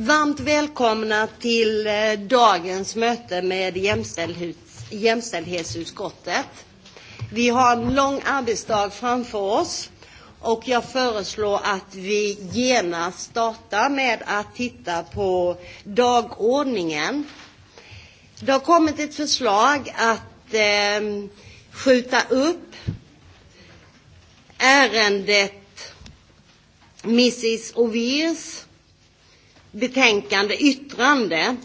Varmt välkomna till eh, dagens möte med jämställdhets, jämställdhetsutskottet. Vi har en lång arbetsdag framför oss och jag föreslår att vi genast startar med att titta på dagordningen. Det har kommit ett förslag att eh, skjuta upp ärendet Mrs. Ovirs betänkande yttrande.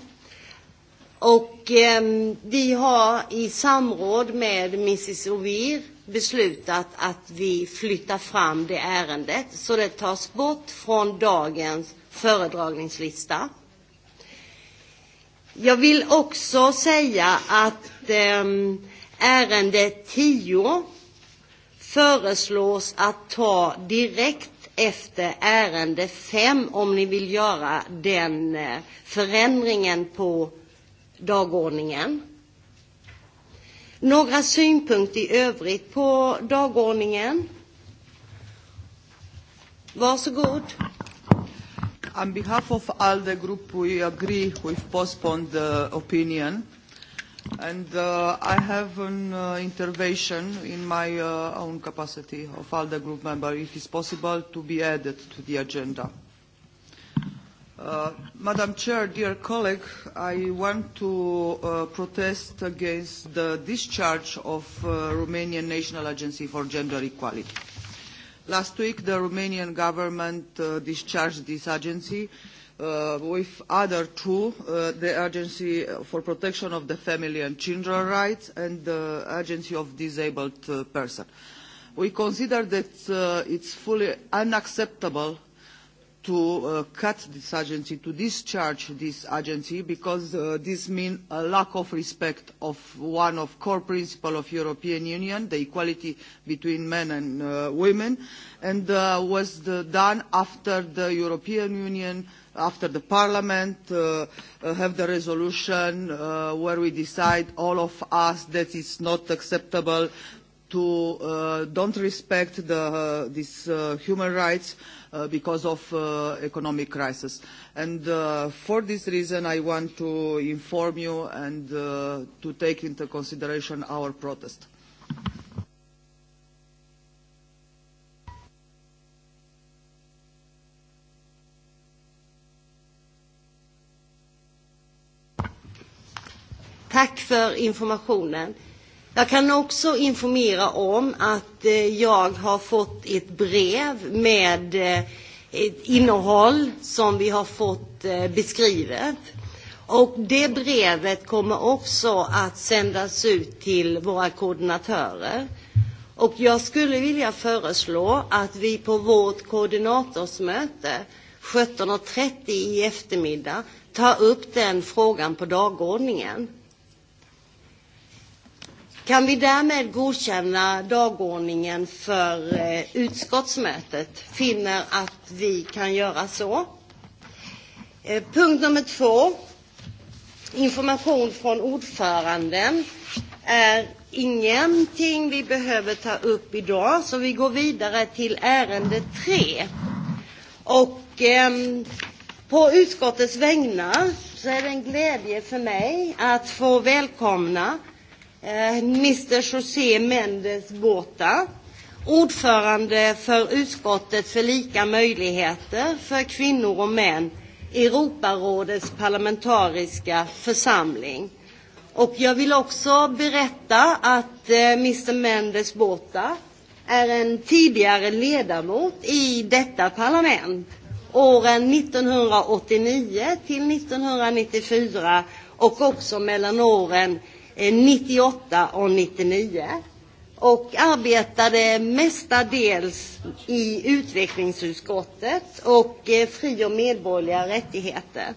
Och eh, vi har i samråd med Mrs. Ovir beslutat att vi flyttar fram det ärendet så det tas bort från dagens föredragningslista. Jag vill också säga att eh, ärende 10 föreslås att ta direkt efter ärende 5 om ni vill göra den eh, förändringen på dagordningen. Några synpunkter i övrigt på dagordningen? Varsågod. On behalf of ALDE group, we agree with postponed uh, opinion and uh, I have an uh, intervention in my uh, own capacity of ALDE group member, if it's possible, to be added to the agenda. Uh, Madam Chair, dear colleague, I want to uh, protest against the discharge of uh, Romanian National Agency for Gender Equality. Last week, the Romanian government uh, discharged this agency uh, uh, with other two, uh, the Agency for Protection of the Family and Children Rights and the Agency of Disabled uh, Persons. We consider that uh, it's fully unacceptable to uh, cut this agency, to discharge this agency, because uh, this means a lack of respect of one of core principles of European Union, the equality between men and uh, women, and uh, was the, done after the European Union uh, after the parliament uh, uh, have the resolution uh, where we decide all of us that it's not acceptable to uh, don't respect the, uh, these uh, human rights uh, because of uh, economic crisis. And uh, for this reason, I want to inform you and uh, to take into consideration our protest. Thank you. Tack för informationen. Jag kan också informera om att eh, jag har fått ett brev med eh, ett innehåll som vi har fått eh, beskrivet. Och det brevet kommer också att sändas ut till våra koordinatörer. Och jag skulle vilja föreslå att vi på vårt koordinatorsmöte 17.30 i eftermiddag tar upp den frågan på dagordningen. Kan vi därmed godkänna dagordningen för eh, utskottsmötet? Finner att vi kan göra så. Eh, punkt nummer två. Information från ordföranden är ingenting vi behöver ta upp idag, så vi går vidare till ärende tre. Och eh, på utskottets vägnar så är det en glädje för mig att få välkomna Eh, Mr José Mendes Båta, ordförande för utskottet för lika möjligheter för kvinnor och män i Europarådets parlamentariska församling. Och jag vill också berätta att eh, Mr Mendes Båta är en tidigare ledamot i detta parlament åren 1989 till 1994 och också mellan åren 98 eh, och 99 och arbetade mestadels i utvecklingsutskottet och eh, fri och medborgerliga rättigheter.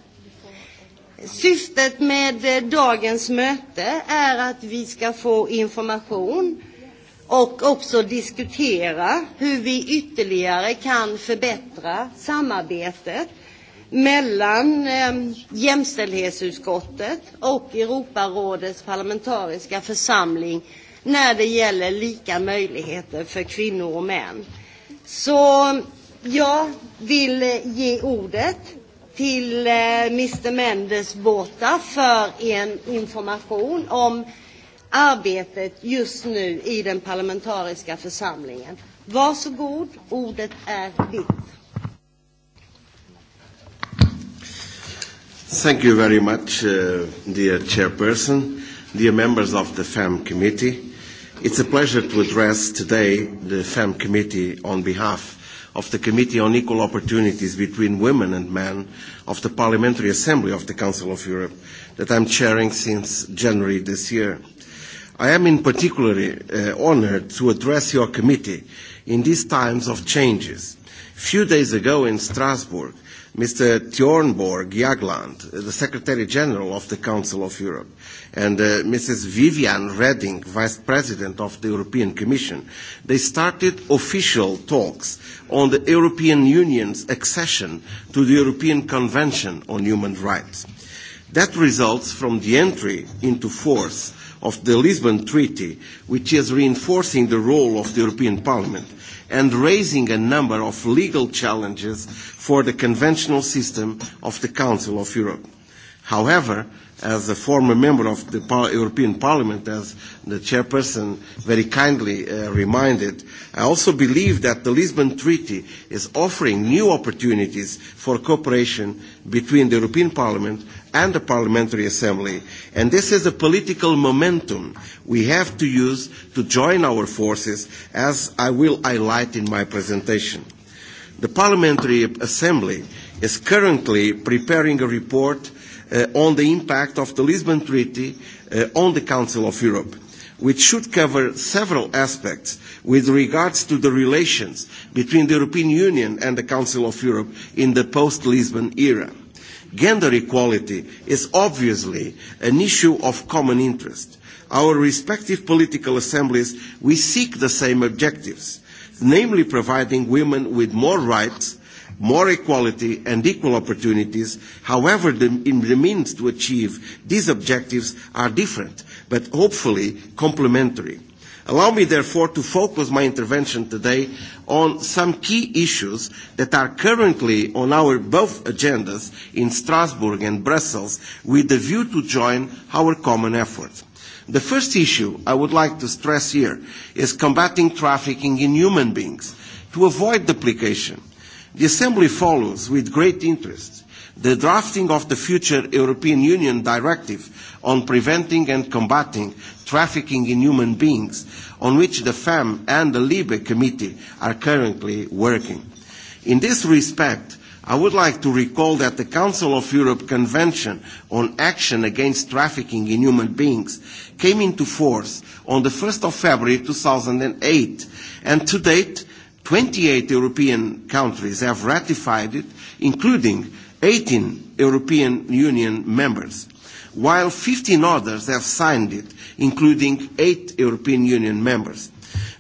Syftet med eh, dagens möte är att vi ska få information och också diskutera hur vi ytterligare kan förbättra samarbetet mellan eh, jämställdhetsutskottet och Europarådets parlamentariska församling när det gäller lika möjligheter för kvinnor och män. Så jag vill eh, ge ordet till eh, Mr Mendes Båta för en information om arbetet just nu i den parlamentariska församlingen. Varsågod, ordet är ditt. Thank you very much, uh, dear Chairperson, dear members of the FAM Committee. It's a pleasure to address today the FAM Committee on behalf of the Committee on Equal Opportunities between Women and Men of the Parliamentary Assembly of the Council of Europe that I'm chairing since January this year. I am in particular uh, honored to address your committee in these times of changes. A few days ago in Strasbourg, Mr. Thornborg Jagland, the Secretary General of the Council of Europe, and uh, Mrs. Vivian Redding, Vice President of the European Commission, they started official talks on the European Union's accession to the European Convention on Human Rights. That results from the entry into force of the Lisbon Treaty, which is reinforcing the role of the European Parliament and raising a number of legal challenges for the conventional system of the Council of Europe. However, as a former member of the Par- European Parliament, as the chairperson very kindly uh, reminded, I also believe that the Lisbon Treaty is offering new opportunities for cooperation between the European Parliament and the Parliamentary Assembly. And this is a political momentum we have to use to join our forces, as I will highlight in my presentation. The Parliamentary Assembly is currently preparing a report uh, on the impact of the Lisbon Treaty uh, on the Council of Europe, which should cover several aspects with regards to the relations between the European Union and the Council of Europe in the post-Lisbon era. Uh, Gender equality is obviously an issue of common interest. Our respective political assemblies, we seek the same objectives, namely providing women with more rights, more equality and equal opportunities. However, the, the means to achieve these objectives are different, but hopefully complementary. Allow me, therefore, to focus my intervention today on some key issues that are currently on our both agendas in Strasbourg and Brussels with the view to join our common efforts. The first issue I would like to stress here is combating trafficking in human beings to avoid duplication. The Assembly follows with great interest the drafting of the future European Union directive on preventing and combating trafficking in human beings, on which the FAM e and the LIBE committee are currently working. In this respect, I would like to recall that the Council of Europe Convention on Action Against Trafficking in Human Beings came into force on the 1st of February 2008, and to date, 28 European countries have ratified it, including 18 European Union members while 15 others have signed it, including eight European Union members.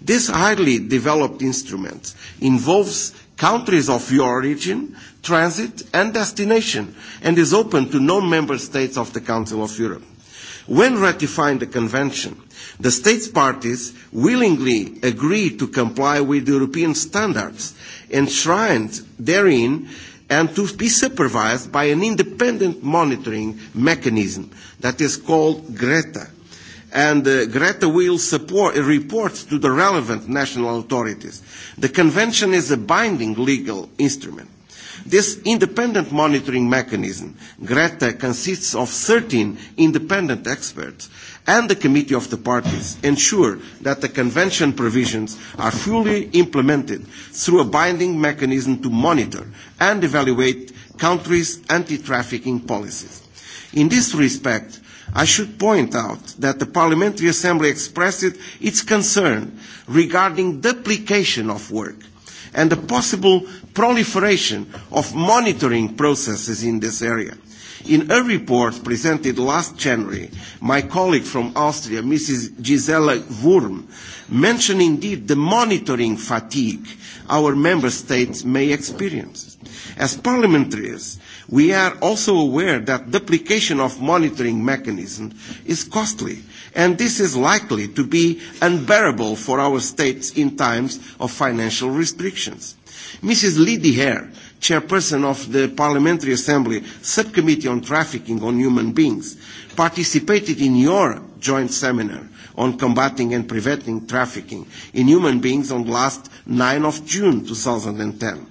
This highly developed instrument involves countries of your origin, transit and destination, and is open to non-member states of the Council of Europe. When ratifying the Convention, the states parties willingly agree to comply with European standards enshrined therein and to be supervised by an independent monitoring mechanism that is called GRETA. And uh, GRETA will support, uh, report to the relevant national authorities. The convention is a binding legal instrument. This independent monitoring mechanism, GRETA, consists of 13 independent experts and the Committee of the Parties ensure that the Convention provisions are fully implemented through a binding mechanism to monitor and evaluate countries' anti-trafficking policies. In this respect, I should point out that the Parliamentary Assembly expressed its concern regarding duplication of work and the possible proliferation of monitoring processes in this area In a report presented last January, my colleague from Austria, Mrs. Gisela Wurm, mentioned indeed the monitoring fatigue our member states may experience. As parliamentarians, we are also aware that the application of monitoring mechanisms is costly, and this is likely to be unbearable for our states in times of financial restrictions. Mrs. Lydie Hare chairperson of the Parliamentary Assembly Subcommittee on Trafficking on Human Beings, participated in your joint seminar on combating and preventing trafficking in human beings on last 9 of June 2010.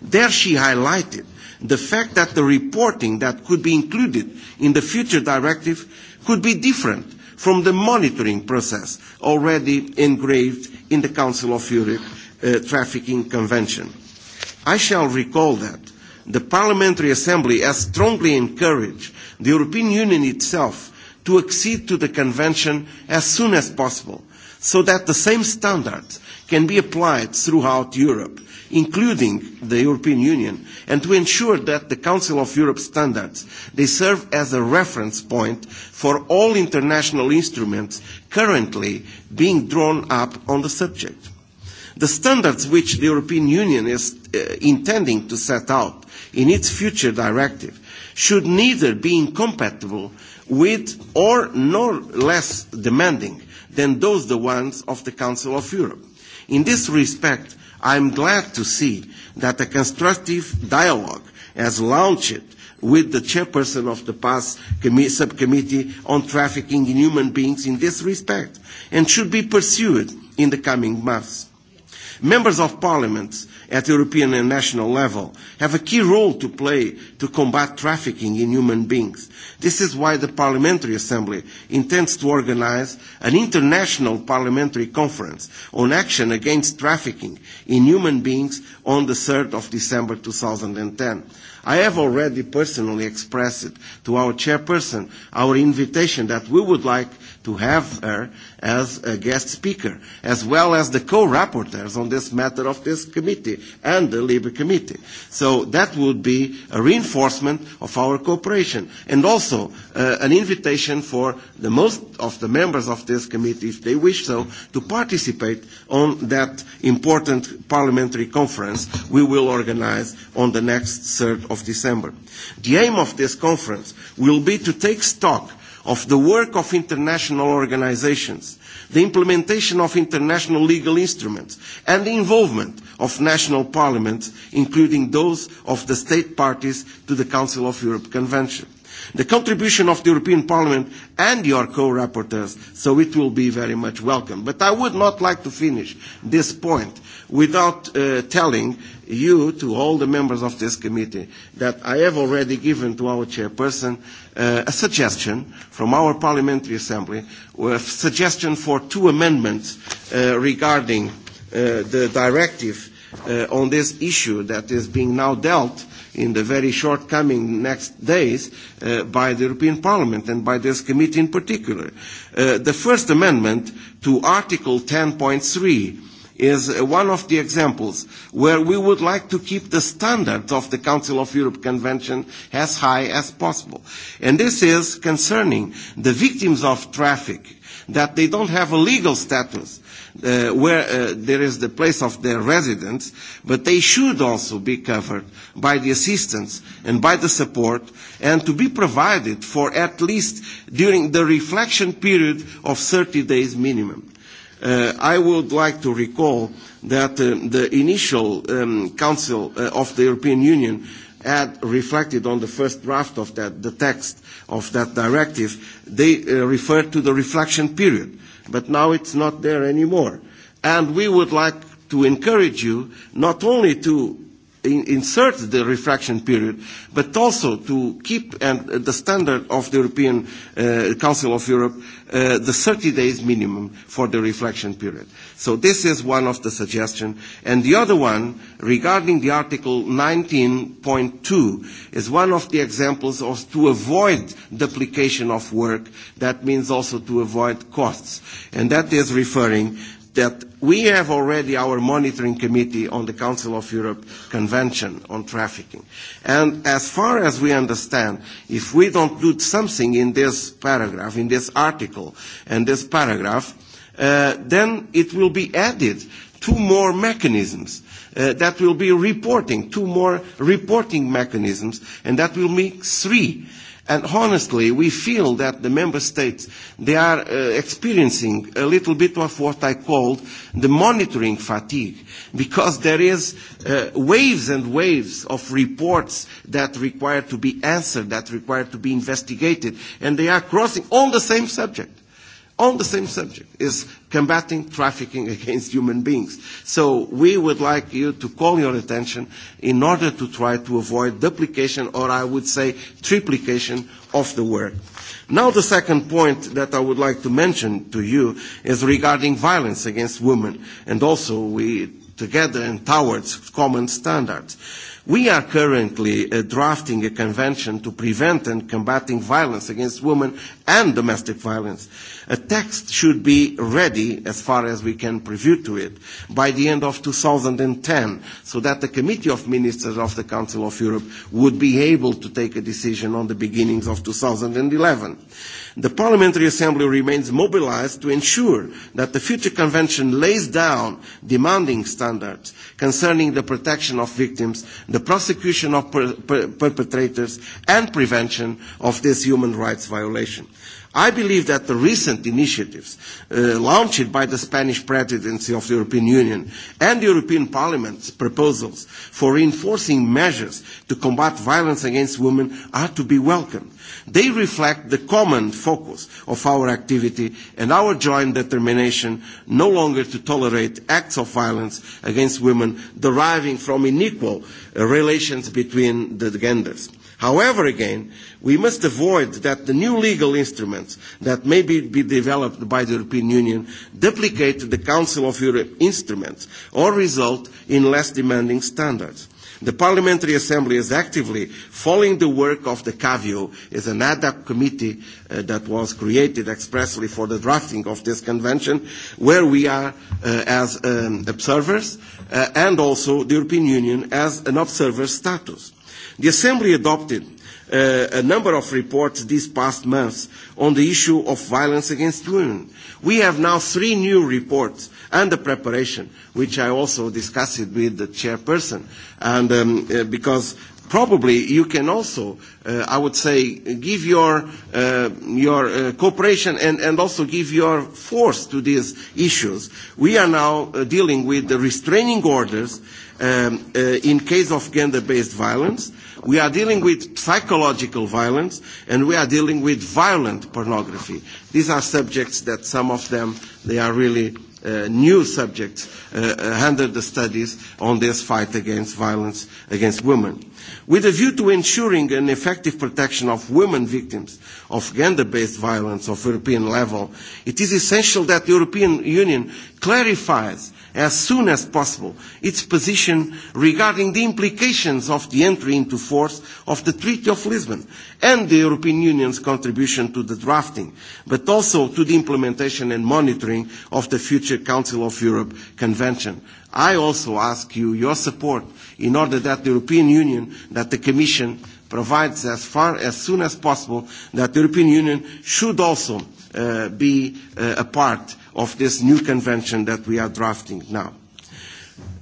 There she highlighted the fact that the reporting that could be included in the future directive could be different from the monitoring process already engraved in the Council of Europe uh, Trafficking Convention I shall recall that the Parliamentary Assembly has strongly encouraged the European Union itself to accede to the Convention as soon as possible, so that the same standards can be applied throughout Europe, including the European Union, and to ensure that the Council of Europe standards, they serve as a reference point for all international instruments currently being drawn up on the subject. The standards which the European Union is uh, intending to set out in its future directive should neither be incompatible with or nor less demanding than those the ones of the Council of Europe. In this respect, I am glad to see that a constructive dialogue has launched with the chairperson of the PASS subcommittee on trafficking in human beings in this respect and should be pursued in the coming months. Members of Parliament at European and national level have a key role to play to combat trafficking in human beings. This is why the Parliamentary Assembly intends to organize an international parliamentary conference on action against trafficking in human beings on the 3rd of December 2010. I have already personally expressed to our chairperson our invitation that we would like to have her as a guest speaker, as well as the co-rapporteurs on this matter of this committee and the Labour Committee. So that would be a reinforcement of our cooperation and also uh, an invitation for the most of the members of this committee, if they wish so, to participate on that important parliamentary conference we will organize on the next 3rd of December. The aim of this conference will be to take stock of the work of international organizations, the implementation of international legal instruments, and the involvement of national parliaments, including those of the state parties to the Council of Europe Convention the contribution of the European Parliament and your co-rapporteurs, so it will be very much welcome. But I would not like to finish this point without uh, telling you, to all the members of this committee, that I have already given to our chairperson uh, a suggestion from our parliamentary assembly, a suggestion for two amendments uh, regarding uh, the directive uh, on this issue that is being now dealt in the very shortcoming next days uh, by the European Parliament and by this committee in particular. Uh, the First Amendment to Article 10.3 is uh, one of the examples where we would like to keep the standards of the Council of Europe Convention as high as possible. And this is concerning the victims of traffic, that they don't have a legal status, uh, where uh, there is the place of their residence, but they should also be covered by the assistance and by the support and to be provided for at least during the reflection period of 30 days minimum. Uh, I would like to recall that uh, the initial um, Council uh, of the European Union had reflected on the first draft of that, the text of that directive, they uh, referred to the reflection period. Uh, but now it's not there anymore. And we would like to encourage you not only to in, insert the refraction period, but also to keep and, uh, the standard of the European uh, Council of Europe, uh, the 30 days minimum for the reflection period. So this is one of the suggestions. And the other one, regarding the Article 19.2, is one of the examples of to avoid duplication of work. That means also to avoid costs. And that is referring that we have already our monitoring committee on the Council of Europe Convention on Trafficking. And as far as we understand, if we don't do something in this paragraph, in this article, and this paragraph, uh, then it will be added two more mechanisms. Uh, that will be reporting, two more reporting mechanisms, and that will make three. And honestly, we feel that the member states, they are uh, experiencing a little bit of what I called the monitoring fatigue, because there is uh, waves and waves of reports that require to be answered, that require to be investigated, and they are crossing on the same subject on the same subject, is combating trafficking against human beings. So we would like you to call your attention in order to try to avoid duplication, or I would say triplication, of the work. Now the second point that I would like to mention to you is regarding violence against women, and also we together and towards common standards. We are currently uh, drafting a convention to prevent and combating violence against women and domestic violence. A text should be ready, as far as we can preview to it, by the end of 2010, so that the Committee of Ministers of the Council of Europe would be able to take a decision on the beginnings of 2011. The Parliamentary Assembly remains mobilized to ensure that the future convention lays down demanding standards concerning the protection of victims, the prosecution of per per perpetrators, and prevention of this human rights violation. I believe that the recent initiatives uh, launched by the Spanish presidency of the European Union and the European Parliament's proposals for reinforcing measures to combat violence against women are to be welcomed. They reflect the common focus of our activity and our joint determination no longer to tolerate acts of violence against women deriving from unequal uh, relations between the genders. However, again, we must avoid that the new legal instruments that may be, be developed by the European Union duplicate the Council of Europe instruments or result in less demanding standards. The Parliamentary Assembly is actively following the work of the CAVIO, is an ad hoc committee uh, that was created expressly for the drafting of this convention, where we are uh, as um, observers, uh, and also the European Union as an observer status. The Assembly adopted uh, a number of reports these past months on the issue of violence against women. We have now three new reports and the preparation, which I also discussed with the chairperson, and um, uh, because probably you can also, uh, I would say, give your, uh, your uh, cooperation and, and also give your force to these issues. We are now uh, dealing with the restraining orders um, uh, in case of gender-based violence. We are dealing with psychological violence and we are dealing with violent pornography. These are subjects that some of them, they are really uh, new subjects uh, under uh, the studies on this fight against violence against women. With a view to ensuring an effective protection of women victims of gender-based violence of European level, it is essential that the European Union clarifies as soon as possible its position regarding the implications of the entry into force of the Treaty of Lisbon and the European Union's contribution to the drafting, but also to the implementation and monitoring of the future Council of Europe Convention I also ask you your support in order that the European Union, that the Commission provides as far as soon as possible that the European Union should also uh, be uh, a part of this new convention that we are drafting now.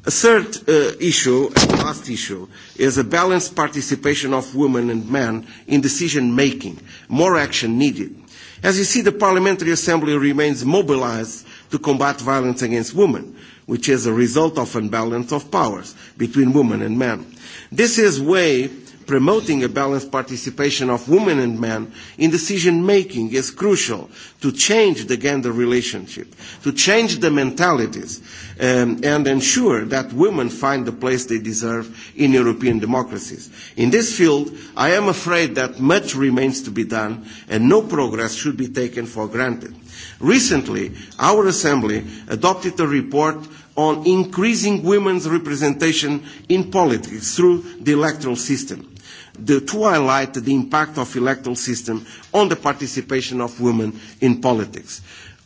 A third uh, issue, and last issue, is a balanced participation of women and men in decision making. More action needed. As you see, the Parliamentary Assembly remains mobilized to combat violence against women which is a result of imbalance of powers between women and men. This is way promoting a balanced participation of women and men in decision making is crucial to change the gender relationship, to change the mentalities, um, and ensure that women find the place they deserve in European democracies. In this field, I am afraid that much remains to be done and no progress should be taken for granted. Recently, our Assembly adopted a report on increasing women's representation in politics through the electoral system the, to highlight the impact of electoral system on the participation of women in politics.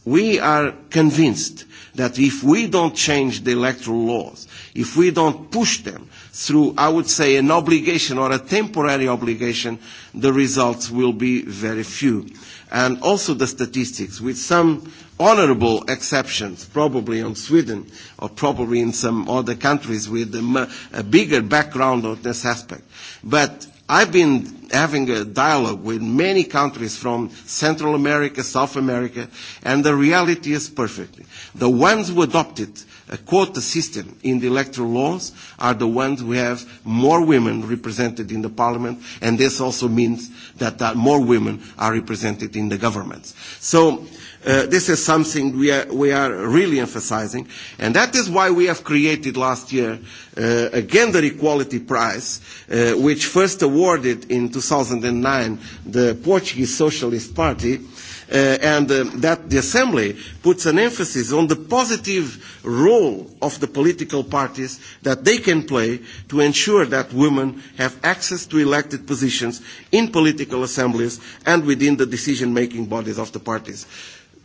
We are convinced that if we don't change the electoral laws, if we don't push them through, I would say, an obligation or a temporary obligation, the results will be very few and also the statistics, with some honorable exceptions, probably on Sweden or probably in some other countries with a, a bigger background on this aspect. But I've been having a dialogue with many countries from Central America, South America, and the reality is perfect. The ones who adopt it a quota system in the electoral laws are the ones who have more women represented in the parliament, and this also means that, that more women are represented in the governments. So uh, this is something we are, we are really emphasizing, and that is why we have created last year uh, a gender equality prize, uh, which first awarded in 2009 the Portuguese Socialist Party, uh, and uh, that the Assembly puts an emphasis on the positive role of the political parties that they can play to ensure that women have access to elected positions in political assemblies and within the decision-making bodies of the parties.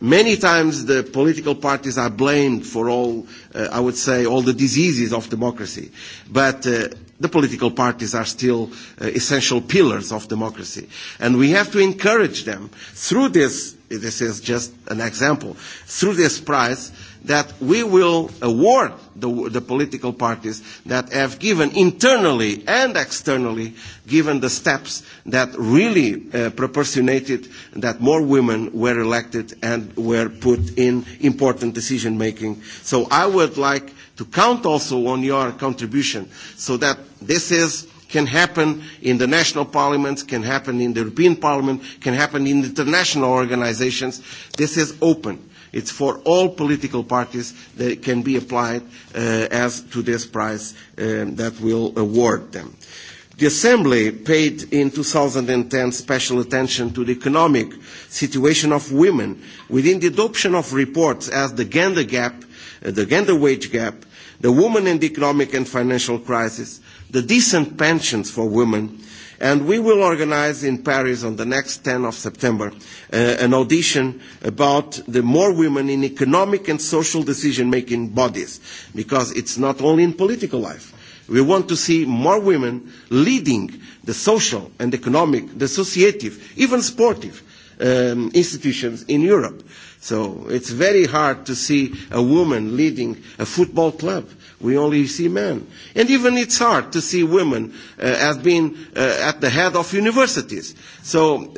Many times the political parties are blamed for all, uh, I would say, all the diseases of democracy. But uh, the political parties are still uh, essential pillars of democracy. And we have to encourage them through this this is just an example, through this prize that we will award the, the political parties that have given internally and externally, given the steps that really uh, proportionated that more women were elected and were put in important decision making. So I would like to count also on your contribution so that this is can happen in the national parliaments, can happen in the European Parliament, can happen in international organizations. This is open. It's for all political parties that can be applied uh, as to this prize um, that will award them. The Assembly paid in 2010 special attention to the economic situation of women within the adoption of reports as the gender gap, uh, the gender wage gap, the woman and the economic and financial crisis, the decent pensions for women, and we will organize in Paris on the next 10 of September uh, an audition about the more women in economic and social decision-making bodies, because it's not only in political life. We want to see more women leading the social and economic, the associative, even sportive um, institutions in Europe. So it's very hard to see a woman leading a football club We only see men. And even it's hard to see women uh, as being uh, at the head of universities. So uh,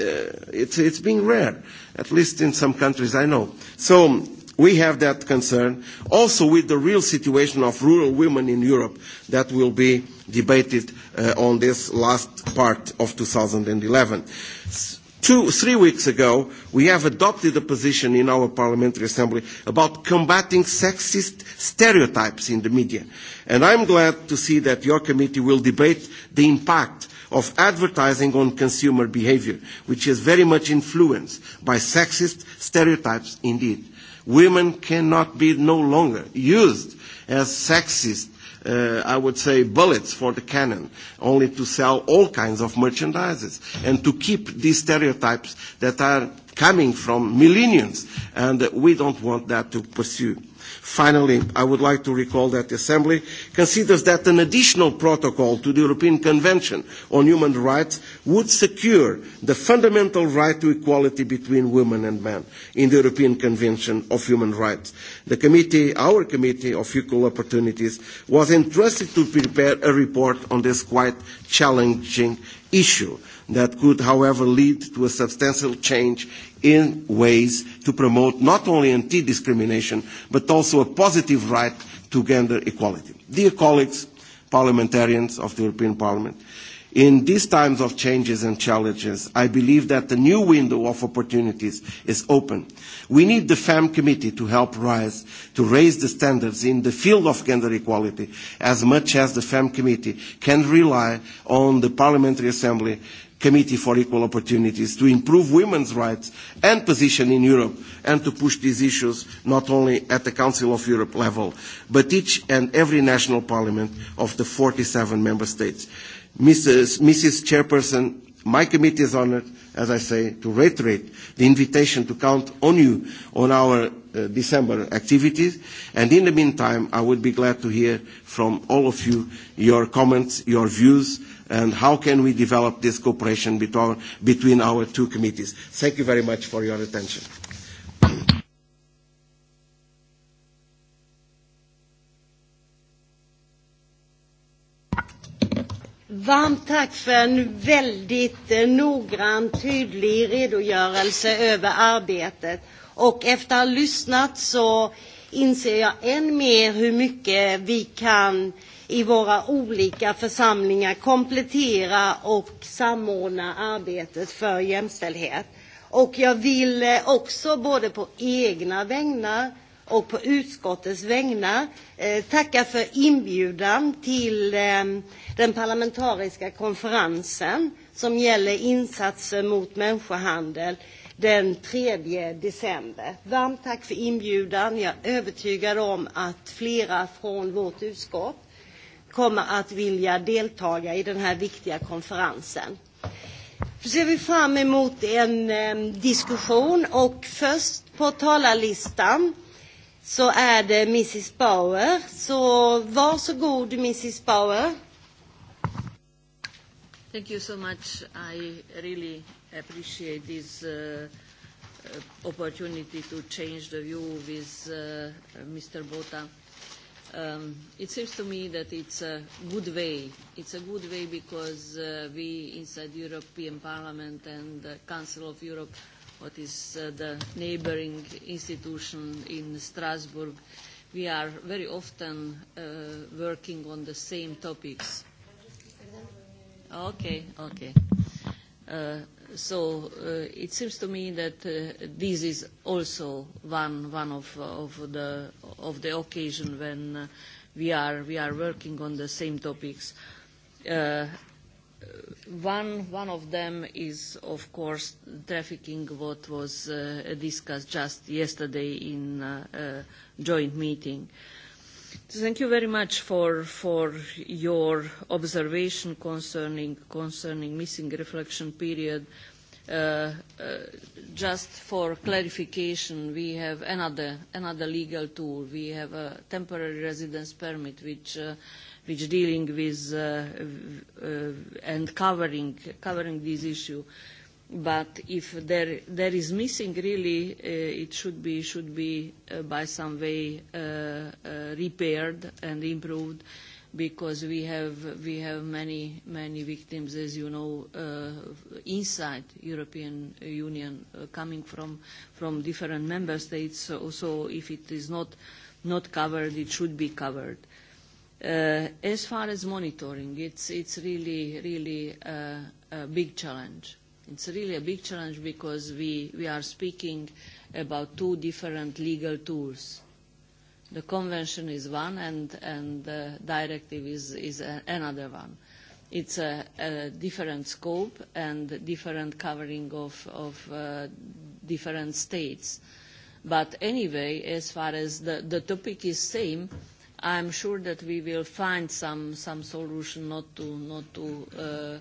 it's, it's being rare, at least in some countries I know. So we have that concern. Also with the real situation of rural women in Europe that will be debated uh, on this last part of 2011 two, three weeks ago, we have adopted a position in our Parliamentary Assembly about combating sexist stereotypes in the media. And I'm glad to see that your committee will debate the impact of advertising on consumer behavior, which is very much influenced by sexist stereotypes indeed. Women cannot be no longer used as sexist uh, I would say, bullets for the cannon, only to sell all kinds of merchandises and to keep these stereotypes that are coming from millennials, and we don't want that to pursue. Finally, I would like to recall that the Assembly considers that an additional protocol to the European Convention on Human Rights would secure the fundamental right to equality between women and men in the European Convention of Human Rights. The committee, our committee of equal opportunities, was entrusted to prepare a report on this quite challenging issue that could, however, lead to a substantial change in ways to promote not only anti-discrimination, but also a positive right to gender equality. Dear colleagues, parliamentarians of the European Parliament, in these times of changes and challenges, I believe that a new window of opportunities is open. We need the FAM committee to help rise, to raise the standards in the field of gender equality as much as the FAM committee can rely on the Parliamentary Assembly Committee for Equal Opportunities to improve women's rights and position in Europe and to push these issues not only at the Council of Europe level, but each and every national parliament of the 47 member states. Mrs. Mrs. Chairperson, my committee is honored, as I say, to reiterate the invitation to count on you on our uh, December activities. And in the meantime, I would be glad to hear from all of you your comments, your views, and how can we develop this cooperation between, between our two committees. Thank you very much for your attention. Varmt tack för en väldigt eh, noggrann, tydlig redogörelse över arbetet. Och efter att ha lyssnat så inser jag än mer hur mycket vi kan eh, i våra olika församlingar komplettera och samordna arbetet för jämställdhet. Och jag vill eh, också både på egna vägnar och på utskottets vägnar eh, tacka för inbjudan till eh, den parlamentariska konferensen som gäller insatser mot människohandel den 3 december. Varmt tack för inbjudan. Jag är övertygad om att flera från vårt utskott kommer att vilja deltaga i den här viktiga konferensen. Så ser vi fram emot en eh, diskussion och först på talarlistan så är det Mrs Bauer. Så varsågod Mrs Bauer. Thank you so much. I really appreciate this uh, uh opportunity to change the view with uh, Mr. Bota um, it seems to me that it's a good way. It's a good way because uh, we inside European Parliament and the Council of Europe, what is uh, the neighboring institution in Strasbourg, we are very often uh, working on the same topics. Okay, okay. Uh, So uh, it seems to me that uh, this is also one one of of the of the occasion when uh, we are we are working on the same topics. Uh, one one of them is of course trafficking, what was uh, discussed just yesterday in uh, a joint meeting. Uh, Thank you very much for, for your observation concerning, concerning missing reflection period. Uh, uh, just for clarification, we have another, another legal tool. We have a temporary residence permit which, uh, which dealing with uh, uh, and covering, covering this issue. Uh, but if there there is missing really uh, it should be should be uh, by some way uh, uh, repaired and improved because we have we have many many victims as you know uh, inside European Union uh, coming from from different member states so, so if it is not not covered it should be covered uh, as far as monitoring it's it's really really uh, a big challenge It's really a big challenge because we, we are speaking about two different legal tools. The convention is one and, and the directive is, is a, another one. It's a, a different scope and different covering of, of uh, different states. But anyway, as far as the, the topic is same, I'm sure that we will find some, some solution not to, not to uh,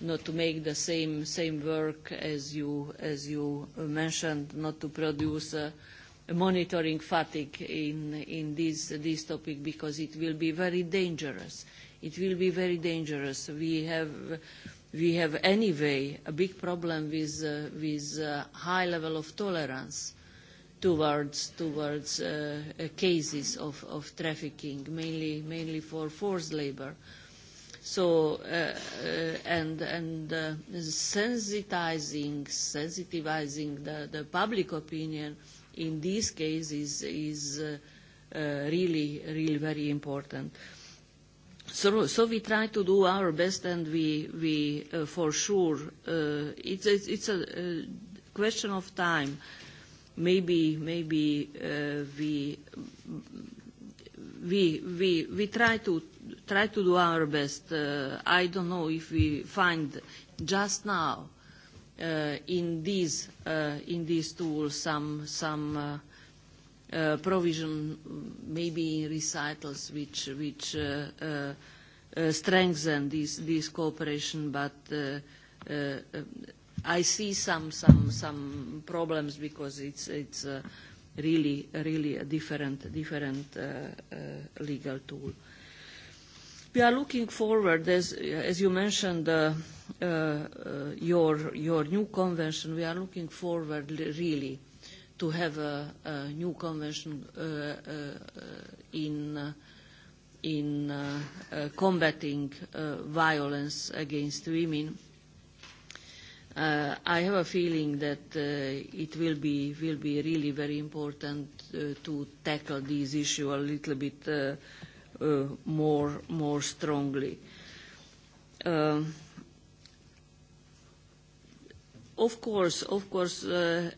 not to make the same same work as you as you mentioned, not to produce a, uh, a monitoring fatigue in in this this topic because it will be very dangerous. It will be very dangerous. We have we have anyway a big problem with uh, with uh, high level of tolerance towards towards uh, uh, cases of of trafficking, mainly mainly for forced labor. Uh, So, uh, uh, and, and uh, sensitizing, sensitivizing the, the public opinion in these cases is uh, uh, really, really very important. So, so we try to do our best and we, we uh, for sure, uh, it's, it's, it's a uh, question of time. Maybe, maybe uh, we, we, we, we try to try to do our best. Uh, I don't know if we find just now uh, in these uh, in these tools some some uh, uh, provision maybe in recitals which which uh, uh, uh, strengthen this this cooperation, but. Uh, uh, I see some some some problems because it's it's uh, really really a different different uh, uh, legal tool. Uh, We are looking forward, as, as you mentioned, uh, uh, uh your, your new convention. We are looking forward really to have a, a new convention uh, uh in, uh, in combating violence against women. I have a feeling that it will be, will be really very important to tackle this issue a little bit uh, more, more strongly. Uh, of course, of course, uh,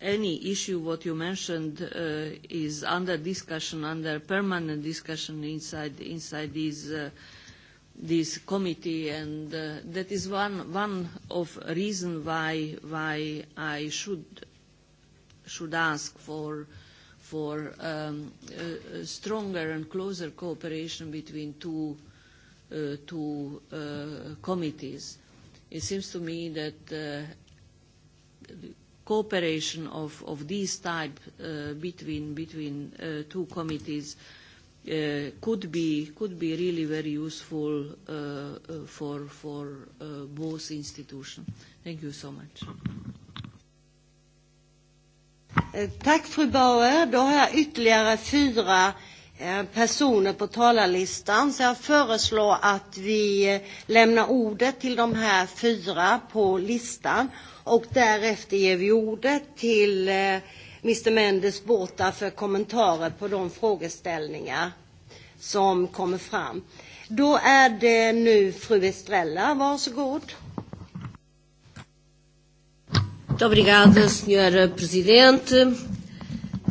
any issue what you mentioned uh, is under discussion, under permanent discussion inside inside these. Uh, this committee and uh, that is one one of reason why why I should should ask for uh, for um, a, a stronger and closer cooperation between two, uh, two uh, committees. It seems to me that uh, cooperation of, of this type uh, between, between uh, two committees uh, could, be, could be really very useful uh, uh for, for uh, both institutions. Thank you so much. Eh, tack fru Bauer. Då har jag ytterligare fyra eh, personer på talarlistan så jag föreslår att vi eh, lämnar ordet till de här fyra på listan och därefter ger vi ordet till Mr Mendes Båta för kommentarer på de frågeställningar som kommer fram. Då är det nu fru Estrella, varsågod. Muito obrigada, Senhora Presidente.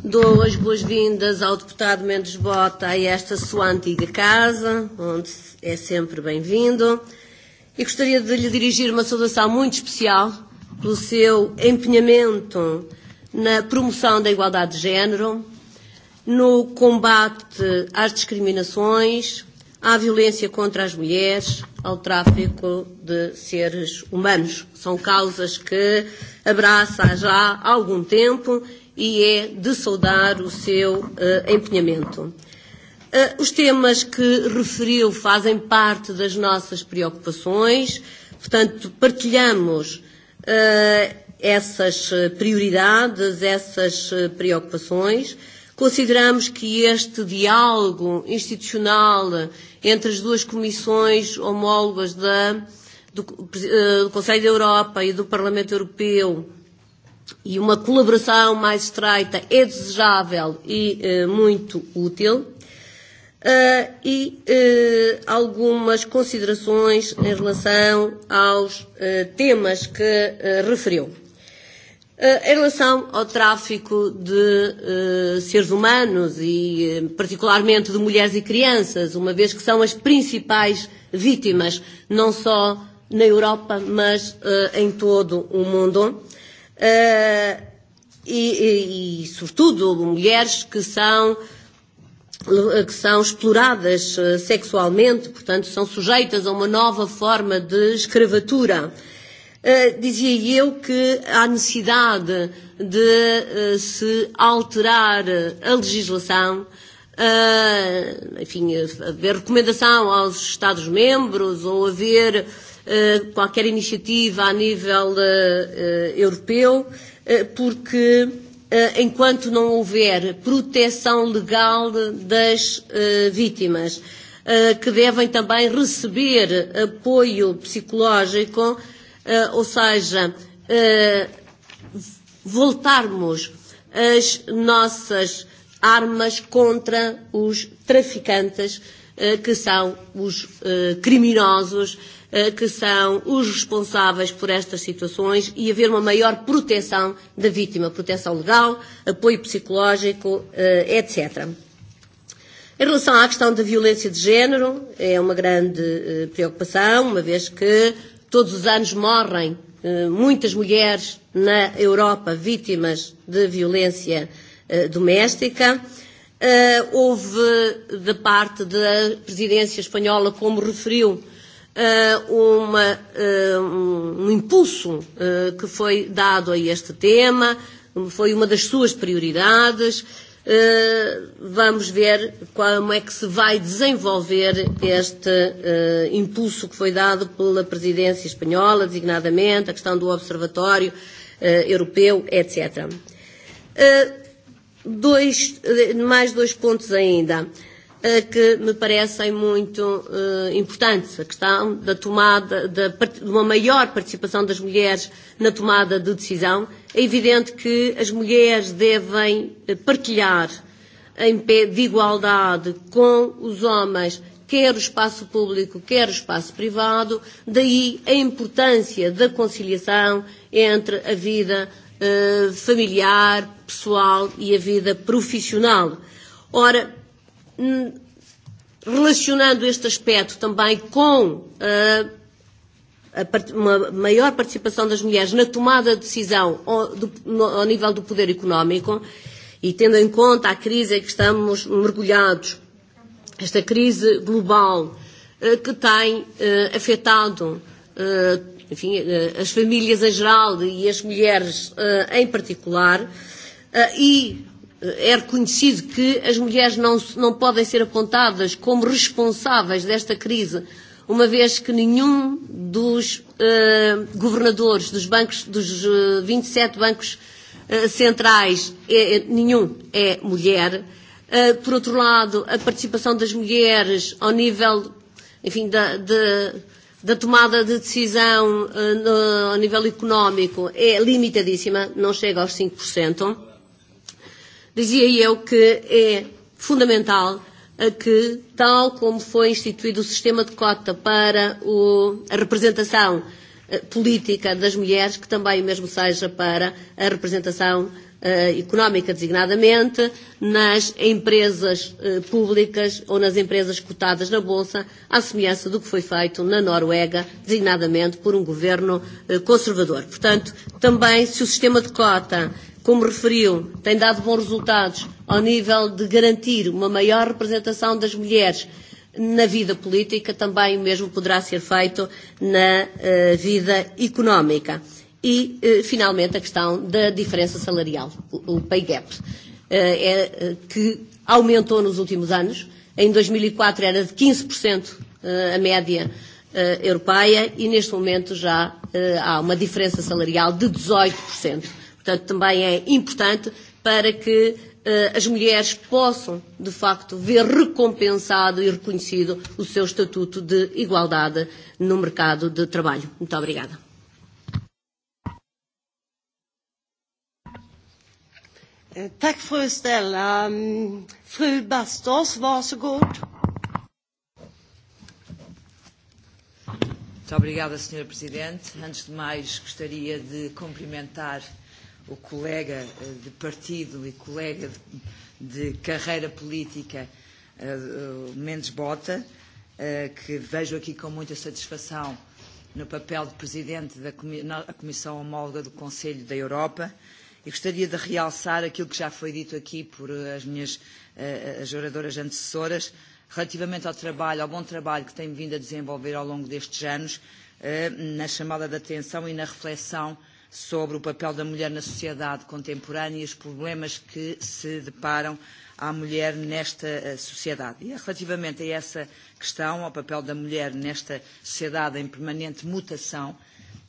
Dou as boas-vindas ao deputado Mendes Bota a esta sua antiga casa, onde é sempre bem-vindo. E gostaria de lhe dirigir uma saudação muito especial pelo seu empenhamento na promoção da igualdade de género, no combate às discriminações, à violência contra as mulheres, ao tráfico de seres humanos. São causas que abraça já há algum tempo e é de saudar o seu uh, eh, empenhamento. Uh, eh, os temas que referiu fazem parte das nossas preocupações, portanto, partilhamos uh, essas prioridades, essas preocupações. Consideramos que este diálogo institucional entre as duas comissões homólogas da, do, eh, do Conselho da Europa e do Parlamento Europeu e uma colaboração mais estreita é desejável e eh, muito útil. Uh, e uh, algumas considerações em relação aos uh, temas que uh, referiu. Eh, em relação ao tráfico de uh, seres humanos e, uh, particularmente, de mulheres e crianças, uma vez que são as principais vítimas, não só na Europa, mas uh, em todo o mundo, uh, e, e, e, sobretudo, mulheres que são, que são exploradas uh, sexualmente, portanto, são sujeitas a uma nova forma de escravatura. Uh, Uh, dizia eu que há necessidade de uh, se alterar a legislação, uh, enfim, haver recomendação aos Estados-membros ou haver uh, qualquer iniciativa a nível uh, uh, europeu, uh, porque uh, enquanto não houver proteção legal das uh, vítimas, uh, que devem também receber apoio psicológico, uh, uh, ou seja, uh, voltarmos as nossas armas contra os traficantes, uh, que são os uh, criminosos, uh, que são os responsáveis por estas situações e haver uma maior proteção da vítima, proteção legal, apoio psicológico, uh, etc. Em relação à questão da violência de género, é uma grande uh, preocupação, uma vez que Todos os anos morrem eh, muitas mulheres na Europa vítimas de violência eh, doméstica. Eh, houve, da parte da presidência espanhola, como referiu, uh, uma, uh, um, um impulso uh, que foi dado a este tema, foi uma das suas prioridades. Uh, vamos ver como é que se vai desenvolver este uh, impulso que foi dado pela presidência espanhola, designadamente, a questão do Observatório uh, Europeu, etc. Uh, dois, mais dois pontos ainda. Uh, Eh, que me parecem muito uh, importantes. A questão da tomada, da, de uma maior participação das mulheres na tomada de decisão. É evidente que as mulheres devem eh, partilhar em pé de igualdade com os homens, quer o espaço público, quer o espaço privado. Daí a importância da conciliação entre a vida uh, familiar, pessoal e a vida profissional. Ora, relacionando este aspecto também com eh, a, a uma maior participação das mulheres na tomada de decisão ao, do, no, ao nível do poder económico e tendo em conta a crise em que estamos mergulhados, esta crise global eh, que tem eh, afetado eh, enfim, eh, as famílias em geral e as mulheres eh, em particular, eh, e é reconhecido que as mulheres não, não podem ser apontadas como responsáveis desta crise, uma vez que nenhum dos uh, governadores dos bancos, dos uh, eh, 27 e bancos uh, centrais, é, nenhum é mulher. Uh, por outro lado, a participação das mulheres ao nível, enfim, da, de, da tomada de decisão uh, no, ao nível económico é limitadíssima, não chega aos 5% dizia eu que é fundamental a que, tal como foi instituído o sistema de cota para o, a representação eh, política das mulheres, que também o mesmo seja para a representação eh, económica, designadamente, nas empresas eh, públicas ou nas empresas cotadas na Bolsa, à semelhança do que foi feito na Noruega, designadamente por um governo eh, conservador. Portanto, também se o sistema de cota eh, como referiu, tem dado bons resultados ao nível de garantir uma maior representação das mulheres na vida política, também o mesmo poderá ser feito na uh, vida económica. E, uh, finalmente, a questão da diferença salarial, o, o pay gap, uh, é, uh, que aumentou nos últimos anos. Em 2004 e era de 15% uh, a média uh, europeia e neste momento já uh, há uma diferença salarial de 18%. Portanto, também é importante para que eh, as mulheres possam, de facto, ver recompensado e reconhecido o seu estatuto de igualdade no mercado de trabalho. Muito obrigada. Eh, Tack fru Stella. Um, fru Bastos, varsågod. Muito obrigada, Sra. Presidente. Antes de mais, gostaria de cumprimentar uh, o colega eh, de partido e colega de, de carreira política eh, Mendes Bota, eh, que vejo aqui com muita satisfação no papel de Presidente da Comissão Homóloga do Conselho da Europa e gostaria de realçar aquilo que já foi dito aqui por as minhas as oradoras antecessoras relativamente ao trabalho, ao bom trabalho que tem vindo a desenvolver ao longo destes anos na chamada de atenção e na reflexão uh, sobre o papel da mulher na sociedade contemporânea e os problemas que se deparam à mulher nesta eh, sociedade. E é relativamente a essa questão, ao papel da mulher nesta sociedade em permanente mutação,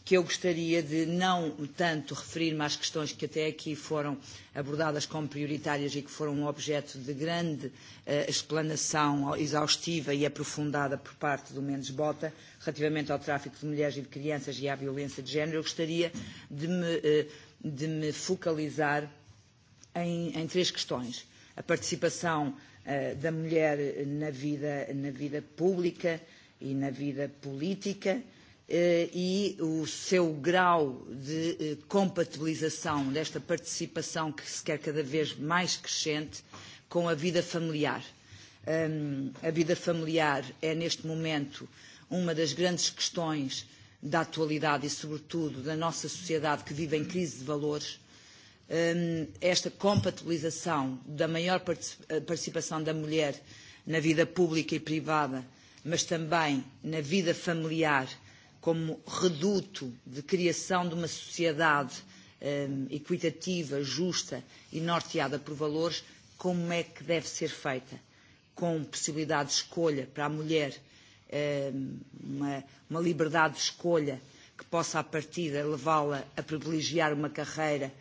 que eu gostaria de não tanto referir-me às questões que até aqui foram abordadas como prioritárias e que foram um objeto de grande eh, explanação exaustiva e aprofundada por parte do Mendes Bota, relativamente ao tráfico de mulheres e de crianças e à violência de género, eu gostaria de me, eh, de me focalizar em, em três questões. A participação eh, da mulher na vida, na vida pública e na vida política, eh, Eh, e o seu grau de eh, compatibilização desta participação que se quer cada vez mais crescente com a vida familiar. Um, a vida familiar é, neste momento, uma das grandes questões da atualidade e, sobretudo, da nossa sociedade que vive em crise de valores. Um, esta compatibilização da maior eh, participação da mulher na vida pública e privada, mas também na vida familiar como reduto de criação de uma sociedade um, equitativa, justa e norteada por valores, como é que deve ser feita? Com possibilidade de escolha para a mulher, um, uma, uma liberdade de escolha que possa, à partida, levá-la a privilegiar uma carreira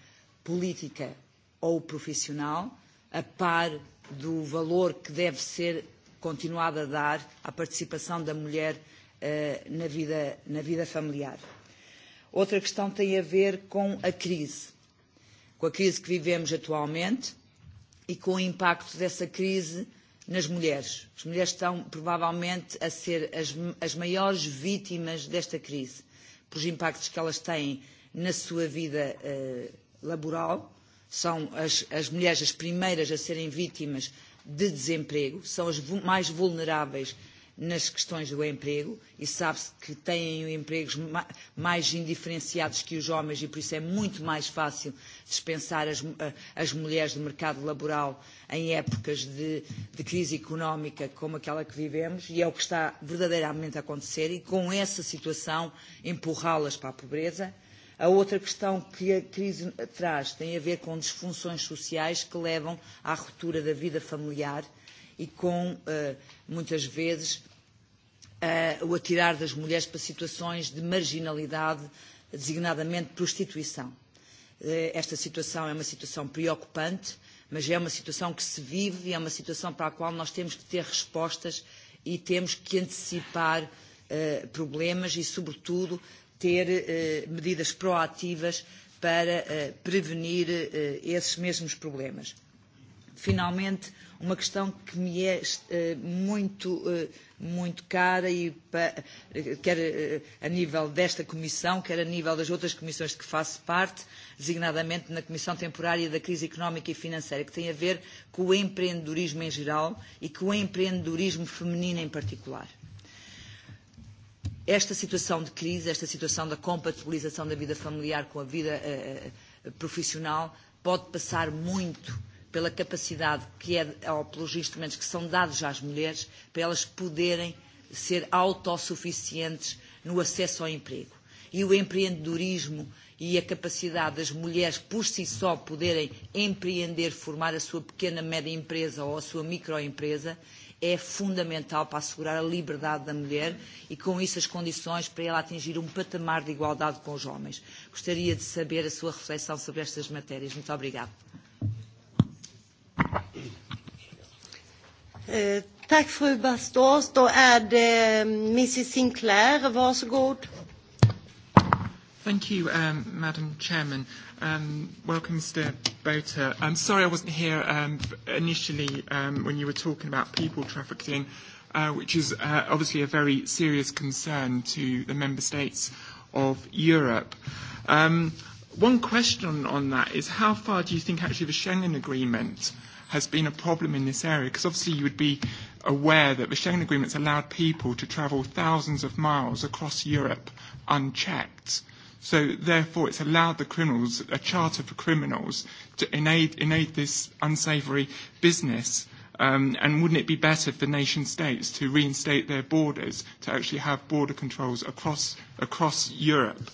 política ou profissional, a par do valor que deve ser continuado a dar à participação da mulher uh, na, vida, na vida familiar. Outra questão tem a ver com a crise, com a crise que vivemos atualmente e com o impacto dessa crise nas mulheres. As mulheres estão provavelmente a ser as, as maiores vítimas desta crise, pelos impactos que elas têm na sua vida eh, laboral. São as, as mulheres as primeiras a serem vítimas de desemprego, são as mais vulneráveis nas questões do emprego e sabe-se que têm empregos ma mais indiferenciados que os homens e por isso é muito mais fácil dispensar as, as mulheres do mercado laboral em épocas de, de crise económica como aquela que vivemos e é o que está verdadeiramente a acontecer e com essa situação empurrá-las para a pobreza. A outra questão que a crise traz tem a ver com disfunções sociais que levam à ruptura da vida familiar e com, uh, muitas vezes, uh, o atirar das mulheres para situações de marginalidade, designadamente prostituição. Uh, esta situação é uma situação preocupante, mas é uma situação que se vive e é uma situação para a qual nós temos que ter respostas e temos que antecipar uh, problemas e, sobretudo, ter eh, medidas proativas para eh, prevenir eh, esses mesmos problemas finalmente, uma questão que me é uh, muito, uh, muito cara, e pa, uh, quer uh, a nível desta Comissão, quer a nível das outras comissões de que faço parte, designadamente na Comissão Temporária da Crise Económica e Financeira, que tem a ver com o empreendedorismo em geral e com o empreendedorismo feminino em particular. Esta situação de crise, esta situação da compatibilização da vida familiar com a vida uh, profissional, pode passar muito uh, pela capacidade que é, ou pelos instrumentos que são dados às mulheres, para elas poderem ser autossuficientes no acesso ao emprego. E o empreendedorismo e a capacidade das mulheres por si só poderem empreender, formar a sua pequena média empresa ou a sua microempresa, é fundamental para assegurar a liberdade da mulher e, com isso, as condições para ela atingir um patamar de igualdade com os homens. Gostaria de saber a sua reflexão sobre estas matérias. Muito obrigada. Eh, tack fru Bastos. Då är det eh, Mrs Sinclair. Varsågod. Thank you, um, Madam Chairman. Um, welcome, Mr. Bota. I'm um, sorry I wasn't here um, initially um, when you were talking about people trafficking, uh, which is uh, obviously a very serious concern to the member states of Europe. Um, one question on that is how far do you think actually the Schengen Agreement uh, has been a problem in this area? Because obviously you would be aware that the Schengen Agreement's allowed people to travel thousands of miles across Europe unchecked. So therefore, it's allowed the criminals, a charter for criminals, to aid, aid this unsavoury business. Um, and wouldn't it be better for nation states to reinstate their borders, to actually have border controls across, across Europe?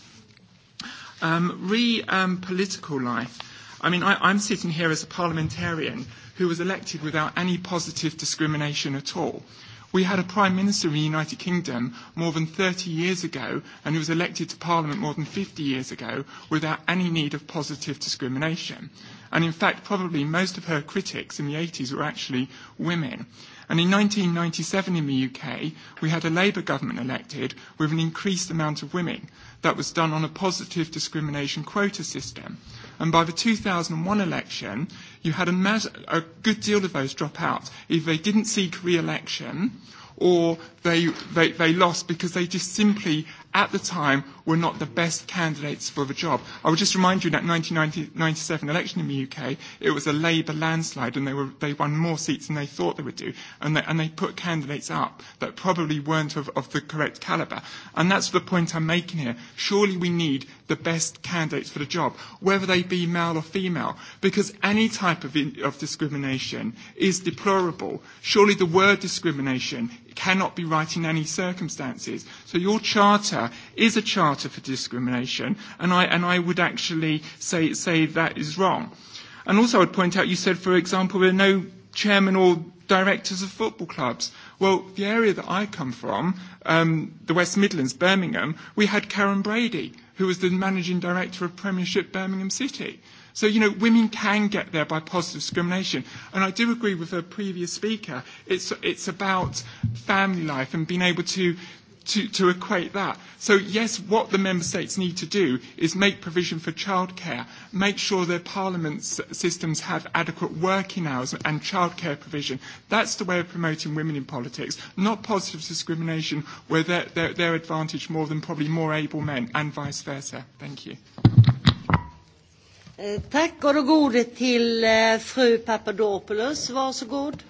Um, re um, political life. I mean, I, I'm sitting here as a parliamentarian who was elected without any positive discrimination at all. We had a Prime Minister in the United Kingdom more than 30 years ago and who was elected to Parliament more than 50 years ago without any need of positive discrimination. And in fact, probably most of her critics in the 80s were actually women. And in 1997 in the UK, we had a Labour government elected with an increased amount of women. That was done on a positive discrimination quota system. And by the 2001 election, you had a, mas- a good deal of those drop out. Either they didn't seek re-election or they, they, they lost because they just simply at the time were not the best candidates for the job. I would just remind you that 1997 election in the UK, it was a Labour landslide and they, were, they won more seats than they thought they would do. And they, and they put candidates up that probably weren't of, of the correct calibre. And that's the point I'm making here. Surely we need the best candidates for the job, whether they be male or female, because any type of, in, of discrimination is deplorable. Surely the word discrimination cannot be right in any circumstances. So your charter charter is a charter for discrimination, and I, and I would actually say, say that is wrong. And also, I'd point out you said, for example, there are no chairman or directors of football clubs. Well, the area that I come from, um, the West Midlands, Birmingham, we had Karen Brady, who was the managing director of Premiership Birmingham City. So, you know, women can get there by positive discrimination. And I do agree with a previous speaker. It's, it's about family life and being able to to, to equate that. So yes, what the member states need to do is make provision for childcare, make sure their parliament's systems have adequate working hours and childcare provision. That's the way of promoting women in politics, not positive discrimination where they're, they're, they're advantaged more than probably more able men and vice versa. Thank you. Eh, tack och då går det till eh, fru Papadopoulos. Varsågod.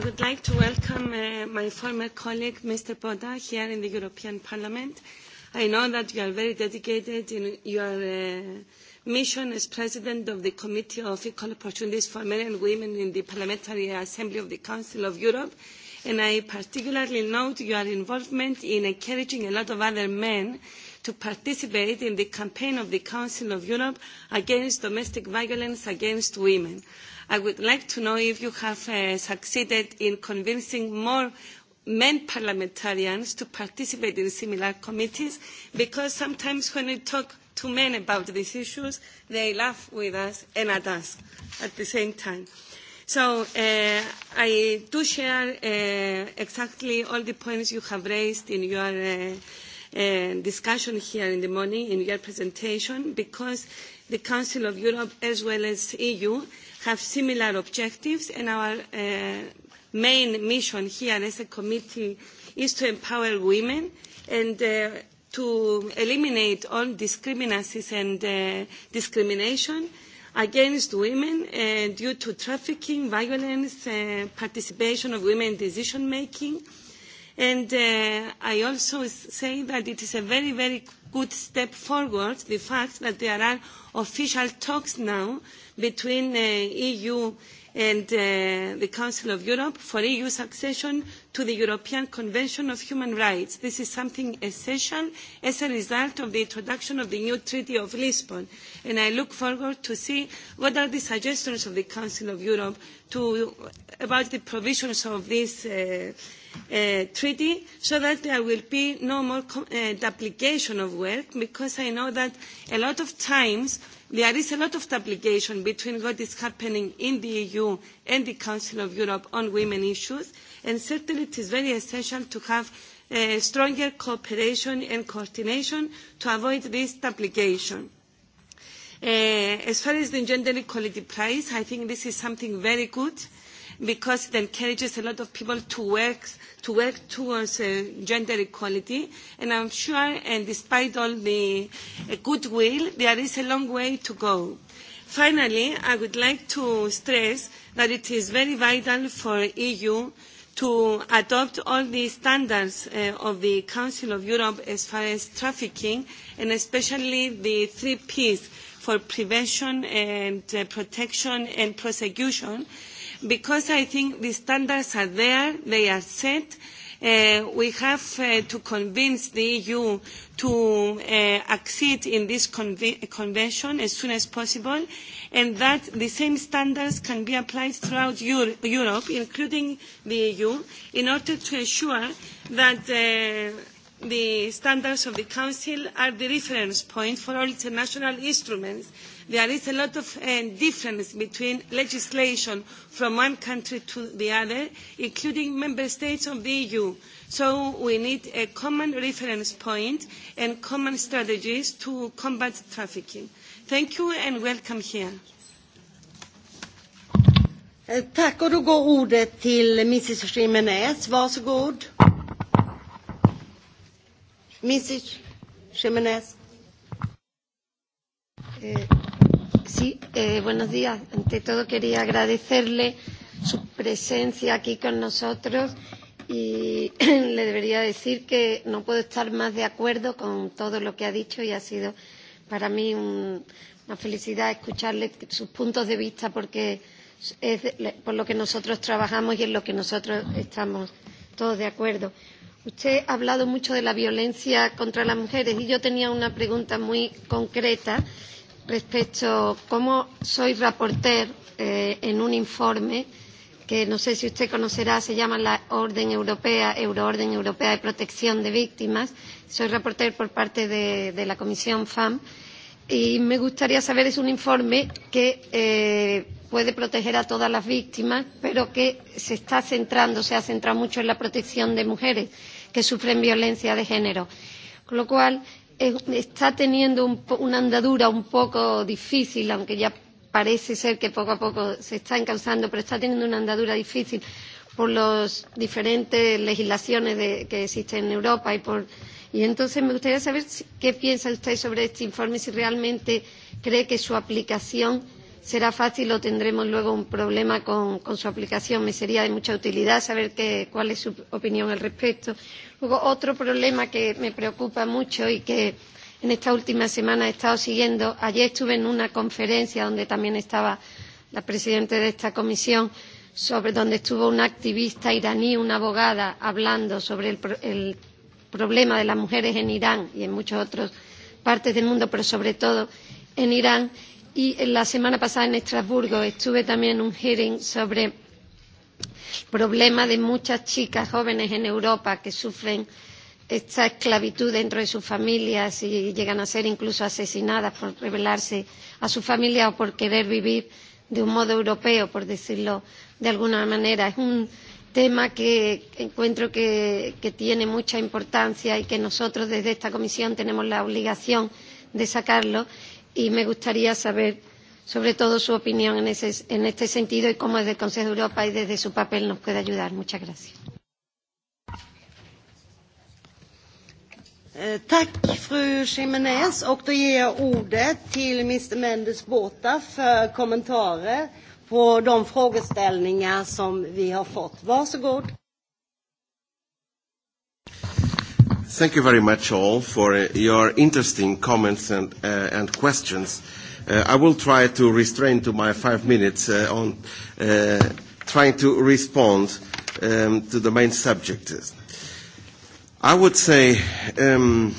I would like to welcome uh, my former colleague, Mr. Poda, here in the European Parliament. I know that you are very dedicated in your uh, mission as President of the Committee of Equal Opportunities for Men and Women in the Parliamentary Assembly of the Council of Europe. And I particularly note your involvement in encouraging a lot of other men to participate in the campaign of the Council of Europe against domestic violence against women. I would like to know if you have uh, succeeded in convincing more men parliamentarians to participate in similar committees, because sometimes when we talk to men about these issues, they laugh with us and at us at the same time. So uh, I do share uh, exactly all the points you have raised in your uh, uh, discussion here in the morning, in your presentation, because the Council of Europe, as well as EU, have similar objectives, and our uh, main mission here as a committee is to empower women and uh, to eliminate all discriminancies and uh, discrimination against women uh, due to trafficking, violence, uh, participation of women in decision making. And uh, I also say that it is a very, very good step forward, the fact that there are official talks now between the uh, EU and uh, the Council of Europe for EU's accession to the European Convention of Human Rights. This is something essential as a result of the introduction of the new Treaty of Lisbon. And I look forward to see what are the suggestions of the Council of Europe to, about the provisions of this uh, uh, treaty so that there will be no more com- uh, duplication of work because I know that a lot of times There is a lot of duplication between what is happening in the EU and the Council of Europe on women issues, and certainly it is very essential to have uh, stronger cooperation and coordination to avoid this duplication. Uh, as far as the gender equality prize, I think this is something very good. Uh, because it encourages a lot of people to work, to work towards uh, gender equality. And I'm sure, and despite all the uh, goodwill, there is a long way to go. Finally, I would like to stress that it is very vital for EU to adopt all the standards uh, of the Council of Europe as far as trafficking and especially the three P's for prevention and uh, protection and prosecution because I think the standards are there, they are set. Uh, we have uh, to convince the EU to uh, accede in this conve convention as soon as possible, and that the same standards can be applied throughout Euro Europe, including the EU, in order to ensure that uh, the standards of the Council are the reference point for all international instruments there is a lot of uh, difference between legislation from one country to the other, including member states of the EU. So we need a common reference point and common strategies to combat trafficking. Thank you and welcome here. Eh, tack och då går ordet till Mrs Jimenez. Varsågod. Mrs Jimenez. Eh, Sí, eh, buenos días. Ante todo quería agradecerle su presencia aquí con nosotros y le debería decir que no puedo estar más de acuerdo con todo lo que ha dicho y ha sido para mí un, una felicidad escucharle sus puntos de vista porque es por lo que nosotros trabajamos y en lo que nosotros estamos todos de acuerdo. Usted ha hablado mucho de la violencia contra las mujeres y yo tenía una pregunta muy concreta respecto cómo soy reporter eh, en un informe que no sé si usted conocerá, se llama la Orden Europea, Euroorden Europea de Protección de Víctimas. Soy reporter por parte de, de la Comisión FAM y me gustaría saber, es un informe que eh, puede proteger a todas las víctimas, pero que se está centrando, se ha centrado mucho en la protección de mujeres que sufren violencia de género. Con lo cual, está teniendo un, una andadura un poco difícil, aunque ya parece ser que poco a poco se está encauzando, pero está teniendo una andadura difícil por las diferentes legislaciones de, que existen en Europa y por y entonces me gustaría saber si, qué piensa usted sobre este informe, si realmente cree que su aplicación eh, será fácil o tendremos luego un problema con, con su aplicación. Me sería de mucha utilidad saber que, cuál es su opinión al respecto. Luego, otro problema que me preocupa mucho y que en esta última semana he estado siguiendo, ayer estuve en una conferencia donde también estaba la presidenta de esta comisión, sobre donde estuvo una activista iraní, una abogada, hablando sobre el, el problema de las mujeres en Irán y en muchas otras partes del mundo, pero sobre todo en Irán Y la semana pasada en Estrasburgo estuve también en un hearing sobre el problema de muchas chicas jóvenes en Europa que sufren esta esclavitud dentro de sus familias y llegan a ser incluso asesinadas por rebelarse a su familia o por querer vivir de un modo europeo, por decirlo de alguna manera. Es un tema que encuentro que, que tiene mucha importancia y que nosotros desde esta comisión tenemos la obligación de sacarlo y me gustaría saber sobre todo su opinión en, ese, en este sentido y cómo desde el Consejo de Europa y desde su papel nos puede ayudar. Muchas gracias. Eh, tack fru Jiménez och då ger jag ordet till Mr Mendes Båta för kommentarer på de frågeställningar som vi har fått. Varsågod. Thank you very much all for uh, your interesting comments and, uh, and questions. Uh, I will try to restrain to my five minutes uh, on uh, trying to respond um, to the main subject. I would say um,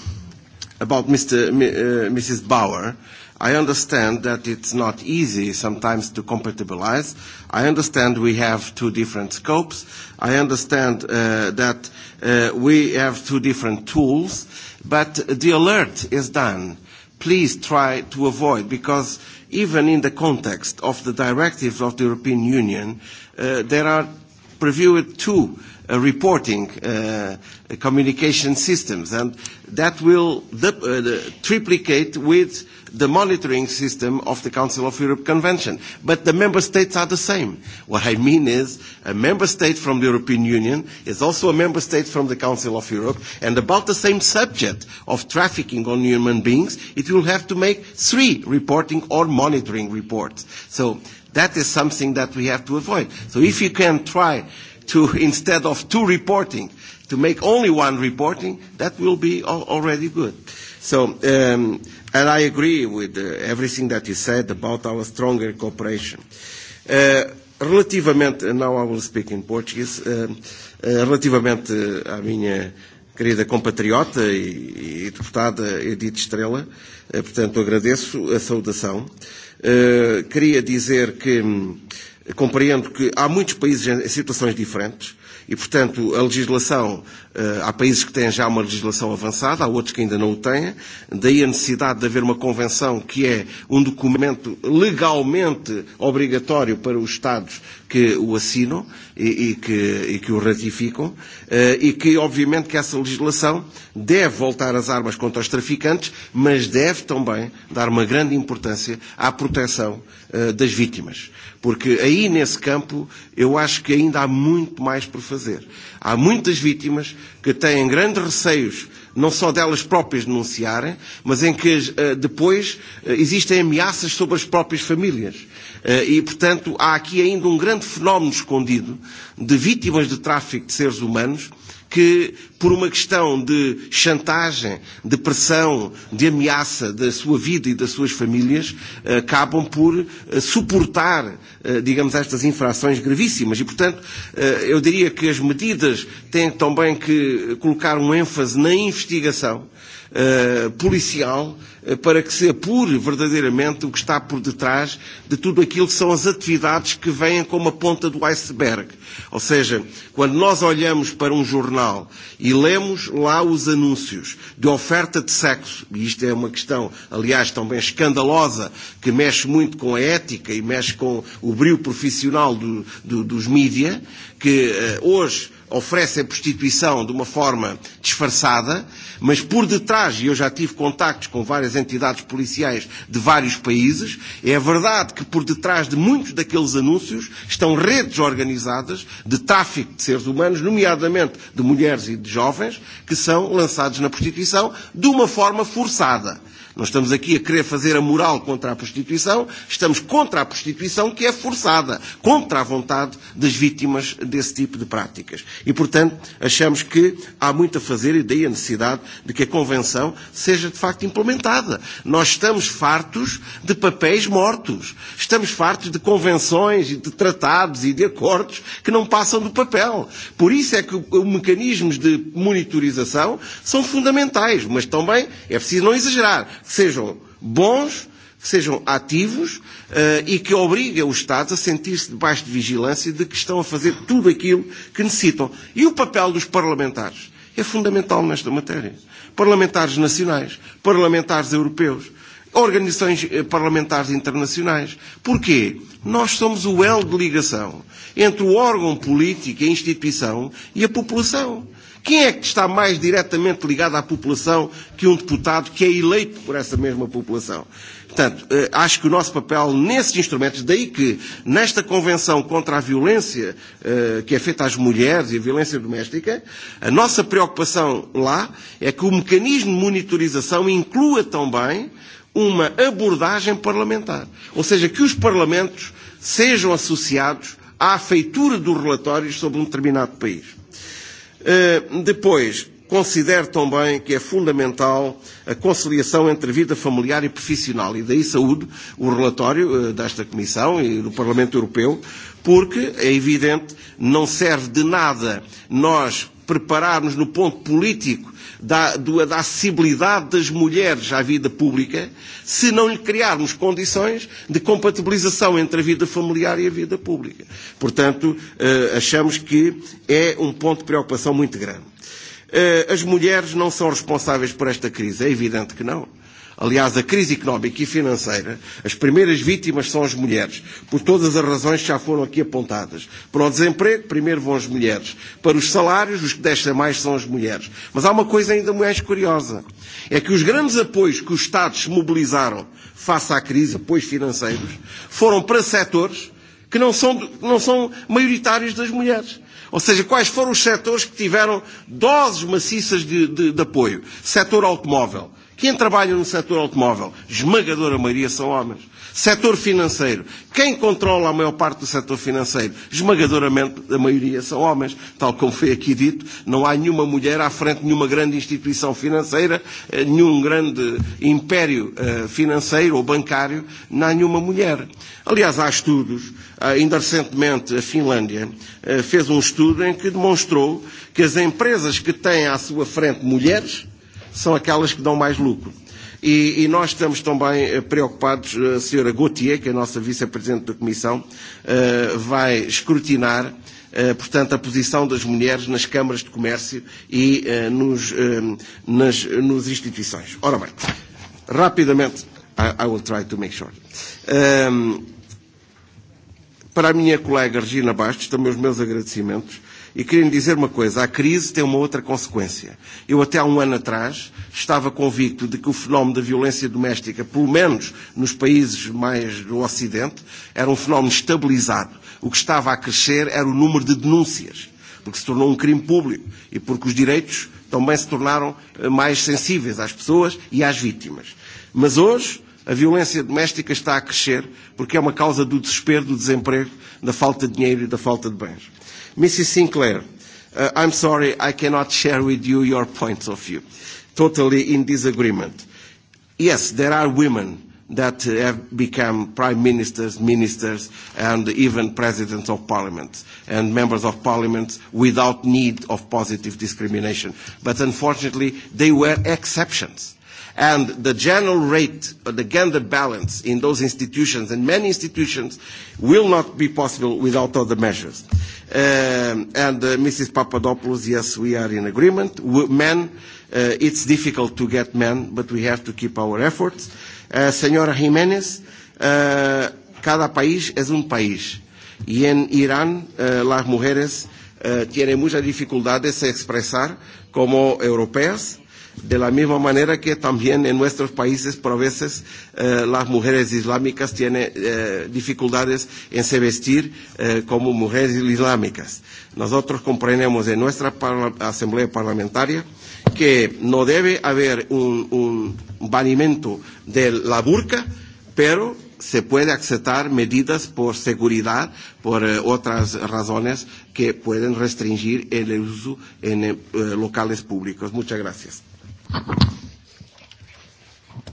about Mr. M- uh, Mrs. Bauer, uh, I understand that it's not easy sometimes to compatibilize. I understand we have two different scopes. I understand uh, that uh, we have two different tools, but the alert is done. Please try to avoid, because even in the context of the directives of the European Union, uh, there are previewed two uh, reporting uh, communication systems, and that will uh, triplicate with the monitoring system of the Council of Europe Convention. But the member states are the same. What I mean is a member state from the European Union is also a member state from the Council of Europe, and about the same subject of trafficking on human beings, it will have to make three reporting or monitoring reports. So that is something that we have to avoid. So if you can try to, instead of two reporting, to make only one reporting, that will be al- already good. So um, And I agree with uh, everything that you said about our stronger cooperation. Uh, relativamente, now I will speak in Portuguese, uh, uh, relativamente à minha querida compatriota e, e deputada Edith Estrela, uh, portanto agradeço a saudação. Uh, queria dizer que um, compreendo que há muitos países em situações diferentes, E, portanto, a legislação, eh, há países que têm já uma legislação avançada, há outros que ainda não o têm, daí a necessidade de haver uma convenção que é um documento legalmente obrigatório para os Estados que o assinam e, e, que, e que o ratificam, eh, e que, obviamente, que essa legislação deve voltar as armas contra os traficantes, mas deve também dar uma grande importância à proteção eh, das vítimas. Porque aí nesse campo eu acho que ainda há muito mais por fazer. Há muitas vítimas que têm grandes receios não só delas próprias denunciarem, mas em que uh, depois uh, existem ameaças sobre as próprias famílias. Uh, e, portanto, há aqui ainda um grande fenómeno escondido de vítimas de tráfico de seres humanos que, por uma questão de chantagem, de pressão, de ameaça da sua vida e das suas famílias, eh, acabam por eh, suportar, eh, digamos, estas infrações gravíssimas. E, portanto, eu diria que as medidas têm também que colocar um ênfase na investigação, uh, uh, policial uh, para que se apure verdadeiramente o que está por detrás de tudo aquilo que são as atividades que vêm como a ponta do iceberg. Ou seja, quando nós olhamos para um jornal e lemos lá os anúncios de oferta de sexo, e isto é uma questão, aliás, também escandalosa, que mexe muito com a ética e mexe com o brilho profissional do, do, dos mídia, que uh, hoje oferecem prostituição de uma forma disfarçada, mas por detrás, e eu já tive contactos com várias entidades policiais de vários países, é verdade que por detrás de muitos daqueles anúncios estão redes organizadas de tráfico de seres humanos, nomeadamente de mulheres e de jovens, que são lançados na prostituição de uma forma forçada. Nós estamos aqui a querer fazer a moral contra a prostituição, estamos contra a prostituição que é forçada, contra a vontade das vítimas desse tipo de práticas. E, portanto, achamos que há muito a fazer e daí a necessidade de que a Convenção seja, de facto, implementada. Nós estamos fartos de papéis mortos. Estamos fartos de convenções e de tratados e de acordos que não passam do papel. Por isso é que os mecanismos de monitorização são fundamentais, mas também é preciso não exagerar, que sejam bons, que sejam ativos uh, e que obriguem os Estados a sentir-se debaixo de vigilância de que estão a fazer tudo aquilo que necessitam. E o papel dos parlamentares é fundamental nesta matéria. Parlamentares nacionais, parlamentares europeus, organizações eh, parlamentares internacionais. Porquê? Nós somos o elo de ligação entre o órgão político, a instituição e a população. Quem é que está mais diretamente ligado à população que um deputado que é eleito por essa mesma população? Portanto, eh, acho que o nosso papel nesses instrumentos, daí que nesta Convenção contra a Violência eh, que é feita às mulheres e a violência doméstica, a nossa preocupação lá é que o mecanismo de monitorização inclua também uma abordagem parlamentar. Ou seja, que os parlamentos sejam associados à feitura dos relatórios sobre um determinado país. Eh, depois, Considero também que é fundamental a conciliação entre vida familiar e profissional, e daí saúde o relatório eh, desta Comissão e do Parlamento Europeu, porque, é evidente, não serve de nada nós prepararmos no ponto político da, do, da acessibilidade das mulheres à vida pública se não lhe criarmos condições de compatibilização entre a vida familiar e a vida pública. Portanto, eh, achamos que é um ponto de preocupação muito grande. Eh, as mulheres não são responsáveis por esta crise. É evidente que não. Aliás, a crise económica e financeira, as primeiras vítimas são as mulheres, por todas as razões que já foram aqui apontadas. Para o desemprego, primeiro vão as mulheres. Para os salários, os que descem mais são as mulheres. Mas há uma coisa ainda mais curiosa. É que os grandes apoios que os Estados mobilizaram face à crise, apoios financeiros, foram para setores que não são, não são maioritários das mulheres. Ou seja, quais foram os setores que tiveram doses maciças de, de, de apoio? Setor automóvel Quem trabalha no setor automóvel, esmagadora maioria são homens. Setor financeiro, quem controla a maior parte do setor financeiro, esmagadoramente a maioria são homens. Tal como foi aqui dito, não há nenhuma mulher à frente de nenhuma grande instituição financeira, eh, nenhum grande império eh, financeiro ou bancário, não há nenhuma mulher. Aliás, há estudos, eh, ainda recentemente a Finlândia fez um estudo em que demonstrou que as empresas que têm à sua frente mulheres, são aquelas que dão mais lucro. E, e nós estamos também eh, preocupados, eh, a senhora Gauthier, que é a nossa vice-presidente da Comissão, eh, vai escrutinar portanto, a posição das mulheres nas câmaras de comércio e uh, nos, um, nas, nos instituições. Ora bem, rapidamente, I, I will try to make short. Um, para a minha colega Regina Bastos, também os meus agradecimentos E queria lhe dizer uma coisa, a crise tem uma outra consequência. Eu até há um ano atrás estava convicto de que o fenómeno da violência doméstica, pelo menos nos países mais do Ocidente, era um fenómeno estabilizado. O que estava a crescer era o número de denúncias, porque se tornou um crime público e porque os direitos também se tornaram eh, mais sensíveis às pessoas e às vítimas. Mas hoje, A violência doméstica está a crescer porque é uma causa do desespero, do desemprego, da falta de dinheiro e da falta de bens. Mrs. Sinclair, uh, I'm sorry, I cannot share with you your points of view. Totally in disagreement. Yes, there are women that have become prime ministers, ministers, and even presidents of parliaments and members of parliaments without need of positive discrimination. But unfortunately, they were exceptions And the general rate, uh, the gender balance in those institutions and many institutions will not be possible without other measures. Um, and uh, Mrs. Papadopoulos, yes, we are in agreement. We, men, uh, it's difficult to get men, but we have to keep our efforts. Uh, señora Jiménez, uh, cada país es un país. Y en Irán, uh, las mujeres uh, tienen muchas dificultades de expresar como europeas De la misma manera que también en nuestros países, por veces, eh, las mujeres islámicas tienen eh, dificultades en se vestir eh, como mujeres islámicas. Nosotros comprendemos en nuestra parla Asamblea Parlamentaria que no debe haber un, un banimiento de la burka, pero se puede aceptar medidas por seguridad, por eh, otras razones que pueden restringir el uso en eh, locales públicos. Muchas gracias.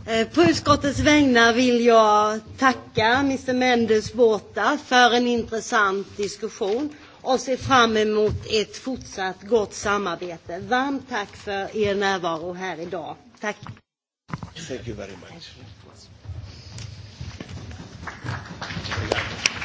Eh, på utskottets vägnar vill jag tacka Mr Mendes Båta för en intressant diskussion och ser fram emot ett fortsatt gott samarbete. Varmt tack för er närvaro här idag. Tack. Thank you very much. Obrigado.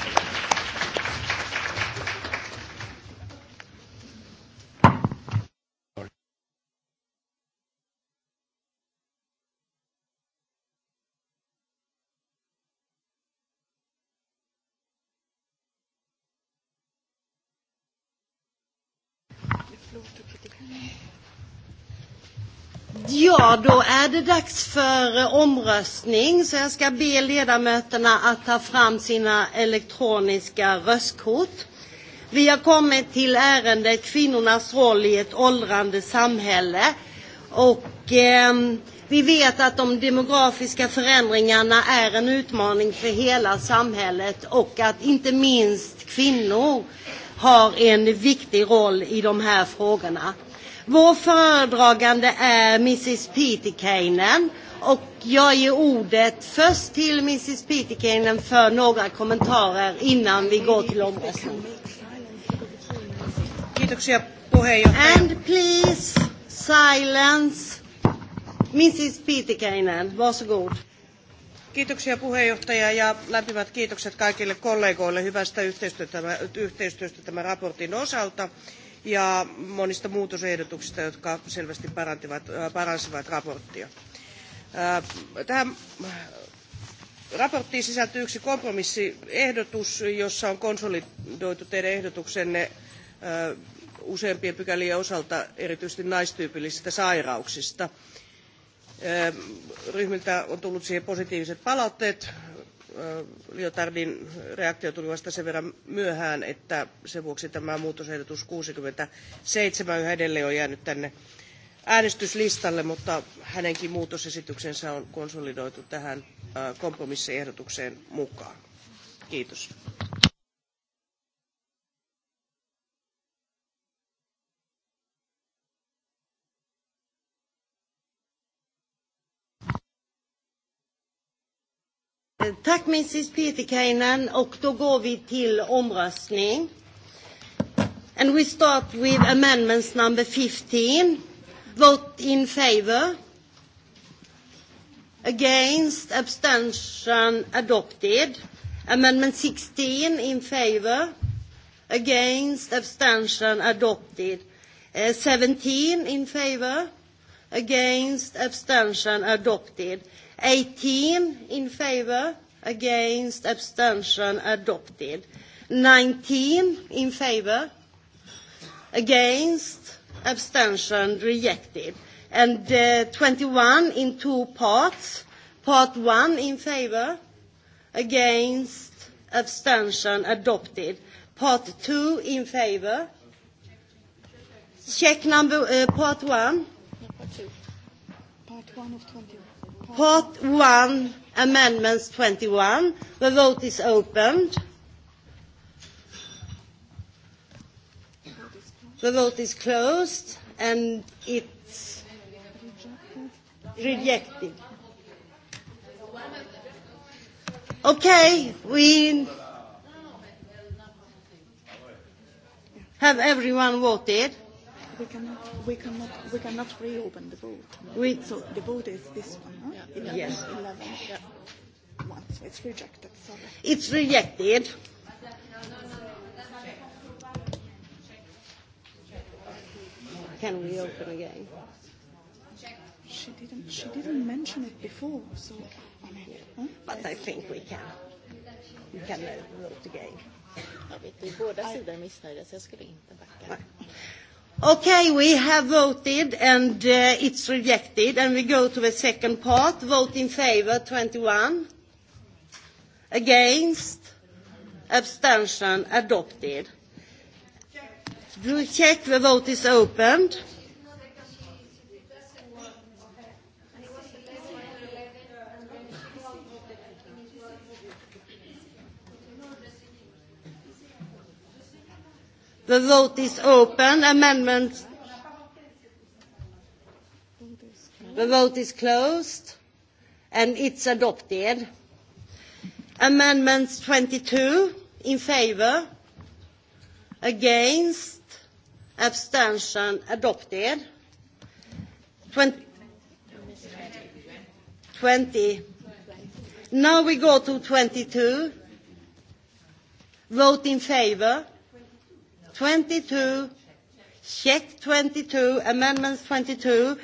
Ja, då är det dags för eh, omröstning så jag ska be ledamöterna att ta fram sina elektroniska röstkort. Vi har kommit till ärendet kvinnornas roll i ett åldrande samhälle. Och eh, vi vet att de demografiska förändringarna är en utmaning för hela samhället och att inte minst kvinnor har en viktig roll i de här frågorna. Vår föredragande är Mrs Pitikainen och jag ger ordet först till Mrs Pitikainen för några kommentarer innan vi går till omröstning. Kiitoksia puheenjohtaja. And please silence. Mrs Pitikainen, varsågod. Kiitoksia puheenjohtaja ja lämpimät kiitokset kaikille kollegoille hyvästä yhteistyöstä, tämän, yhteistyöstä tämän raportin osalta ja monista muutosehdotuksista, jotka selvästi parantivat, äh, paransivat raporttia. Äh, tähän äh, raporttiin sisältyy yksi kompromissiehdotus, jossa on konsolidoitu teidän ehdotuksenne useimpien pykälien osalta erityisesti naistyypillisistä sairauksista. Ryhmiltä on tullut siihen positiiviset palautteet. Lyotardin reaktio tuli vasta sen verran myöhään, että sen vuoksi tämä muutosehdotus 67 yhä edelleen on jäänyt tänne äänestyslistalle, mutta hänenkin muutosesityksensä on konsolidoitu tähän kompromissiehdotukseen mukaan. Kiitos. Eh, tack Mrs Pietikäinen och då går vi till omröstning. And we start with amendments number 15. Vote in favour. Against, abstention adopted. Amendment 16 in favour. Against, abstention adopted. Uh, eh, 17 in favour. Against, abstention adopted. 18 in favor, against, abstention adopted. 19 in favor, against, abstention rejected. And uh, 21 in two parts. Part 1 in favor, against, abstention adopted. Part 2 in favor. Check number, uh, part 1. No, part 2. Part 1 of 21. Part 1, Amendments 21. The vote is opened. The vote is closed, and it's rejected. Okay, we have everyone voted? we cannot, we cannot, we cannot reopen the vote. We, so the vote is this one, no? Huh? 11, yes. 11. Yeah. One, so it's rejected. Sorry. It's rejected. Can we open again? She didn't. She didn't mention it before, so. I mean, huh? But I think we can. We can vote again. Ja, vet du, båda sidor är missnöjda, så jag skulle inte backa. Nej. Okay, we have voted, and uh, it's rejected, and we go to the second part. Vote in favor, 21. Against? Abstention, adopted. Do check. The vote is opened. Check. The vote is open. Amendment. The vote is closed, and it's adopted. Amendments 22 in favor, against, abstention, adopted. 20. 20. Now we go to 22. Vote in favor, 22. Check 22. Amendments 22.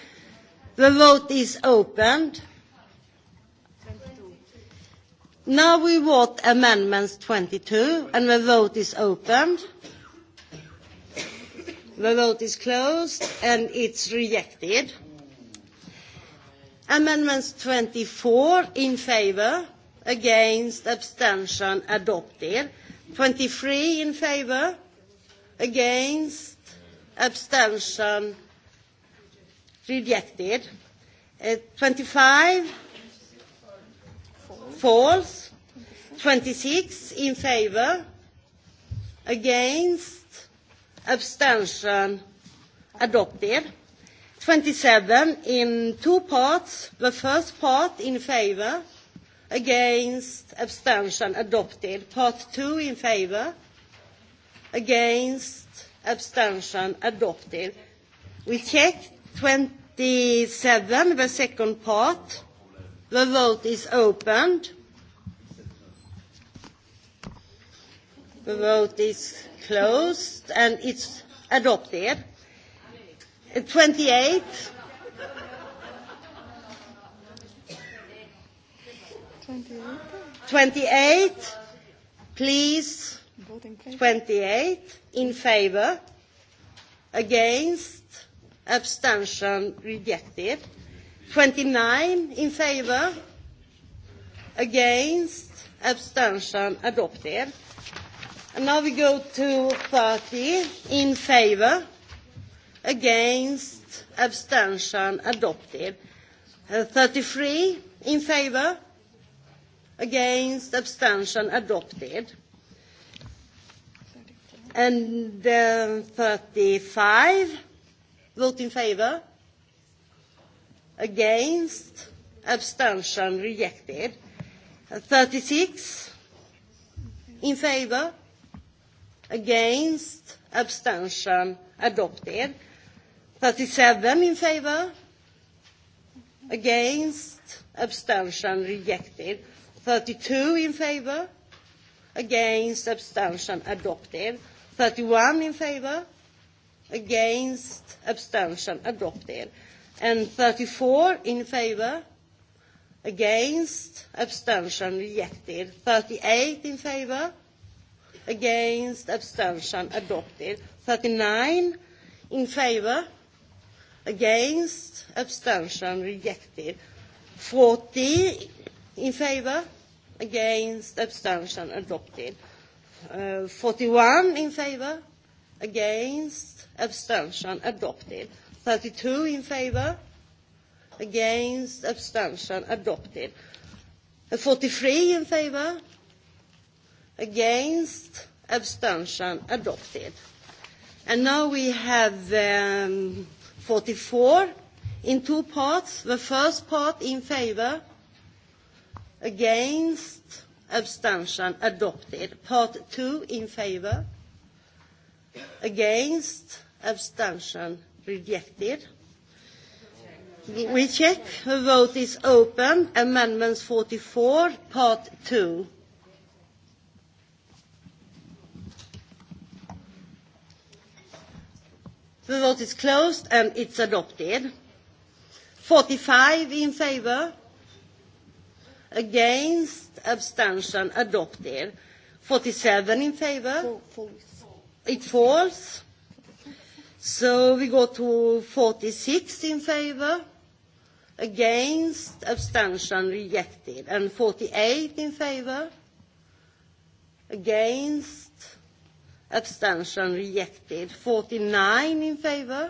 The vote is opened. 22. Now we vote amendments 22, and the vote is opened. The vote is closed, and it's rejected. Amendments 24 in favor, against, abstention, adopted. 23 in favor, Against? Abstention? Rejected. Uh, 25? False. 26 in favor? Against? Abstention? Adopted. 27 in two parts. The first part in favor, against, abstention, adopted. Part two in favor, against, abstention adopted. We check 27, the second part. The vote is opened. The vote is closed, and it's adopted. 28. Twenty-eight. Please 28 in favor, against, abstention, rejected. 29 in favor, against, abstention, adopted. And now we go to 30 in favor, against, abstention, adopted. Uh, 33 in favor, against, abstention, adopted. And then 35, vote in favor. Against, abstention, rejected. 36, in favor. Against, abstention, adopted. 37 in favor. Against, abstention, rejected. 32 in favor. Against, abstention, adopted. 31 in favor, against, abstention, adopted. And 34 in favor, against, abstention, rejected. 38 in favor, against, abstention, adopted. 39 in favor, against, abstention, rejected. 40 in favor, against, abstention, adopted. Uh, eh, 41 in favor, against, abstention, adopted. 32 in favor, against, abstention, adopted. 43 eh, in favor, against, abstention, adopted. And now we have um, 44 in two parts. The first part in favor, against, abstention adopted. Part 2 in favor, against, abstention rejected. We check. The vote is open. Amendments 44, Part 2. The vote is closed, and it's adopted. 45 in favor, against, abstention adopted. 47 in favor? False. It falls. So we go to 46 in favor, against, abstention rejected, and 48 in favor, against, abstention rejected, 49 in favor,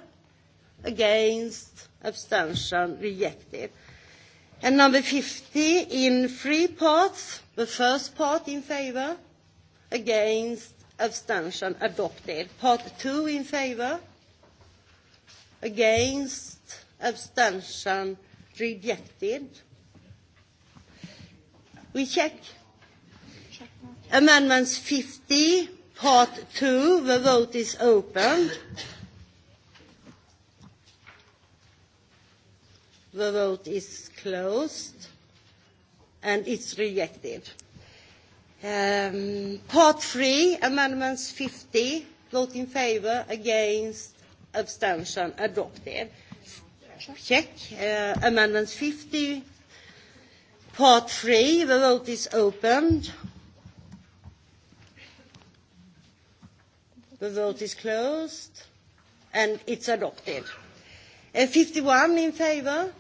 against, abstention rejected. And number 50 in three parts. The first part in favor, against, abstention, adopted. Part two in favor, against, abstention, rejected. We check. check Amendments 50, part two. The vote is opened. The vote is closed, and it's rejected. Um, part three, amendments 50, vote in favor, against, abstention, adopted. Check. Uh, amendments 50, part three, the vote is opened. The vote is closed, and it's adopted. Uh, 51 in favor,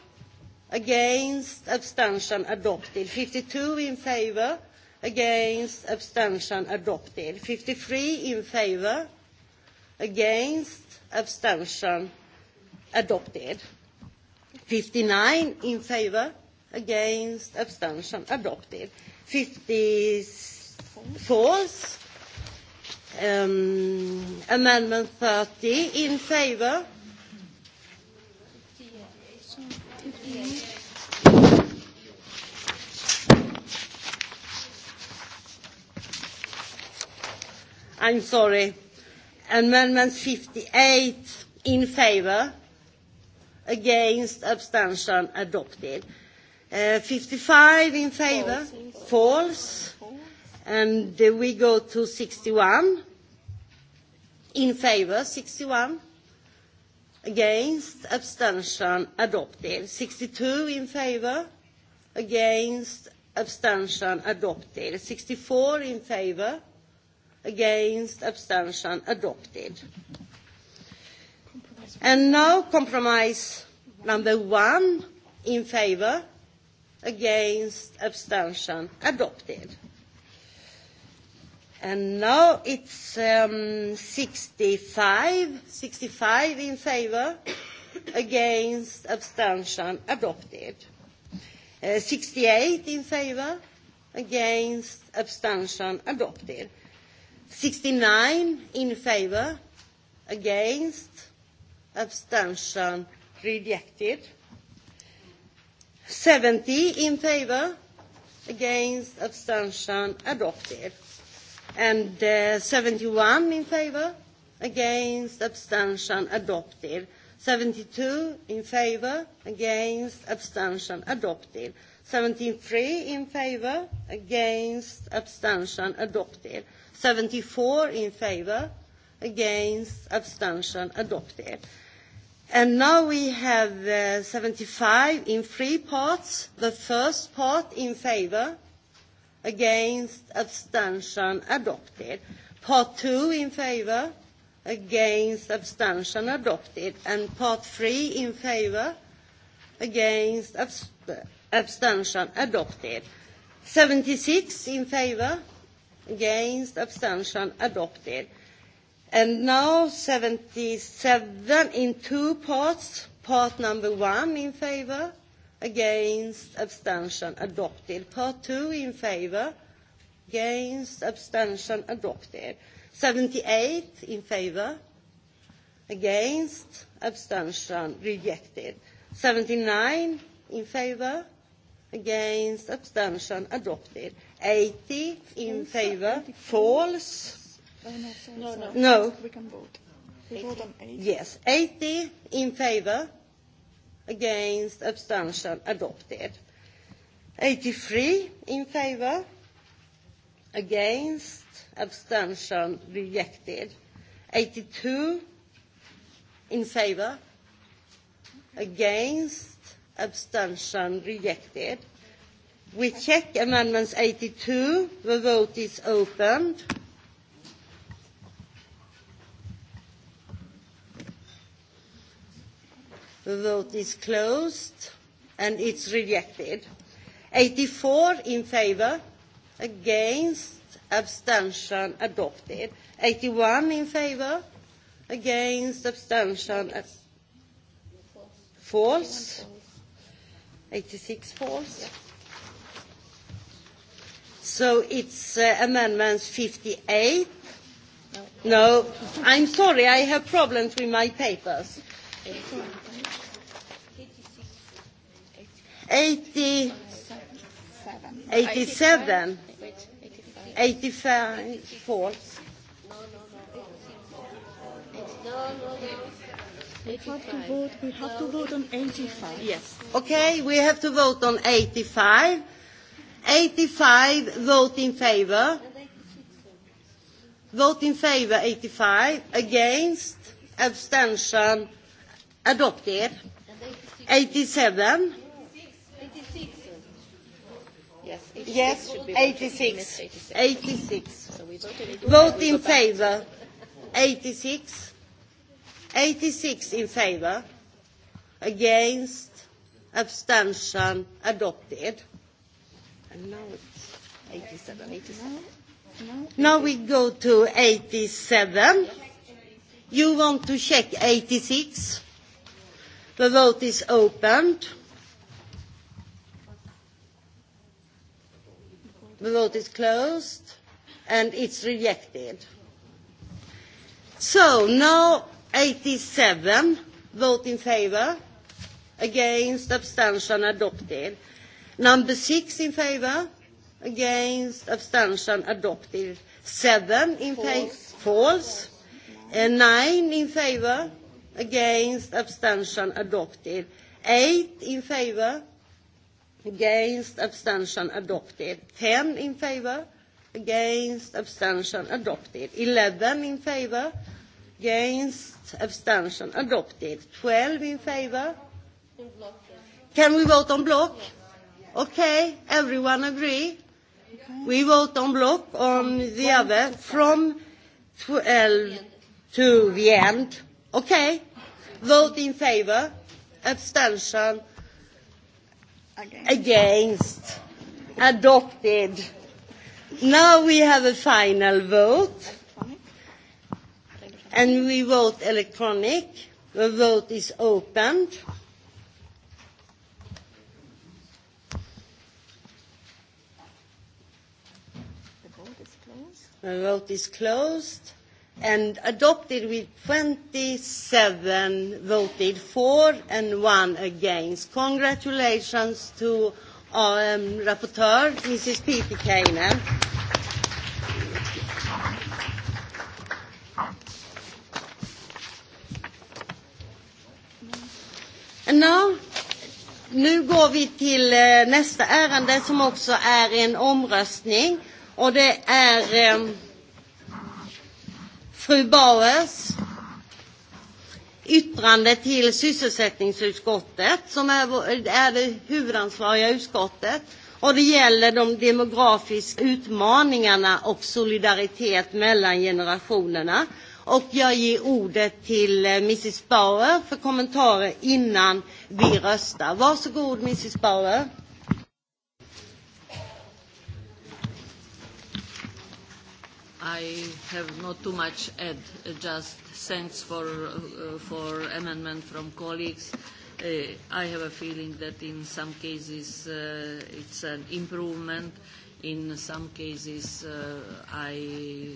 against, abstention adopted. 52 in favor, against, abstention adopted. 53 in favor, against, abstention adopted. 59 in favor, against, abstention adopted. 54 um, amendment 30 in favor, I'm sorry. Amendment 58 in favor, against, abstention, adopted. Uh, 55 in favor, false. false. And uh, we go to 61. In favor, 61 against, abstention adopted. 62 in favor, against, abstention adopted. 64 in favor, against, abstention adopted. And now compromise number one in favor, against, abstention adopted. And now it's um, 65, 65 in favor, against, abstention, adopted. Uh, 68 in favor, against, abstention, adopted. 69 in favor, against, abstention, rejected. 70 in favor, against, abstention, adopted and uh, 71 in favor, against, abstention, adopted. 72 in favor, against, abstention, adopted. 73 in favor, against, abstention, adopted. 74 in favor, against, abstention, adopted. And now we have uh, 75 in three parts. The first part in favor, against, abstention adopted. Part 2 in favor, against, abstention adopted. And part 3 in favor, against, abst abstention adopted. 76 in favor, against, abstention adopted. And now 77 in two parts. Part number 1 in favor, against, abstention adopted. Part 2 in favor, against, abstention adopted. 78 in favor, against, abstention rejected. 79 in favor, against, abstention adopted. 80 in favor, false. Oh, no, sorry, no, no. no. We can vote. We vote on 80. Yes, 80 in favor, against, abstention, adopted. 83 in favor, against, abstention, rejected. 82 in favor, against, abstention, rejected. We check amendments 82. The vote is opened. The vote is closed, and it's rejected. 84 in favor, against, abstention, adopted. 81 in favor, against, abstention, ab false. 86 false. Yeah. So it's uh, amendments 58. No. no, I'm sorry, I have problems with my papers. 81. 80, 87, 85 false. We have to vote. We have to vote on 85. Yes. Okay, we have to vote on 85. 85 vote in favor. Vote in favor 85. Against. Abstention. Adopted. 87. Yes, 86. Yes, 86. 86. 86. So we voted Vote in favour. 86. 86 in favour. Against. Abstention. Adopted. And now it's 87. 87. Now we go to 87. You want to check 86? The vote is opened. The vote is closed, and it's rejected. So now 87 vote in favor, against, abstention, adopted. Number six in favor, against, abstention, adopted. Seven in favor, false. And nine in favor, against, abstention, adopted. Eight in favor, against abstention adopted 10 in favor against abstention adopted 11 in favor against abstention adopted 12 in favor can we vote on block okay everyone agree we vote on block on the other from 12 to the end okay vote in favor abstention Against. Against. Adopted. Now we have a final vote. Electronic. And we vote electronic. The vote is opened. The vote is closed. The vote is closed and adopted with 27 voted for and one against. Congratulations to our um, rapporteur, Mrs. Pietikäinen. And now, nu går vi till eh, nästa ärende som också är en omröstning och det är eh, Fru Bauers yttrande till sysselsättningsutskottet som är, är det huvudansvariga utskottet och det gäller de demografiska utmaningarna och solidaritet mellan generationerna. Och jag ger ordet till eh, Mrs Bauer för kommentarer innan vi röstar. Varsågod Mrs Bauer. I have not too much add, uh, just thanks for, uh, for amendment from colleagues. Uh, I have a feeling that in some cases uh, it's an improvement. In some cases uh, I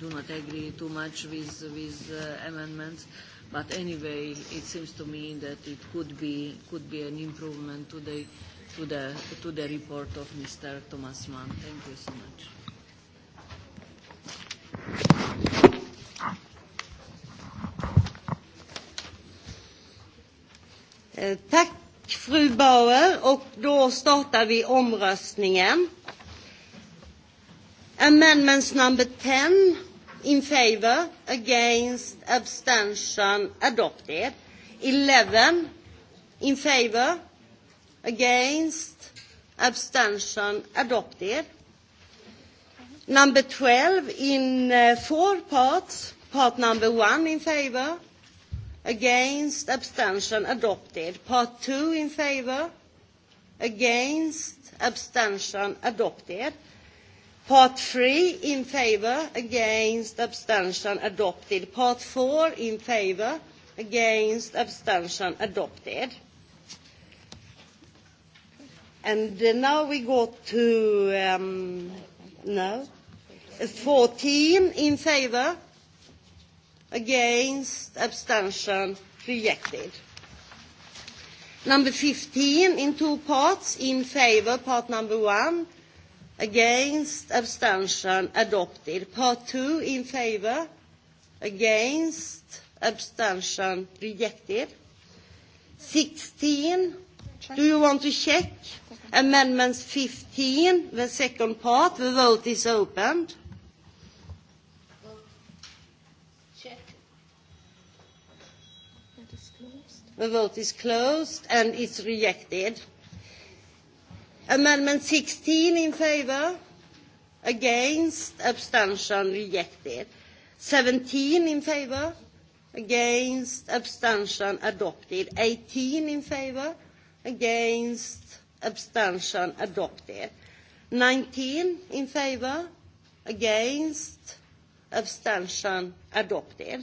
do not agree too much with, with uh, amendments. But anyway, it seems to me that it could be, could be an improvement to the, to, the, to the report of Mr. Thomas Mann. Thank you so much. Eh, tack fru Bauer och då startar vi omröstningen. Amendments number 10 in favor, against, abstention, adopted. 11 in favor, against, abstention, adopted. Number 12 in uh, four parts. Part number one in favor, against, abstention adopted. Part two in favor, against, abstention adopted. Part three in favor, against, abstention adopted. Part four in favor, against, abstention adopted. And uh, now we go to um, no 14 in favor, against, abstention, rejected. Number 15 in two parts, in favor, part number one, against, abstention, adopted. Part two in favor, against, abstention, rejected. 16 Do you want to check amendments 15, the second part? The vote is opened. The vote is closed, and it's rejected. Amendment 16 in favor, against, abstention, rejected. 17 in favor, against, abstention, adopted. 18 in favor, against, abstention, adopted. 19 in favor, against, abstention, adopted.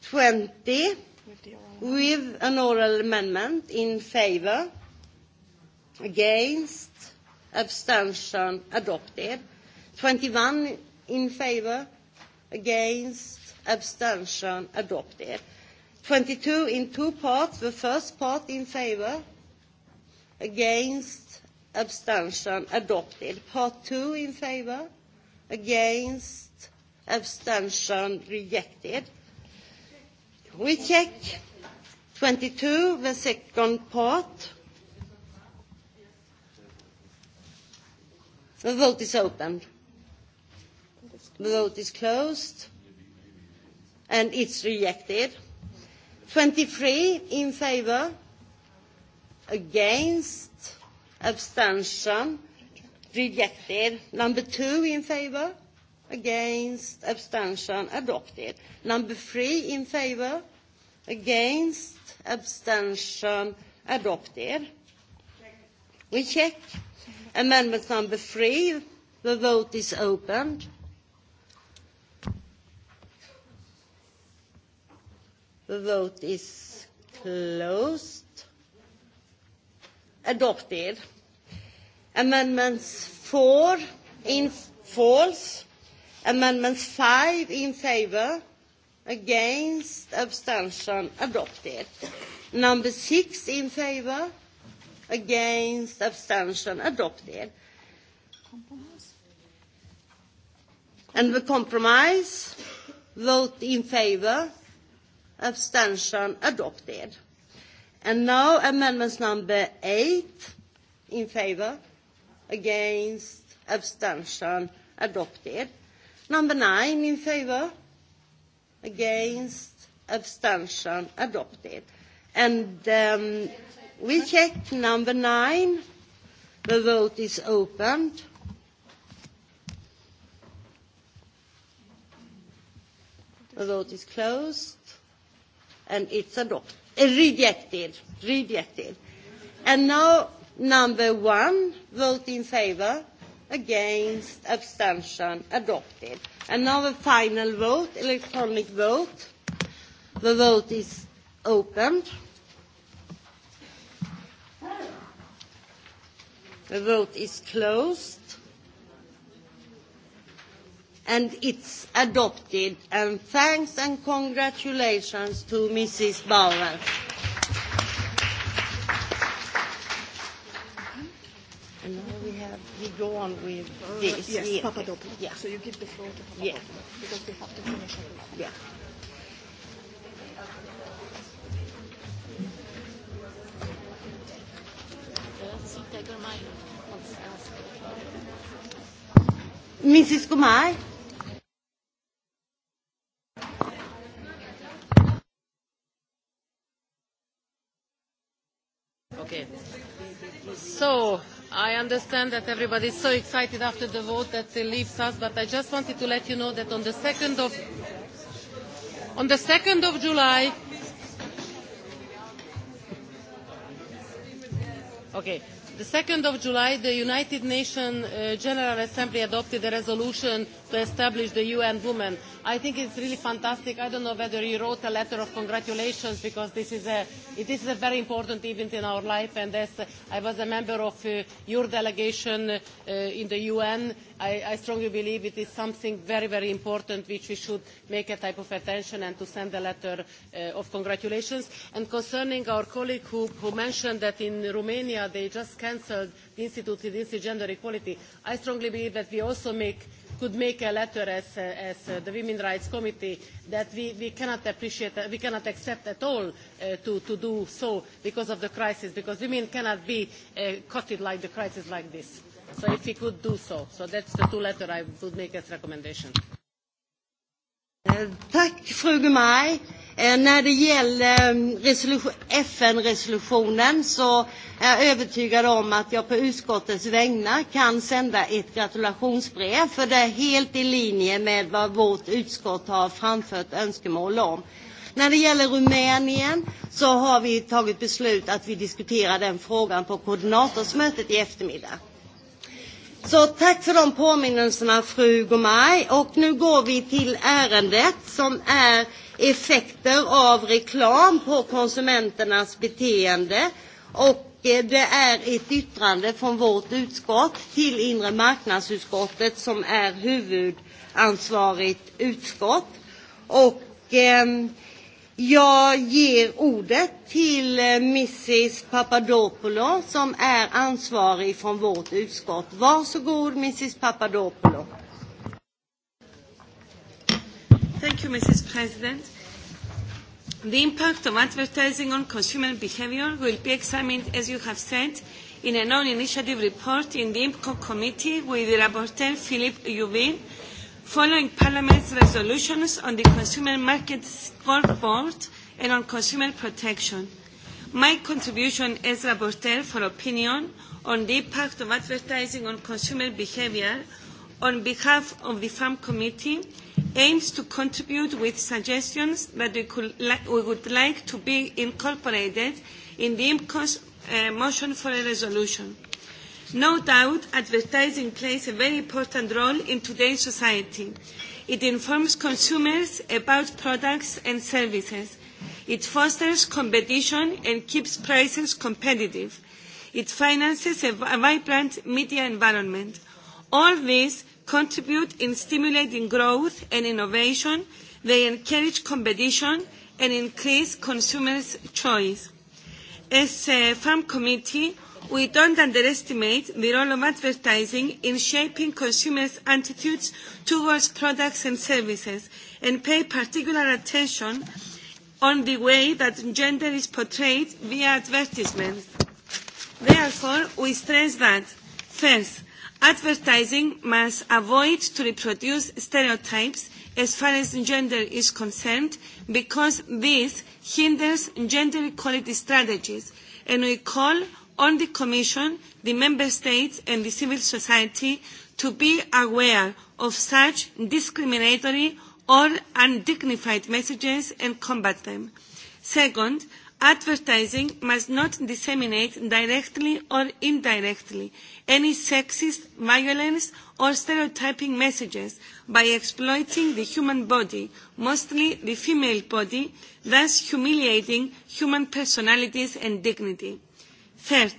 20 with the oral with an oral amendment in favor, against, abstention adopted. 21 in favor, against, abstention adopted. 22 in two parts. The first part in favor, against, abstention adopted. Part two in favor, against, abstention rejected. We check. 22, the second part. The vote is opened. The vote is closed, and it's rejected. 23 in favor, against, abstention, rejected. Number two in favor, against, abstention, adopted. Number three in favor, against, abstention adopted. Er. We check amendment number three. The vote is opened. The vote is closed. Adopted. Er. Amendments four in false. Amendments five in favour. Against. Abstention. Adopted. Number six in favor. Against. Abstention. Adopted. Compromise. And the compromise. Vote in favor. Abstention. Adopted. And now amendments number eight in favor. Against. Abstention. Adopted. Number nine in favor against, abstention, adopted. And um, we check number nine. The vote is opened. The vote is closed, and it's adopted. Uh, rejected. Rejected. And now number one, vote in favor against, abstention, adopted. And now the final vote, electronic vote. The vote is opened. The vote is closed. And it's adopted. And thanks and congratulations to Mrs. Bauer. And now we have, we go on with uh, this. Yes, yeah. Papadopoulos. Yeah. So you give the floor to Papadopoulos. Yeah. Because we have to finish it. Yeah. Mrs. Kumar? Okay. So, I understand that everybody is so excited after the vote that it leaves us, but I just wanted to let you know that on the 2nd of, on the 2nd of July, okay, the 2nd of July, the United Nations uh, General Assembly adopted a resolution to establish the UN Women. I think it's really fantastic. I don't know whether you wrote a letter of congratulations because this is a, it is a very important event in our life. And as I was a member of uh, your delegation uh, in the UN, I, I strongly believe it is something very, very important which we should make a type of attention and to send a letter uh, of congratulations. And concerning our colleague who, who mentioned that in Romania they just cancelled the Institute of Gender Equality, I strongly believe that we also make could make a letter as, uh, as uh, the Women's Rights Committee that we, we cannot appreciate, uh, we cannot accept at all uh, to, to do so because of the crisis, because women cannot be uh, cutted like the crisis like this. So if we could do so. So that's the two letter I would make as recommendation. Uh, tack, Frögemaj. Eh, när det gäller mm, FN-resolutionen så är jag övertygad om att jag på utskottets vägnar kan sända ett gratulationsbrev för det är helt i linje med vad vårt utskott har framfört önskemål om. När det gäller Rumänien så har vi tagit beslut att vi diskuterar den frågan på koordinatorsmötet i eftermiddag. Så tack för de påminnelserna, fru Gomay. Och nu går vi till ärendet som är effekter av reklam på konsumenternas beteende och eh, det är ett yttrande från vårt utskott till inre marknadsutskottet som är huvudansvarigt utskott. Och eh, jag ger ordet till eh, Mrs Papadopoulos som är ansvarig från vårt utskott. Varsågod Mrs Papadopoulos. Thank you, Mrs. President. The impact of advertising on consumer behavior will be examined, as you have said, in a non-initiative report in the IMCO committee with the rapporteur Philippe Juvin, following Parliament's resolutions on the Consumer Market Scoreboard and on consumer protection. My contribution as rapporteur for opinion on the impact of advertising on consumer behavior on behalf of the FAM committee, aims to contribute with suggestions that we, could li- we would like to be incorporated in the IMCO's uh, motion for a resolution. No doubt, advertising plays a very important role in today's society. It informs consumers about products and services. It fosters competition and keeps prices competitive. It finances a vibrant media environment. All this contribute in stimulating growth and innovation, they encourage competition and increase consumers' choice. As a farm committee, we don't underestimate the role of advertising in shaping consumers' attitudes towards products and services and pay particular attention on the way that gender is portrayed via advertisements. Therefore, we stress that, first, Advertising must avoid to reproduce stereotypes as far as gender is concerned because this hinders gender equality strategies and we call on the Commission, the Member States and the civil society to be aware of such discriminatory or undignified messages and combat them. Second, advertising must not disseminate directly or indirectly any sexist, violence, or stereotyping messages by exploiting the human body, mostly the female body, thus humiliating human personalities and dignity. Third,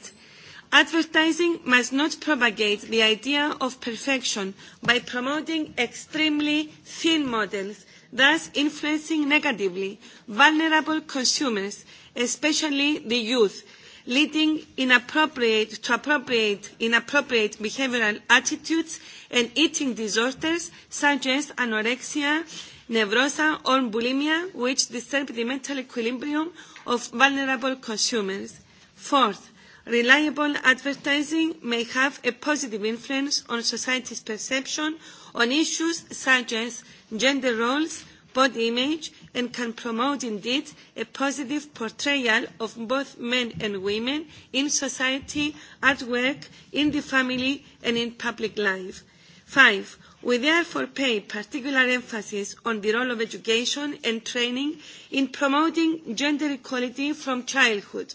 advertising must not propagate the idea of perfection by promoting extremely thin models, thus influencing negatively vulnerable consumers, especially the youth, leading inappropriate, to appropriate inappropriate behavioral attitudes and eating disorders such as anorexia, nevrosa or bulimia, which disturb the mental equilibrium of vulnerable consumers. Fourth, reliable advertising may have a positive influence on society's perception on issues such as gender roles, body image, and can promote indeed a positive portrayal of both men and women in society, at work, in the family and in public life. Five, we therefore pay particular emphasis on the role of education and training in promoting gender equality from childhood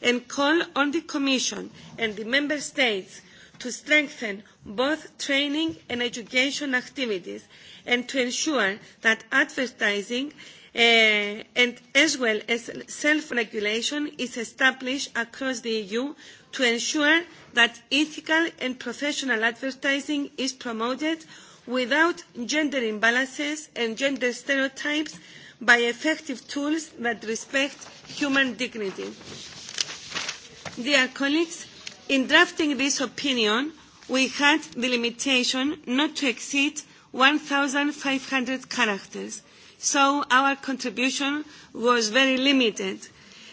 and call on the Commission and the Member States to strengthen both training and education activities and to ensure that advertising Uh, and as well as self-regulation is established across the EU to ensure that ethical and professional advertising is promoted without gender imbalances and gender stereotypes by effective tools that respect human dignity. Dear colleagues, in drafting this opinion, we had the limitation not to exceed 1,500 characters so our contribution was very limited.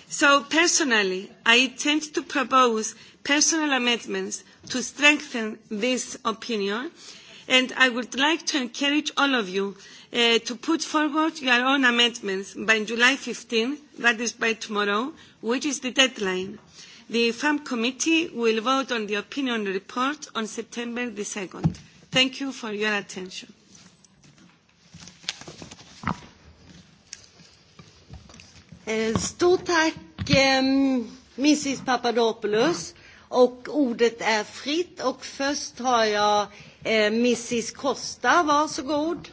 So personally, I intend to propose personal amendments to strengthen this opinion, and I would like to encourage all of you uh, to put forward your own amendments by July 15, that is by tomorrow, which is the deadline. The FAM committee will vote on the opinion report on September the 2nd. Thank you for your attention. Eh, stort tack Mrs ehm, Papadopoulos och ordet är fritt och först har jag eh, Mrs Costa, varsågod.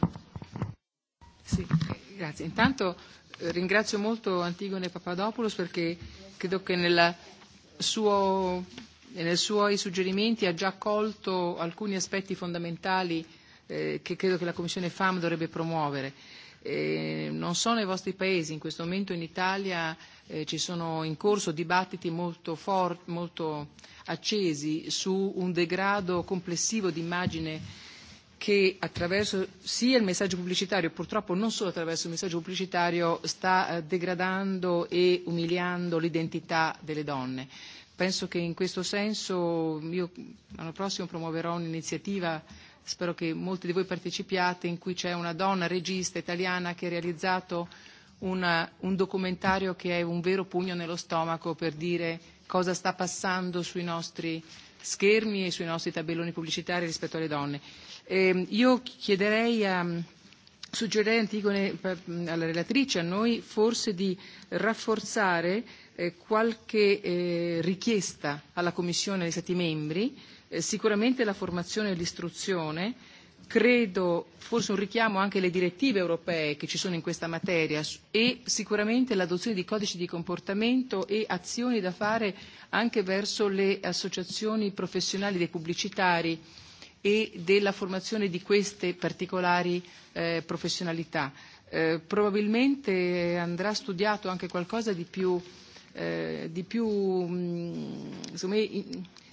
Sì, grazie. Intanto eh, ringrazio molto Antigone Papadopoulos perché credo che nel suo, nei suoi suggerimenti ha già colto alcuni aspetti fondamentali eh, che credo che la Commissione FAM dovrebbe promuovere Eh, non so nei vostri paesi, in questo momento in Italia eh, ci sono in corso dibattiti molto, for- molto accesi su un degrado complessivo di immagine che attraverso sia il messaggio pubblicitario, purtroppo non solo attraverso il messaggio pubblicitario, sta eh, degradando e umiliando l'identità delle donne. Penso che in questo senso io l'anno prossimo promuoverò un'iniziativa spero che molti di voi partecipiate, in cui c'è una donna regista italiana che ha realizzato una, un documentario che è un vero pugno nello stomaco per dire cosa sta passando sui nostri schermi e sui nostri tabelloni pubblicitari rispetto alle donne. Eh, io chiederei a, suggerirei Antigone, alla relatrice, a noi forse di rafforzare eh, qualche eh, richiesta alla Commissione e agli Stati membri eh, eh, sicuramente la formazione e l'istruzione, credo forse un richiamo anche alle direttive europee che ci sono in questa materia e sicuramente l'adozione di codici di comportamento e azioni da fare anche verso le associazioni professionali dei pubblicitari e della formazione di queste particolari eh, professionalità. Eh, probabilmente andrà studiato anche qualcosa di più, eh, di più mh, mm, insomma, in,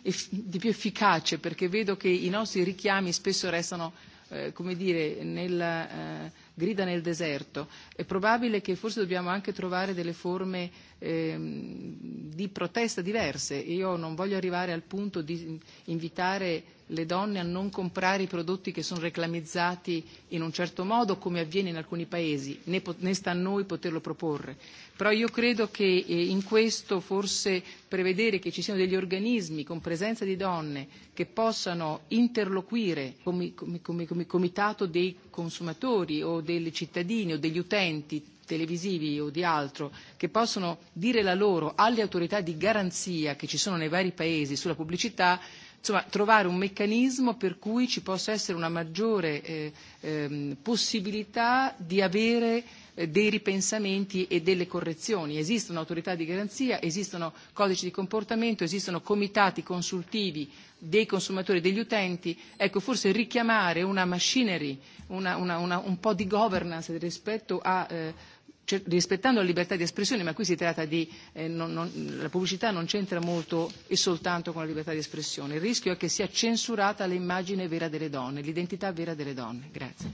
E di più efficace, perché vedo che i nostri richiami spesso restano eh, come dire, nel, eh, grida nel deserto. È probabile che forse dobbiamo anche trovare delle forme eh, di protesta diverse. Io non voglio arrivare al punto di invitare le donne a non comprare i prodotti che sono reclamizzati in un certo modo, come avviene in alcuni paesi, né, né sta a noi poterlo proporre. Però io credo che eh, in questo forse prevedere che ci siano degli organismi con presenza di donne che possano interloquire come, come, come, come comitato dei consumatori o dei cittadini o degli utenti televisivi o di altro che possono dire la loro alle autorità di garanzia che ci sono nei vari paesi sulla pubblicità, insomma, trovare un meccanismo per cui ci possa essere una maggiore eh, ehm, possibilità di avere eh, dei ripensamenti e delle correzioni. Esistono autorità di garanzia, esistono codici di comportamento, esistono comitati consultivi dei consumatori e degli utenti, ecco forse richiamare una machinery, una, una, una, un po' di governance rispetto a eh, rispettando la libertà di espressione, ma qui si tratta di, eh, non, non, la pubblicità non c'entra molto e soltanto con la libertà di espressione, il rischio è che sia censurata l'immagine vera delle donne, l'identità vera delle donne. Grazie.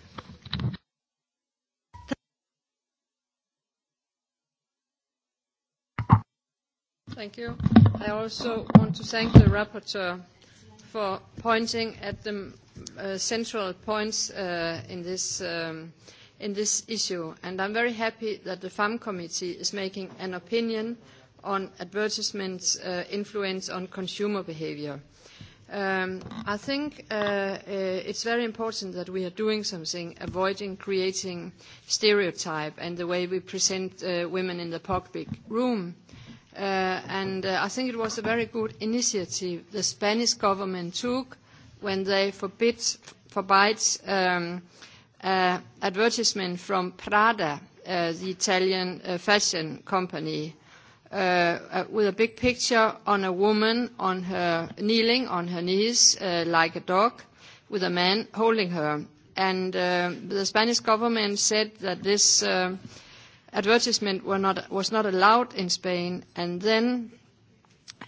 Thank you. I also want to thank the rapporteur for pointing at the uh, central points uh, in this um, uh, in this issue, and I'm very happy that the FAM committee is making an opinion on advertisements' uh, influence on consumer behavior. Um, I think uh, uh, it's very important that we are doing something, avoiding creating stereotype and the way we present uh, women in the public room. Uh, and uh, I think it was a very good initiative the Spanish government took when they forbid, forbids um, uh, uh, advertisement from Prada, uh, the Italian uh, fashion company, uh, uh, with a big picture on a woman on her kneeling on her knees uh, like a dog, with a man holding her. And uh, the Spanish government said that this uh, advertisement were not, was not allowed in Spain. And then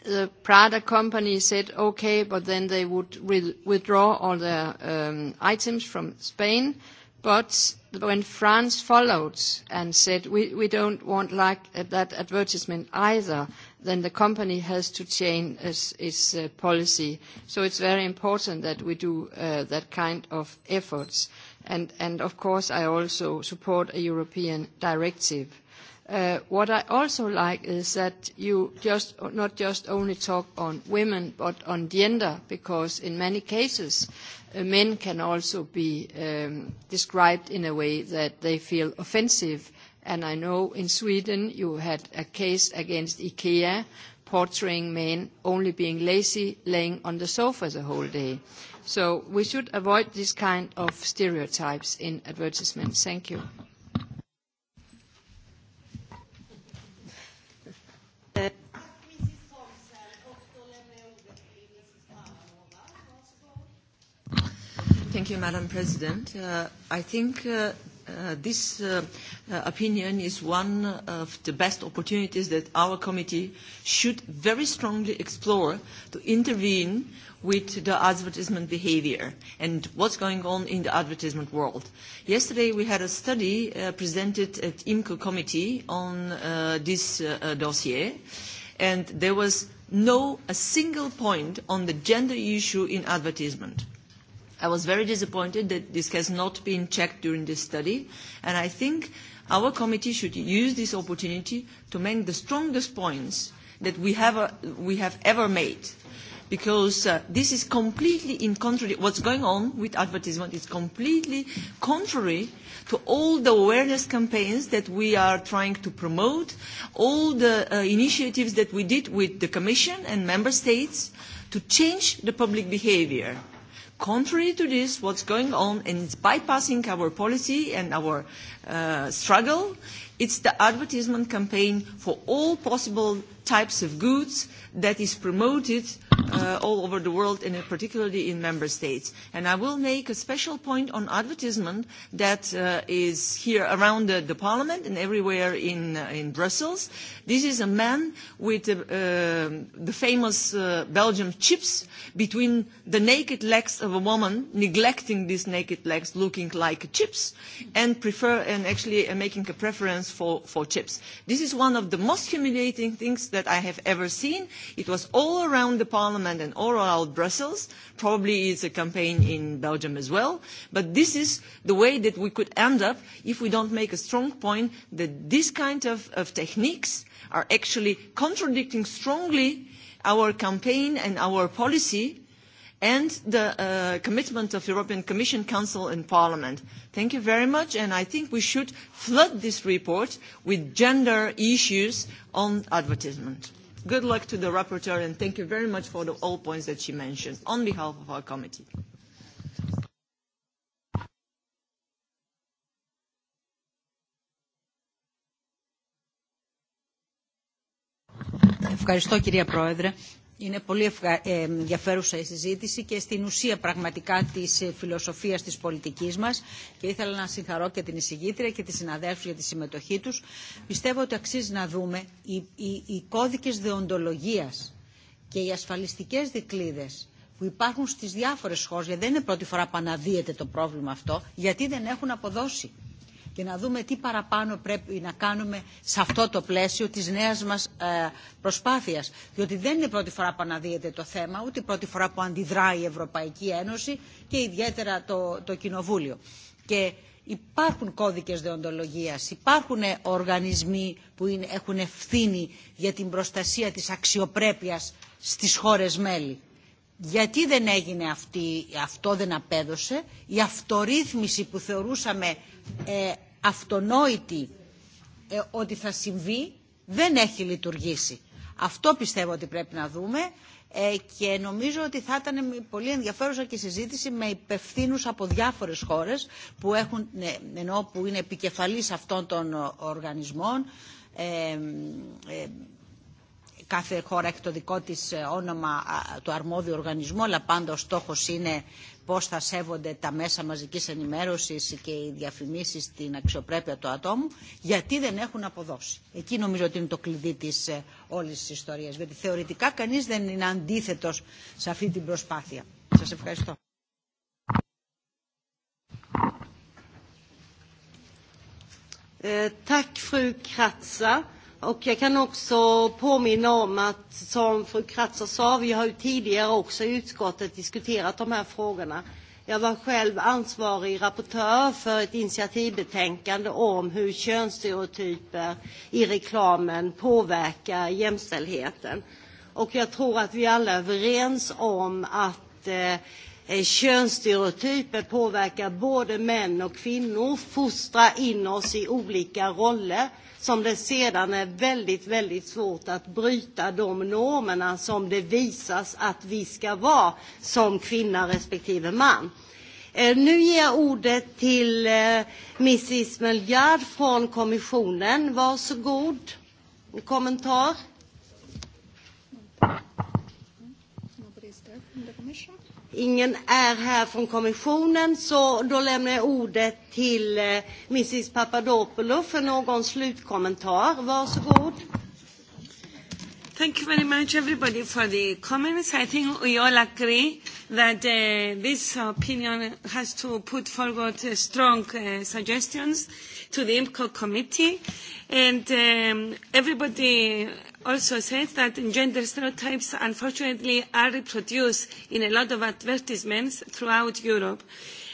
the Prada company said, "Okay," but then they would withdraw all their um, items from Spain. But when France followed and said, we, we don't want like uh, that advertisement either, then the company has to change its, its uh, policy. So it's very important that we do uh, that kind of efforts. And, and of course, I also support a European directive. Uh, what I also like is that you just not just only talk on women, but on gender, because in many cases, uh, men can also be um, described in a way that they feel offensive. And I know in Sweden you had a case against IKEA portraying men only being lazy, laying on the sofa the whole day. So we should avoid this kind of stereotypes in advertisements. Thank you. Thank you, Madam President. Uh, I think uh, uh, this uh, uh, opinion is one of the best opportunities that our committee should very strongly explore to intervene with the advertisement behavior and what's going on in the advertisement world. Yesterday we had a study uh, presented at IMCO committee on uh, this uh, uh, dossier and there was no a single point on the gender issue in advertisement. I was very disappointed that this has not been checked during this study, and I think our committee should use this opportunity to make the strongest points that we have, uh, we have ever made because uh, this is completely in contrary. What's going on with advertisement is completely contrary to all the awareness campaigns that we are trying to promote, all the uh, initiatives that we did with the Commission and Member States to change the public behavior. Uh, Contrary to this, what's going on, and it's bypassing our policy and our uh, struggle, it's the advertisement campaign for all possible types of goods that is promoted uh, all over the world and particularly in member states. And I will make a special point on advertisement that uh, is here around the, the parliament and everywhere in, uh, in Brussels. This is a man with uh, uh, the famous uh, Belgium chips between the naked legs of a woman, neglecting these naked legs looking like chips and prefer and actually uh, making a preference for, for chips. This is one of the most humiliating things protests that I have ever seen. It was all around the parliament and all around Brussels. Probably it's a campaign in Belgium as well. But this is the way that we could end up if we don't make a strong point that this kind of, of techniques are actually contradicting strongly our campaign and our policy and the uh, commitment of European Commission, Council and Parliament. Thank you very much, and I think we should flood this report with gender issues on advertisement. Good luck to the rapporteur, and thank you very much for the all points that she mentioned on behalf of our committee. Ευχαριστώ κυρία Πρόεδρε. Είναι πολύ ενδιαφέρουσα η συζήτηση και στην ουσία πραγματικά της φιλοσοφίας της πολιτικής μας και ήθελα να συγχαρώ και την εισηγήτρια και τις συναδέλφους για τη συμμετοχή τους. Πιστεύω ότι αξίζει να δούμε οι, οι, οι κώδικες δεοντολογίας και οι ασφαλιστικές δικλίδες που υπάρχουν στις διάφορες χώρες, γιατί δεν είναι πρώτη φορά που αναδύεται το πρόβλημα αυτό, γιατί δεν έχουν αποδώσει και να δούμε τι παραπάνω πρέπει να κάνουμε σε αυτό το πλαίσιο της νέας μας ε, προσπάθειας. Διότι δεν είναι πρώτη φορά που αναδύεται το θέμα, ούτε πρώτη φορά που αντιδράει η Ευρωπαϊκή Ένωση και ιδιαίτερα το, το Κοινοβούλιο. Και υπάρχουν κώδικες δεοντολογίας, υπάρχουν οργανισμοί που είναι, έχουν ευθύνη για την προστασία της αξιοπρέπειας στις χώρες μέλη γιατί δεν έγινε αυτή, αυτό δεν απέδωσε, η αυτορύθμιση που θεωρούσαμε ε, αυτονόητη ε, ότι θα συμβεί δεν έχει λειτουργήσει. Αυτό πιστεύω ότι πρέπει να δούμε ε, και νομίζω ότι θα ήταν πολύ ενδιαφέρουσα και συζήτηση με υπευθύνους από διάφορες χώρες που, έχουν, ενώ που είναι επικεφαλής αυτών των οργανισμών, ε, ε, κάθε χώρα έχει το δικό της όνομα του αρμόδιου οργανισμού, αλλά πάντα ο στόχος είναι πώς θα σέβονται τα μέσα μαζικής ενημέρωσης και οι διαφημίσεις στην αξιοπρέπεια του ατόμου, γιατί δεν έχουν αποδώσει. Εκεί νομίζω ότι είναι το κλειδί της όλης της ιστορίας, γιατί θεωρητικά κανείς δεν είναι αντίθετος σε αυτή την προσπάθεια. Σας ευχαριστώ. Eh, tack fru Kratza. Och jag kan också påminna om att, som fru Kratzer sa, vi har ju tidigare också i utskottet diskuterat de här frågorna. Jag var själv ansvarig rapportör för ett initiativbetänkande om hur könsstereotyper i reklamen påverkar jämställdheten. Och jag tror att vi alla är överens om att eh, eh könsstereotyper påverkar både män och kvinnor, fostrar in oss i olika roller som det sedan är väldigt, väldigt svårt att bryta de normerna som det visas att vi ska vara som kvinna respektive man. Eh, nu ger jag ordet till eh, Mrs Melgard från Kommissionen. Varsågod. En kommentar? Ingen är här från kommissionen så då lämnar jag ordet till eh, Mrs Papadopoulou för någon slutkommentar. Varsågod. Thank you very much everybody for the comments. I think we all agree that uh, this opinion has to put forward uh, strong uh, suggestions to the IMCO committee and um, everybody also said that gender stereotypes unfortunately are reproduced in a lot of advertisements throughout Europe.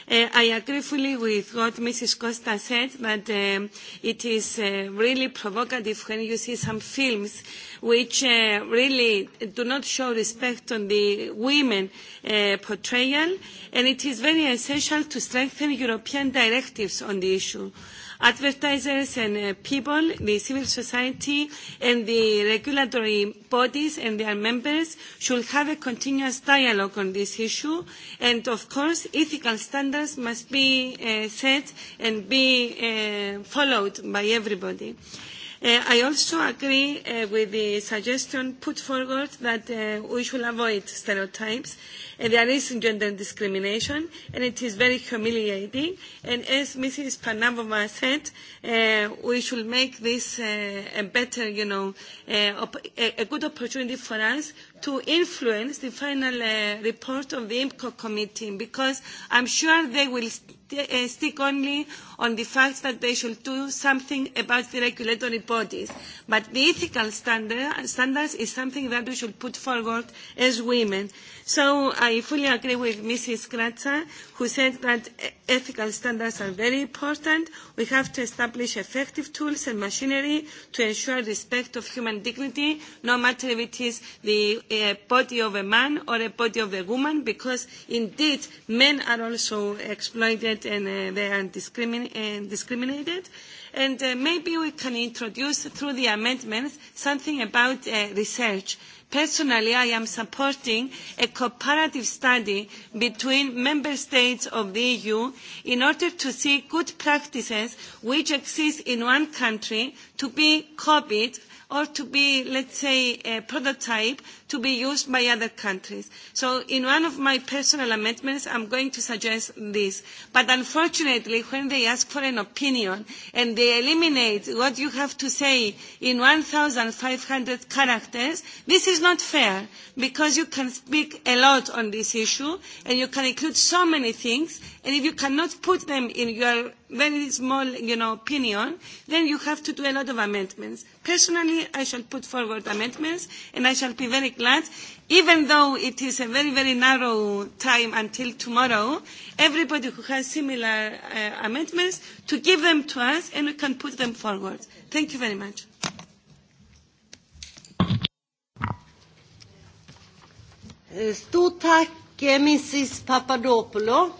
Uh, I agree fully with what Mrs. Costa said, but um, it is uh, really provocative when you see some films which uh, really do not show respect on the women uh, portrayal, and it is very essential to strengthen European directives on the issue. Uh, advertisers and uh, people, the civil society, and the regulatory bodies and their members should have a continuous dialogue on this issue. And of course, ethical standards must be uh, set and be uh, followed by everybody. Uh, Uh, I also agree uh, with the suggestion put forward that uh, we should avoid stereotypes. Uh, and there is gender discrimination, and it is very humiliating. And as Mrs. Panavova said, uh, we should make this uh, a better, you know, uh, op- a good opportunity for us to influence the final uh, report of the IMCO committee because I'm sure they will st- uh, stick only on the fact that they should do something about the regulatory bodies. But the ethical standard, standards is something that we should put forward as women. So I fully agree with Mrs. Kratza, who said that e-, ethical standards are very important. We have to establish effective tools and machinery to ensure respect of human dignity, no matter if it is the a body of a man or a body of a woman, because indeed men are also exploited and uh, they are discrimin- and uh, discriminated. And uh, maybe we can introduce through the amendments something about uh, research. Personally, I am supporting a comparative study between member states of the EU in order to see good practices which exist in one country to be copied or to be, let's say, a uh, prototype to be used by other countries. So in one of my personal amendments, I'm going to suggest this. But unfortunately, when they ask for an opinion and they eliminate what you have to say in 1,500 characters, this is not fair because you can speak a lot on this issue and you can include so many things. And if you cannot put them in your very small, you know, opinion, then you have to do a lot of amendments. Personally, I shall put forward amendments, and I shall be very take lunch. Even though it is a very, very narrow time until tomorrow, everybody who has similar uh, amendments to give them to us and we can put them forward. Thank you very much. Eh, stort tack eh, Mrs Papadopoulou.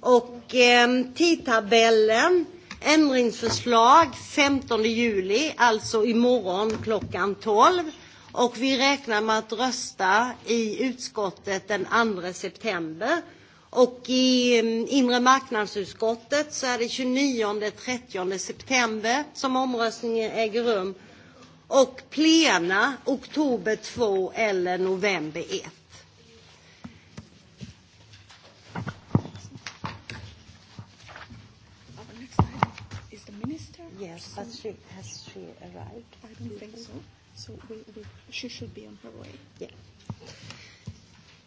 Och eh, tidtabellen, ändringsförslag 15 juli, alltså imorgon klockan 12. Och vi räknar med att rösta i utskottet den 2 september. Och i mm, inre marknadsutskottet så är det 29-30 september som omröstningen äger rum. Och plena oktober 2 eller november 1. Yes, but she, has she arrived? I don't think so. So we, we, she should be on her way. Yeah.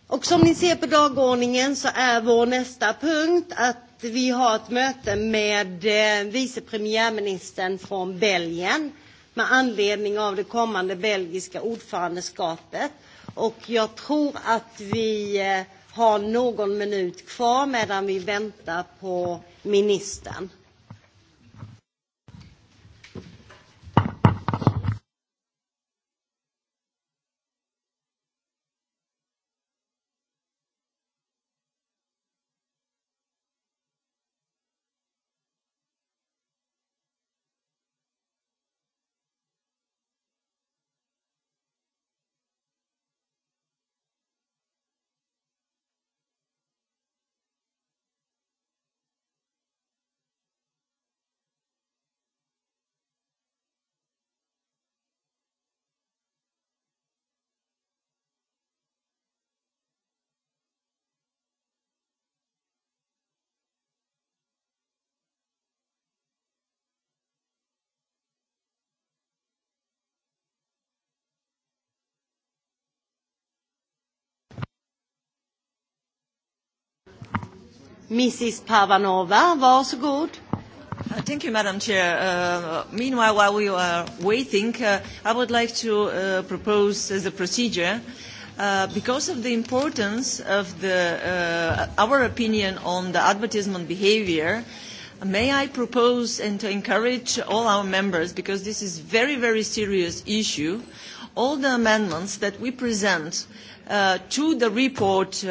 Och som ni ser på dagordningen så är vår nästa punkt att vi har ett möte med eh, vice premiärministern från Belgien med anledning av det kommande belgiska ordförandeskapet. Och jag tror att vi eh, har någon minut kvar medan vi väntar på ministern. Mrs. Pavanova, varsågod. Uh, thank you, Madam Chair. Uh, meanwhile, while we are waiting, uh, I would like to uh, propose as a procedure, uh, because of the importance of the, uh, our opinion on the advertisement behavior, may I propose and to encourage all our members, because this is very, very serious issue, all the amendments that we present uh, to the report uh,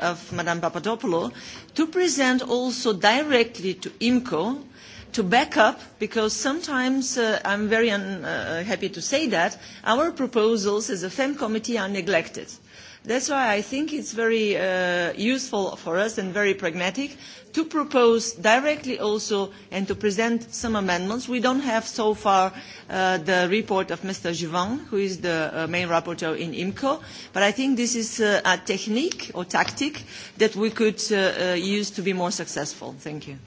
uh of Madame Papadopoulou to present also directly to IMCO to back up, because sometimes uh, I'm very un, uh, happy to say that, our proposals as a FEM committee are neglected. That's why I think it's very uh, useful for us and very pragmatic to propose directly also and to present some amendments. We don't have so far uh, the report of Mr. Juvin, who is the uh, main rapporteur in IMCO, but I think this is uh, a technique or tactic that we could uh, uh, use to be more successful. Thank you.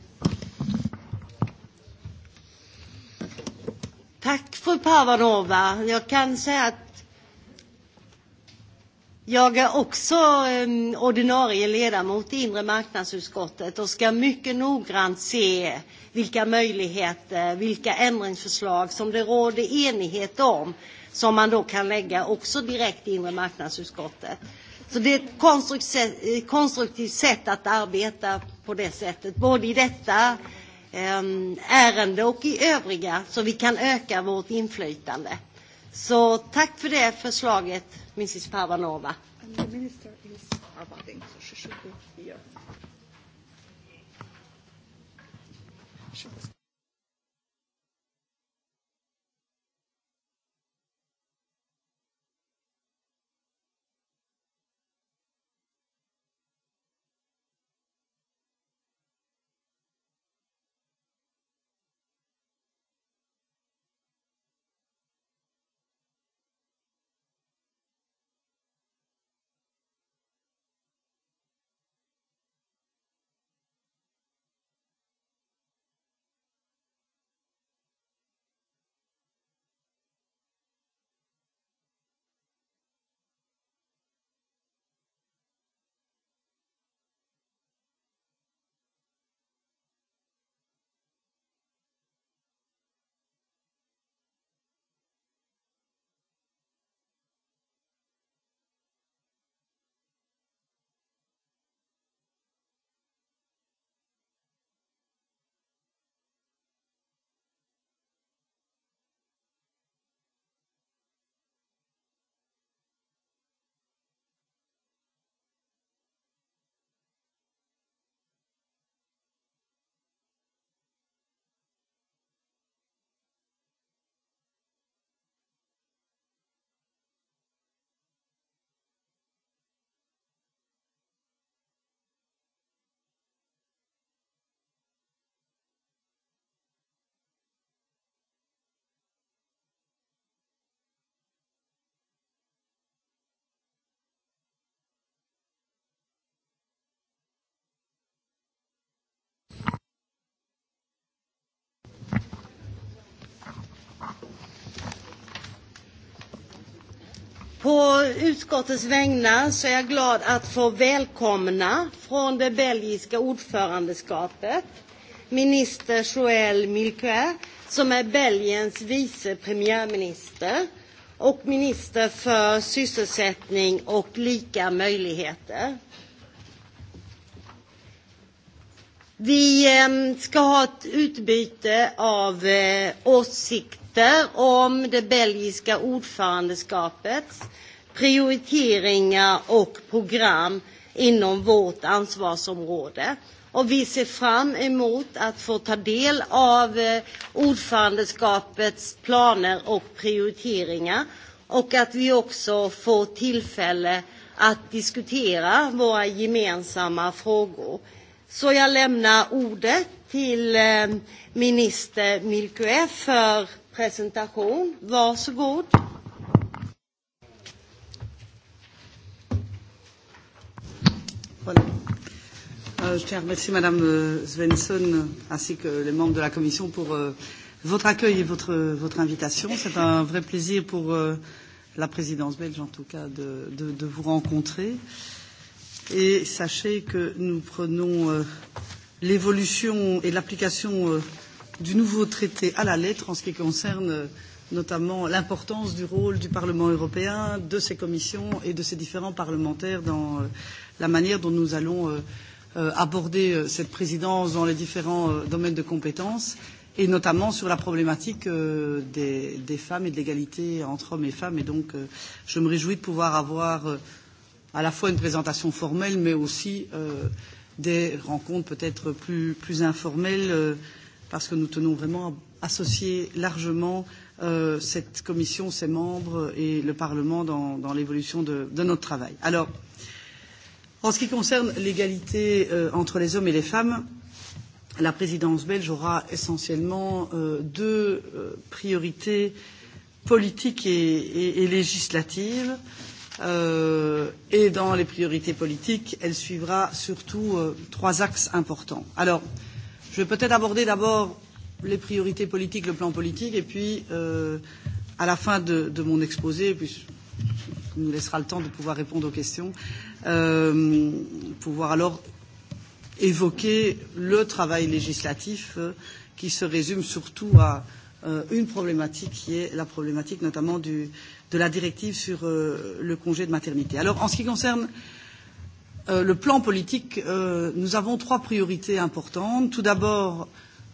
Tack fru Parvanova. Jag kan säga att Jag är också eh, ordinarie ledamot i inre marknadsutskottet och ska mycket noggrant se vilka möjligheter, vilka ändringsförslag som det råder enighet om som man då kan lägga också direkt i inre marknadsutskottet. Så det är ett konstruktivt sätt att arbeta på det sättet, både i detta eh, ärende och i övriga, så vi kan öka vårt inflytande. Så tack för det förslaget, Mrs. Pavanova. And the minister is abiding, so she should be. På utskottets vägnar så är jag glad att få välkomna från det belgiska ordförandeskapet minister Joël Milquet som är Belgiens vice premiärminister och minister för sysselsättning och lika möjligheter. Vi ehm, ska ha ett utbyte av eh, åsikter rapporter om det belgiska ordförandeskapets prioriteringar och program inom vårt ansvarsområde. Och vi ser fram emot att få ta del av eh, ordförandeskapets planer och prioriteringar och att vi också får tillfälle att diskutera våra gemensamma frågor. Så jag lämnar ordet till eh, minister Milquet för presentation. Varsågod. Voilà. Euh, je tiens à remercier Madame euh, Svensson ainsi que les membres de la Commission pour euh, votre accueil et votre, votre invitation. C'est un vrai plaisir pour euh, la présidence belge, en tout cas, de, de, de vous rencontrer. Et sachez que nous prenons euh, l'évolution et l'application euh, du nouveau traité à la lettre en ce qui concerne euh, notamment l'importance du rôle du Parlement européen, de ses commissions et de ses différents parlementaires dans euh, la manière dont nous allons euh, aborder cette présidence dans les différents domaines de compétences et notamment sur la problématique euh, des, des femmes et de l'égalité entre hommes et femmes. Et donc, euh, je me réjouis de pouvoir avoir euh, à la fois une présentation formelle, mais aussi euh, des rencontres peut-être plus, plus informelles euh, parce que nous tenons vraiment à associer largement euh, cette commission, ses membres et le Parlement dans, dans l'évolution de, de notre travail. Alors, en ce qui concerne l'égalité euh, entre les hommes et les femmes, la présidence belge aura essentiellement euh, deux euh, priorités politiques et, et, et législatives. Euh, et dans les priorités politiques, elle suivra surtout euh, trois axes importants. Alors, euh, Je vais peut-être aborder d'abord les priorités politiques, le plan politique, et puis euh, à la fin de, de mon exposé, et puis nous laissera le temps de pouvoir répondre aux questions, euh, pouvoir alors évoquer le travail législatif euh, qui se résume surtout à euh, une problématique qui est la problématique notamment du, de la directive sur euh, le congé de maternité. Alors en ce qui concerne euh, euh, le plan politique, euh, nous avons trois priorités importantes. Tout d'abord,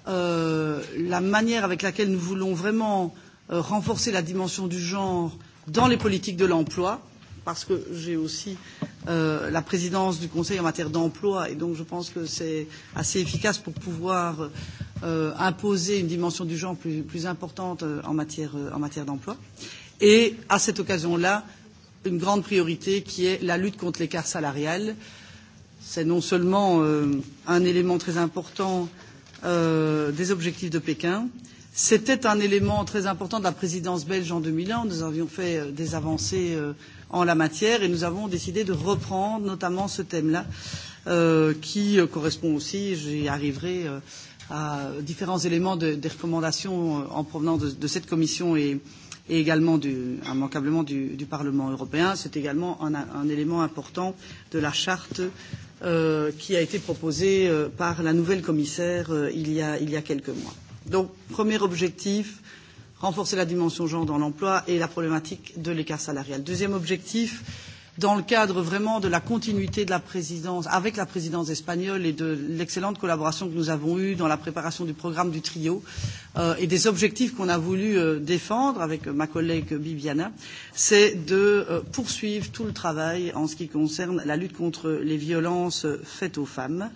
euh, la manière avec laquelle nous voulons vraiment euh, renforcer la dimension du genre dans les politiques de l'emploi, parce que j'ai aussi euh, la présidence du Conseil en matière d'emploi, et donc je pense que c'est assez efficace pour pouvoir euh, imposer une dimension du genre plus, plus importante euh, en matière, euh, en matière d'emploi. Et à cette occasion-là, euh, une grande priorité qui est la lutte contre l'écart salarial. C'est non seulement euh, un élément très important euh, des objectifs de Pékin, c'était un élément très important de la présidence belge en 2001. Nous avions fait euh, des avancées euh, en la matière et nous avons décidé de reprendre notamment ce thème-là euh, qui euh, correspond aussi, j'y arriverai, euh, à différents éléments de, des recommandations euh, en provenance de, de cette commission et, euh, et également du, immanquablement du, du Parlement européen. C'est également un, un élément important de la charte euh, qui a été proposée euh, par la nouvelle commissaire euh, il, y a, il y a quelques mois. Donc, premier objectif, renforcer la dimension genre dans l'emploi et la problématique de l'écart salarial. Deuxième objectif, euh, dans le cadre vraiment de la continuité de la présidence, avec la présidence espagnole et de l'excellente collaboration que nous avons eue dans la préparation du programme du trio euh, et des objectifs qu'on a voulu euh, défendre avec ma collègue Bibiana, c'est de euh, poursuivre tout le travail en ce qui concerne la lutte contre les violences faites aux femmes.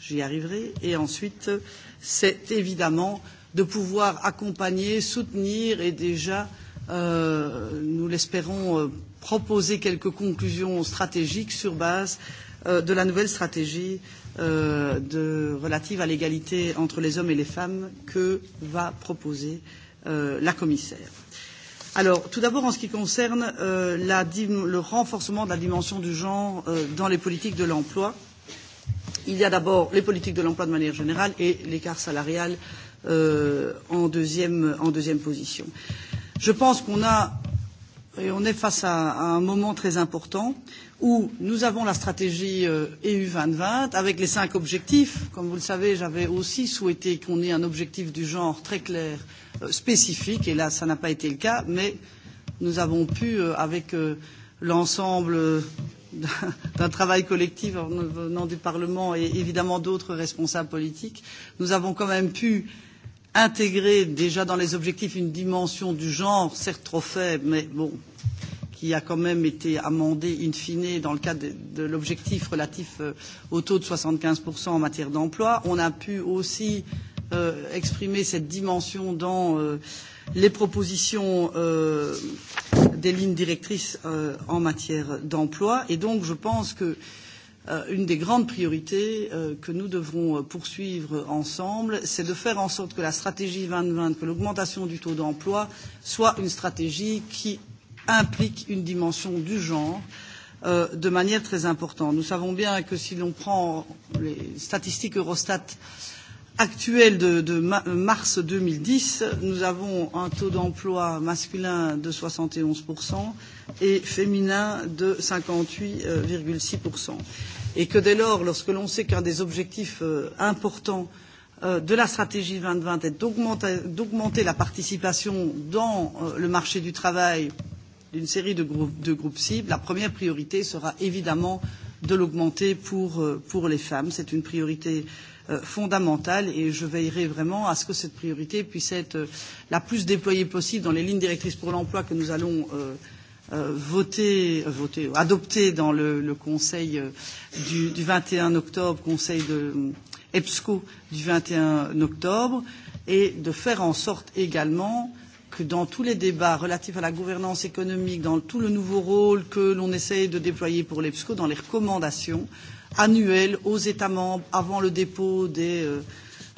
J'y arriverai. Et ensuite, c'est évidemment de pouvoir accompagner, soutenir et déjà, euh, nous l'espérons, euh, proposer quelques conclusions stratégiques sur base euh, de la nouvelle stratégie euh, de, relative à l'égalité entre les hommes et les femmes que va proposer euh, la commissaire. Alors, tout d'abord, en ce qui concerne euh, la, le renforcement de la dimension du genre euh, dans les politiques de l'emploi, il y a d'abord les politiques de l'emploi de manière générale et l'écart salarial euh, en, deuxième, en deuxième position. Je pense qu'on a et on est face à, à un moment très important où nous avons la stratégie euh, EU 2020 avec les cinq objectifs. Comme vous le savez, j'avais aussi souhaité qu'on ait un objectif du genre très clair, euh, spécifique, et là, ça n'a pas été le cas, mais nous avons pu, euh, avec euh, l'ensemble euh, d'un travail collectif venant du Parlement et évidemment d'autres responsables politiques, nous avons quand même pu euh, intégrer déjà dans les objectifs une dimension du genre, certes trop faible, mais bon, qui a quand même été amendée in fine dans le cadre de, de l'objectif relatif euh, au taux de 75% en matière d'emploi. On a pu aussi euh, exprimer cette dimension dans euh, les propositions euh, des lignes directrices euh, en matière d'emploi. Et donc, je pense que euh, euh, une des grandes priorités euh, que nous devrons euh, poursuivre ensemble, c'est de faire en sorte que la stratégie 2020, que l'augmentation du taux d'emploi soit une stratégie qui implique une dimension du genre euh, de manière très importante. Nous savons bien que si l'on prend les statistiques Eurostat euh, actuel de, de euh, mars 2010, nous avons un taux d'emploi masculin de 71% et féminin de 58,6%. Et que dès lors, lorsque l'on sait qu'un des objectifs euh, importants euh, de la stratégie 2020 est d'augmenter la participation dans euh, le marché du travail d'une série de groupes, de groupes cibles, la première priorité sera évidemment de l'augmenter pour, euh, pour les femmes. C'est une priorité euh, euh, fondamentale et je veillerai vraiment à ce que cette priorité puisse être euh, la plus déployée possible dans les lignes directrices pour l'emploi que nous allons euh, euh, voter, euh, voter, adopter dans le, le Conseil euh, du, du 21 octobre, Conseil de euh, EBSCO du 21 octobre, et de faire en sorte également que dans tous les débats relatifs à la gouvernance économique, dans tout le nouveau rôle que l'on essaye de déployer pour l'EBSCO, dans les recommandations, euh, annuel aux États membres avant le dépôt des euh,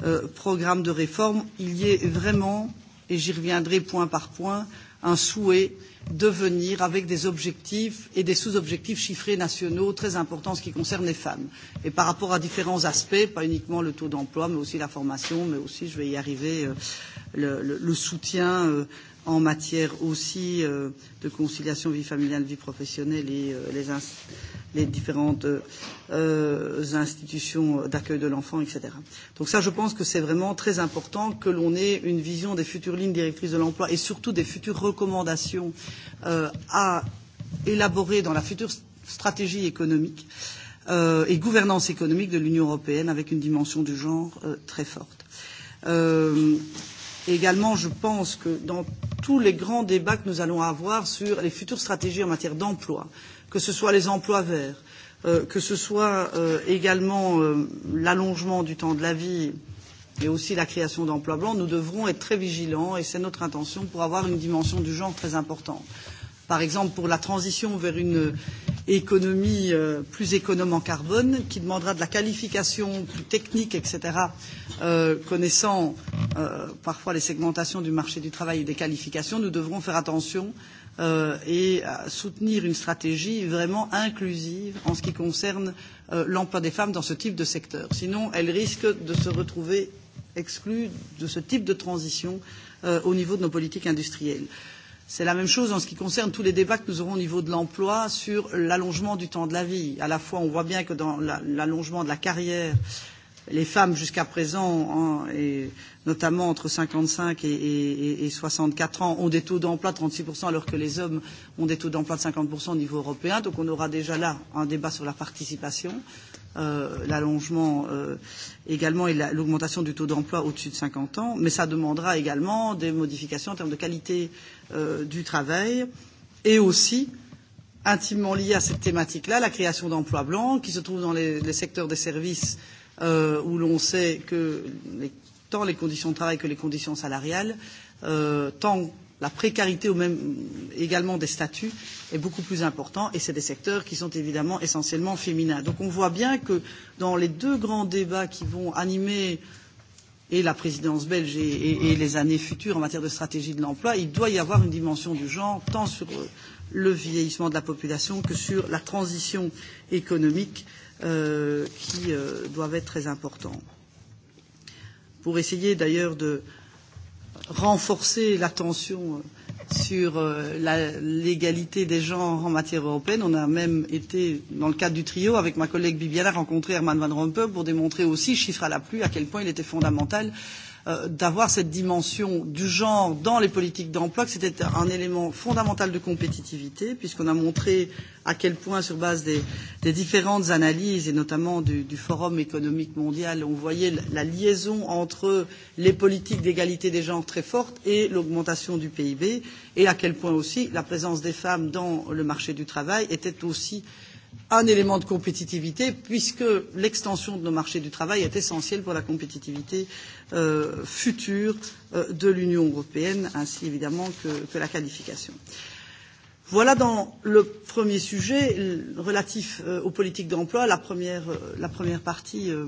euh, programmes de réforme, il y ait vraiment, et j'y reviendrai point par point, un souhait de venir avec des objectifs et des sous-objectifs chiffrés nationaux très importants en ce qui concerne les femmes. Et par rapport à différents aspects, pas uniquement le taux d'emploi, mais aussi la formation, mais aussi, je vais y arriver, euh, le, le, le soutien euh, en matière aussi euh, de conciliation vie familiale, vie professionnelle et euh, les, ins les différentes euh, institutions d'accueil de l'enfant, etc. Donc ça, je pense que c'est vraiment très important que l'on ait une vision des futures lignes directrices de l'emploi et surtout des futures recommandations euh, à élaborer dans la future stratégie économique euh, et gouvernance économique de l'Union européenne avec une dimension du genre euh, très forte. Euh, Et également, je pense que dans tous les grands débats que nous allons avoir sur les futures stratégies en matière d'emploi, que ce soit les emplois verts, euh, que ce soit euh, également euh, l'allongement du temps de la vie et aussi la création d'emplois blancs, nous devrons être très vigilants et c'est notre intention pour avoir une dimension du genre très importante par exemple pour la transition vers une économie euh, plus économe en carbone, qui demandera de la qualification plus technique, etc., euh, connaissant euh, parfois les segmentations du marché du travail et des qualifications, nous devrons faire attention euh, et soutenir une stratégie vraiment inclusive en ce qui concerne euh, l'emploi des femmes dans ce type de secteur. Sinon, elles risquent de se retrouver exclues de ce type de transition euh, au niveau de nos politiques industrielles. Euh, C'est la même chose en ce qui concerne tous les débats que nous aurons au niveau de l'emploi sur l'allongement du temps de la vie. À la fois, on voit bien que dans l'allongement la, de la carrière, les femmes jusqu'à présent, hein, et notamment entre 55 et, et, et 64 ans, ont des taux d'emploi de 36%, alors que les hommes ont des taux d'emploi de 50% au niveau européen. Donc on aura déjà là un débat sur la participation. Euh, euh, l'allongement euh, également et l'augmentation la, du taux d'emploi au-dessus de 50 ans, mais ça demandera également des modifications en termes de qualité euh, du travail et aussi intimement lié à cette thématique-là, la création d'emplois blancs qui se trouvent dans les, les secteurs des services euh, où l'on sait que les, tant les conditions de travail que les conditions salariales, euh, tant la précarité ou même également des statuts est beaucoup plus important et c'est des secteurs qui sont évidemment essentiellement féminins. Donc on voit bien que dans les deux grands débats qui vont animer et la présidence belge et, et, et les années futures en matière de stratégie de l'emploi, il doit y avoir une dimension du genre tant sur euh, le vieillissement de la population que sur la transition économique euh, qui euh, doivent être très importants. Pour essayer d'ailleurs de euh, renforcer l'attention euh, sur euh, l'égalité des genres en matière européenne. On a même été, dans le cadre du trio, avec ma collègue Bibiana, rencontrer Herman Van Rompuy pour démontrer aussi, chiffre à la pluie, à quel point il était fondamental euh, euh, d'avoir cette dimension du genre dans les politiques d'emploi, que c'était un élément fondamental de compétitivité, puisqu'on a montré à quel point, sur base des, des différentes analyses, et notamment du, du Forum économique mondial, on voyait la liaison entre les politiques d'égalité des genres très fortes et l'augmentation du PIB, et à quel point aussi la présence des femmes dans le marché du travail était aussi euh, un élément de compétitivité puisque l'extension de nos marchés du travail est essentielle pour la compétitivité euh, future euh, de l'Union européenne, ainsi évidemment que, que la qualification. Voilà dans le premier sujet relatif euh, aux politiques d'emploi, la première, euh, la première partie euh,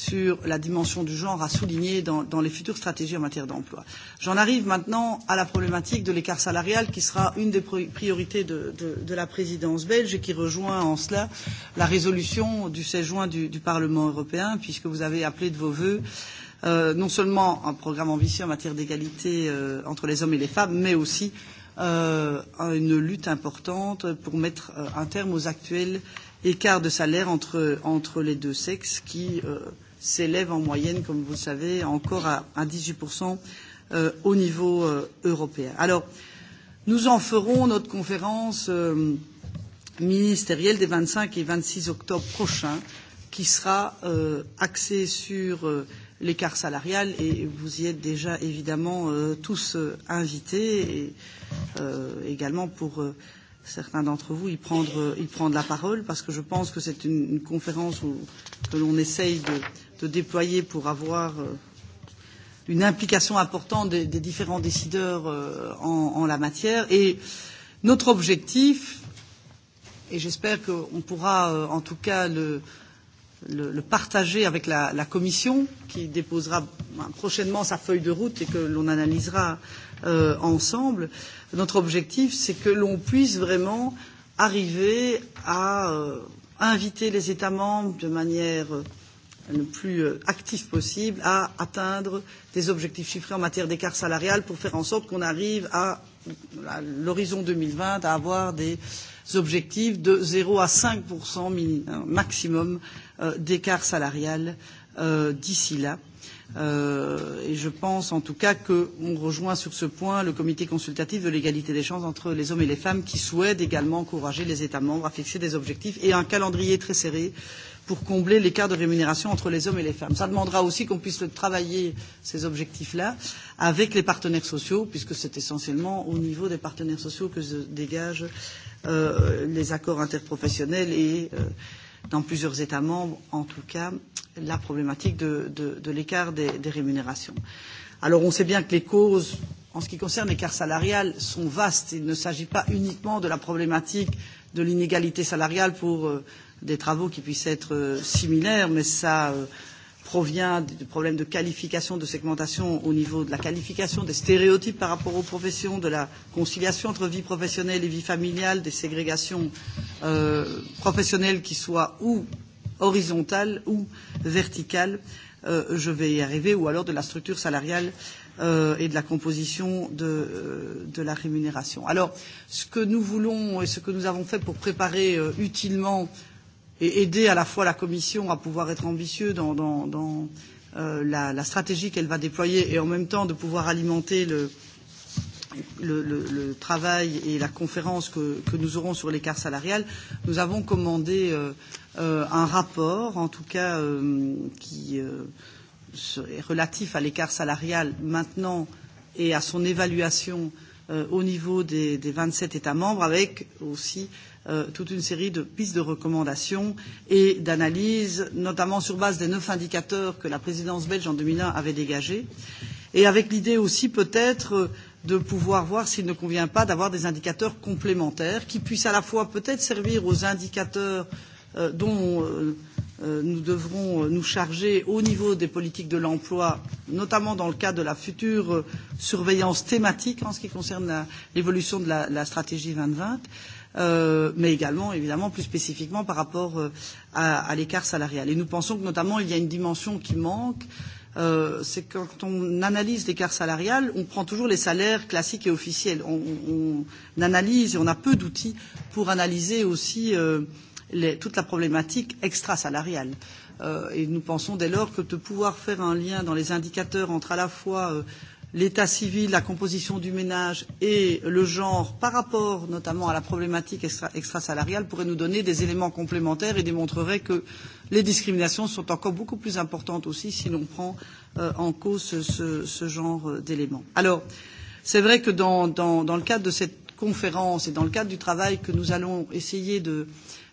sur la dimension du genre à souligner dans, dans les futures stratégies en matière d'emploi. J'en arrive maintenant à la problématique de l'écart salarial qui sera une des priorités de, de, de la présidence belge et qui rejoint en cela la résolution du 16 juin du, du Parlement européen puisque vous avez appelé de vos voeux euh, non seulement un programme ambitieux en matière d'égalité euh, entre les hommes et les femmes, mais aussi euh, une lutte importante pour mettre euh, un terme aux actuels écarts de salaire entre, entre les deux sexes qui euh, s'élève en moyenne, comme vous le savez, encore à, à 18% euh, au niveau euh, européen. Alors, nous en ferons notre conférence euh, ministérielle des 25 et 26 octobre prochains, qui sera euh, axée sur euh, l'écart salarial et vous y êtes déjà évidemment euh, tous euh, invités et euh, également pour euh, certains d'entre vous y prendre, euh, y prendre la parole parce que je pense que c'est une, une conférence où, que l'on essaye de de déployer pour avoir euh, une implication importante des, des différents décideurs euh, en, en la matière. Et notre objectif, et j'espère qu'on pourra euh, en tout cas le, le, le partager avec la, la Commission, qui déposera prochainement sa feuille de route et que l'on analysera euh, ensemble. Notre objectif, c'est que l'on puisse vraiment arriver à euh, inviter les États membres de manière le plus euh, actif possible à atteindre des objectifs chiffrés en matière d'écart salarial pour faire en sorte qu'on arrive à, à l'horizon 2020 à avoir des objectifs de 0 à 5 maximum euh, d'écart salarial euh, d'ici là. Euh, et je pense en tout cas qu'on rejoint sur ce point le comité consultatif de l'égalité des chances entre les hommes et les femmes qui souhaite également encourager les États membres à fixer des objectifs et un calendrier très serré euh, pour combler l'écart de rémunération entre les hommes et les femmes. Ça demandera aussi qu'on puisse le travailler, ces objectifs-là, avec les partenaires sociaux, puisque c'est essentiellement au niveau des partenaires sociaux que se dégagent euh, les accords interprofessionnels et, euh, dans plusieurs États membres, en tout cas, la problématique de, de, de l'écart des, des rémunérations. Alors on sait bien que les causes en ce qui concerne l'écart salarial sont vastes. Il ne s'agit pas uniquement de la problématique de l'inégalité salariale pour euh, des travaux qui puissent être euh, similaires, mais ça euh, provient du problème de qualification, de segmentation au niveau de la qualification, des stéréotypes par rapport aux professions, de la conciliation entre vie professionnelle et vie familiale, des ségrégations euh, professionnelles qui soient ou horizontales ou verticales, euh, je vais y arriver, ou alors de la structure salariale euh, et de la composition de, euh, de la rémunération. Alors, ce que nous voulons et ce que nous avons fait pour préparer euh, utilement euh, et aider à la fois la Commission à pouvoir être ambitieux dans, dans, dans euh, la, la stratégie qu'elle va déployer et en même temps de pouvoir alimenter le, le, le, le travail et la conférence que, que nous aurons sur l'écart salarial, nous avons commandé euh, euh, un rapport, en tout cas euh, qui euh, est relatif à l'écart salarial maintenant et à son évaluation euh, au niveau des, des 27 États membres, avec aussi euh, euh, toute une série de pistes de recommandations et d'analyses, notamment sur base des neuf indicateurs que la présidence belge en 2001 avait dégagés, et avec l'idée aussi peut-être euh, de pouvoir voir s'il ne convient pas d'avoir des indicateurs complémentaires qui puissent à la fois peut-être servir aux indicateurs euh, dont euh, euh nous devrons euh, nous charger au niveau des politiques de l'emploi, notamment dans le cadre de la future euh, surveillance thématique en ce qui concerne l'évolution de la, la stratégie 2020, euh, mais également, évidemment, plus spécifiquement par rapport euh, à, à l'écart salarial. Et nous pensons que, notamment, il y a une dimension qui manque, euh, c'est quand on analyse l'écart salarial, on prend toujours les salaires classiques et officiels. On, on, on analyse et on a peu d'outils pour analyser aussi euh, les, toute la problématique extrasalariale. Euh, et nous pensons dès lors que de pouvoir faire un lien dans les indicateurs entre à la fois euh, l'état civil, la composition du ménage et le genre par rapport notamment à la problématique extra, extrasalariale pourraient nous donner des éléments complémentaires et démontreraient que les discriminations sont encore beaucoup plus importantes aussi si l'on prend euh, en cause ce, ce, ce genre euh, d'éléments. Alors, c'est vrai que dans, dans, dans le cadre de cette conférence et dans le cadre du travail que nous allons essayer de, euh,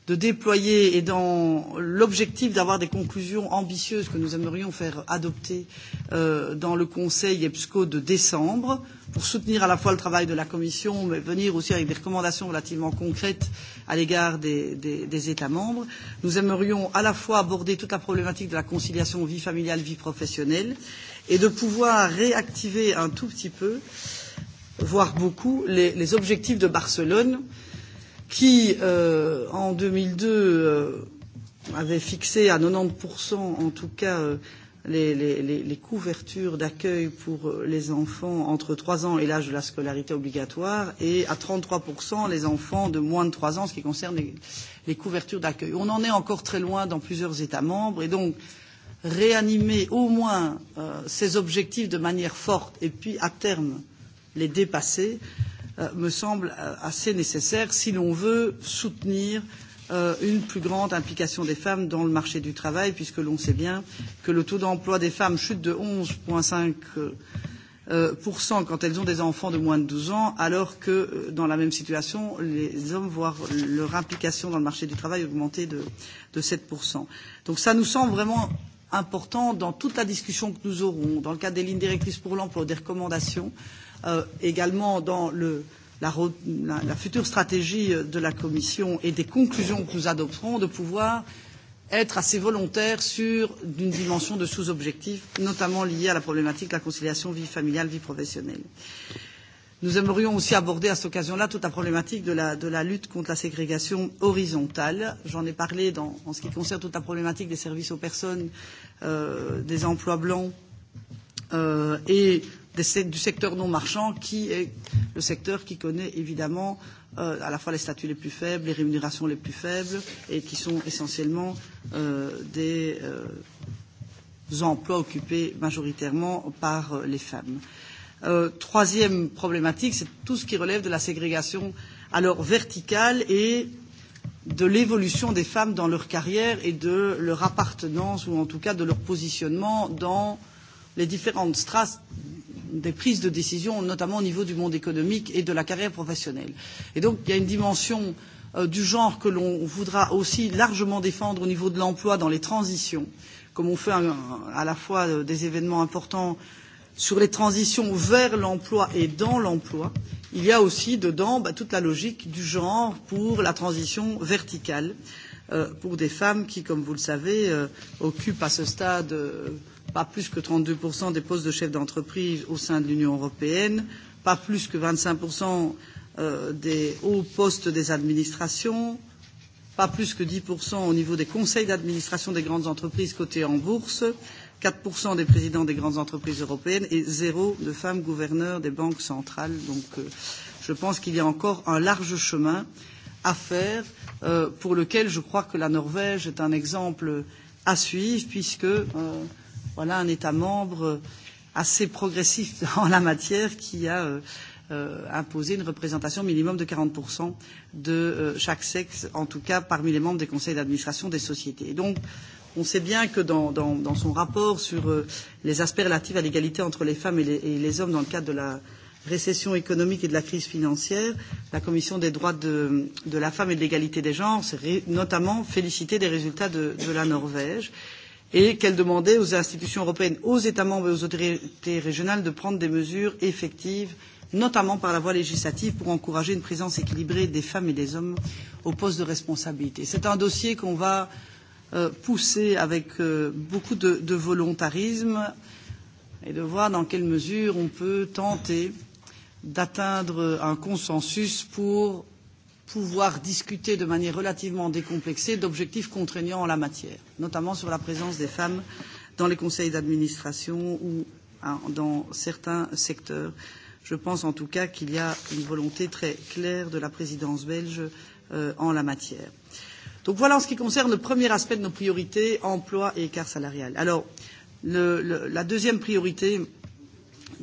de déployer et dans l'objectif d'avoir des conclusions ambitieuses que nous aimerions faire adopter euh, dans le Conseil EBSCO de décembre, pour soutenir à la fois le travail de la Commission, mais venir aussi avec des recommandations relativement concrètes à l'égard des, des, des États membres. Nous aimerions à la fois aborder toute la problématique de la conciliation vie familiale-vie professionnelle et de pouvoir réactiver un tout petit peu, voire beaucoup, les, les objectifs de Barcelone, euh, qui, euh, en 2002, euh, avait fixé à 90% en tout cas euh, les, les, les, les couvertures d'accueil pour euh, les enfants entre 3 ans et l'âge de la scolarité obligatoire et à 33% les enfants de moins de 3 ans ce qui concerne les, les couvertures d'accueil. On en est encore très loin dans plusieurs États membres et donc réanimer au moins euh, ces objectifs de manière forte et puis à terme les dépasser euh, euh, me semble euh, assez nécessaire si l'on veut soutenir euh, une plus grande implication des femmes dans le marché du travail, puisque l'on sait bien que le taux d'emploi des femmes chute de 11,5 euh, quand elles ont des enfants de moins de 12 ans, alors que euh, dans la même situation, les hommes voient leur implication dans le marché du travail augmenter de, de 7%. Donc ça nous semble vraiment important dans toute la discussion que nous aurons, dans le cadre des lignes directrices pour l'emploi, des recommandations, euh, euh, également dans le, la, la, la future stratégie de la Commission et des conclusions que nous adopterons, de pouvoir être assez volontaire sur une dimension de sous-objectif, notamment liée à la problématique de la conciliation vie familiale, vie professionnelle. Nous aimerions aussi aborder à cette occasion-là toute la problématique de la, de la lutte contre la ségrégation horizontale. J'en ai parlé dans, en ce qui concerne toute la problématique des services aux personnes, euh, des emplois blancs euh, et euh, des, du secteur non marchand, qui est le secteur qui connaît évidemment euh, à la fois les statuts les plus faibles, les rémunérations les plus faibles, et qui sont essentiellement euh, des euh, emplois occupés majoritairement par euh, les femmes. Euh, troisième problématique, c'est tout ce qui relève de la ségrégation alors verticale et de l'évolution des femmes dans leur carrière et de leur appartenance ou en tout cas de leur positionnement dans euh, les différentes strates des prises de décision, notamment au niveau du monde économique et de la carrière professionnelle. Et donc, il y a une dimension euh, du genre que l'on voudra aussi largement défendre au niveau de l'emploi dans les transitions, comme on fait un, à la fois euh, des événements importants sur les transitions vers l'emploi et dans l'emploi, il y a aussi dedans bah, toute la logique du genre pour la transition verticale euh, pour des femmes qui, comme vous le savez, euh, occupent à ce stade euh, pas plus que 32% des postes de chefs d'entreprise au sein de l'Union européenne, pas plus que 25% euh, des hauts postes des administrations, pas plus que 10% au niveau des conseils d'administration des grandes entreprises cotées en bourse, 4% des présidents des grandes entreprises européennes et zéro de femmes gouverneurs des banques centrales. Donc euh, je pense qu'il y a encore un large chemin à faire euh, pour lequel je crois que la Norvège est un exemple à suivre puisque euh, voilà un État membre euh, assez progressif en la matière qui a euh, euh, imposé une représentation minimum de 40% de euh, chaque sexe, en tout cas parmi les membres des conseils d'administration des sociétés. Et donc, on sait bien que dans, dans, dans son rapport sur euh, les aspects relatifs à l'égalité entre les femmes et les, et les hommes dans le cadre de la récession économique et de la crise financière, la Commission des droits de, de la femme et de l'égalité des genres s'est ré, notamment félicitée des résultats de, de la Norvège et qu'elle demandait aux institutions européennes, aux États membres et aux autorités régionales de prendre des mesures effectives, notamment par la voie législative, pour encourager une présence équilibrée des femmes et des hommes aux postes de responsabilité. C'est un dossier qu'on va euh, pousser avec euh, beaucoup de, de volontarisme et de voir dans quelle mesure on peut tenter d'atteindre un consensus pour pouvoir discuter de manière relativement décomplexée d'objectifs contraignants en la matière, notamment sur la présence des femmes dans les conseils d'administration ou dans certains secteurs. Je pense en tout cas qu'il y a une volonté très claire de la présidence belge euh, en la matière. Donc voilà en ce qui concerne le premier aspect de nos priorités, emploi et écart salarial. Alors, le, le, la deuxième priorité,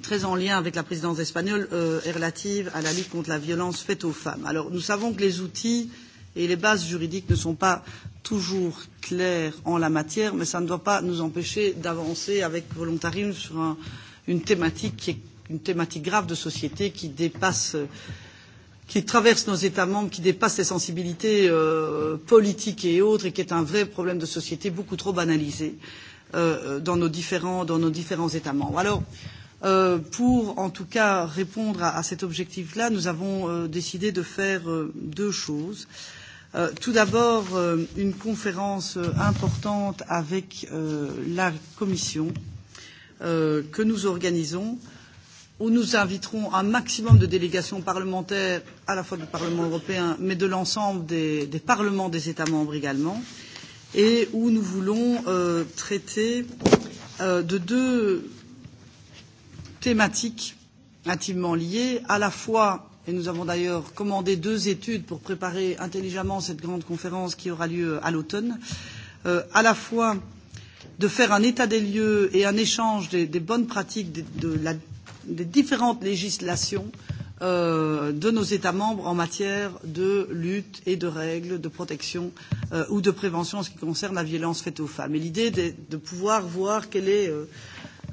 très en lien avec la présidence espagnole euh, est relative à la lutte contre la violence faite aux femmes. Alors nous savons que les outils et les bases juridiques ne sont pas toujours claires en la matière, mais ça ne doit pas nous empêcher d'avancer avec volontarisme sur un, une thématique qui est une thématique grave de société qui dépasse qui traverse nos États membres, qui dépasse les sensibilités euh, politiques et autres, et qui est un vrai problème de société beaucoup trop banalisé euh, dans, nos différents, dans nos différents États membres. Alors, euh, Euh, pour en tout cas répondre à, à cet objectif-là, nous avons euh, décidé de faire euh, deux choses. Euh, tout d'abord, euh, une conférence euh, importante avec euh, la Commission euh, que nous organisons euh, où nous inviterons un maximum de délégations parlementaires, à la fois du Parlement européen, mais de l'ensemble des, des parlements des États membres également, et où nous voulons euh, traiter euh, de deux thématiques intimement liées, à la fois, et nous avons d'ailleurs commandé deux études pour préparer intelligemment cette grande conférence qui aura lieu à l'automne, euh, à la fois de faire un état des lieux et un échange des, des bonnes pratiques de, de la, des différentes législations euh, de nos États membres en matière de lutte et de règles de protection euh, ou de prévention en ce qui concerne la violence faite aux femmes. Et l'idée de, de pouvoir voir quelle est euh,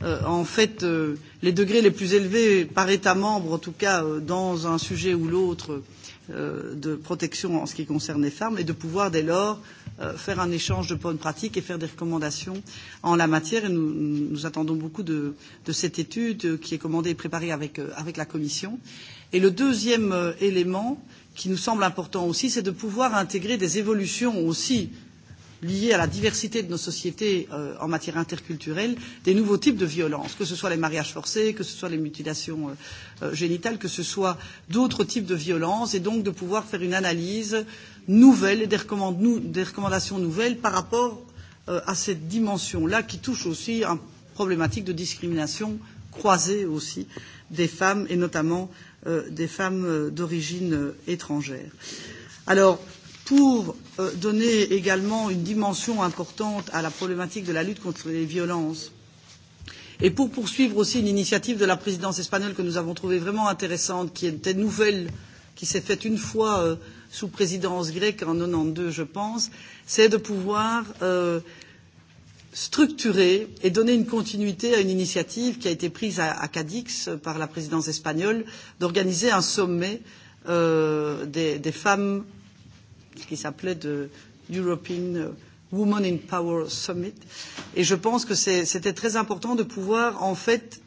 euh, en fait euh, les degrés les plus élevés par État membre, en tout cas euh, dans un sujet ou l'autre euh, de protection en ce qui concerne les femmes, et de pouvoir dès lors euh, faire un échange de bonnes pratiques et faire des recommandations en la matière. Et nous, nous attendons beaucoup de, de cette étude qui est commandée et préparée avec, euh, avec la Commission. Et le deuxième euh, élément qui nous semble important aussi, c'est de pouvoir intégrer des évolutions aussi euh, liées à la diversité de nos sociétés euh, en matière interculturelle, des nouveaux types de violences, que ce soit les mariages forcés, que ce soit les mutilations euh, euh génitales, que ce soit d'autres types de violences, et donc de pouvoir faire une analyse nouvelle et des, recommand nou des recommandations nouvelles par rapport euh, à cette dimension-là qui touche aussi à une problématique de discrimination croisée aussi des femmes et notamment euh, des femmes euh, d'origine euh, étrangère. Alors, pour euh, donner également une dimension importante à la problématique de la lutte contre les violences. Et pour poursuivre aussi une initiative de la présidence espagnole que nous avons trouvée vraiment intéressante, qui était nouvelle, qui s'est faite une fois euh, sous présidence grecque en 92, je pense, c'est de pouvoir euh, structurer et donner une continuité à une initiative qui a été prise à, à Cadix par la présidence espagnole d'organiser un sommet euh, des, des femmes qui s'appelait de European euh, Women in Power Summit. Et je pense que c'était très important de pouvoir, en fait,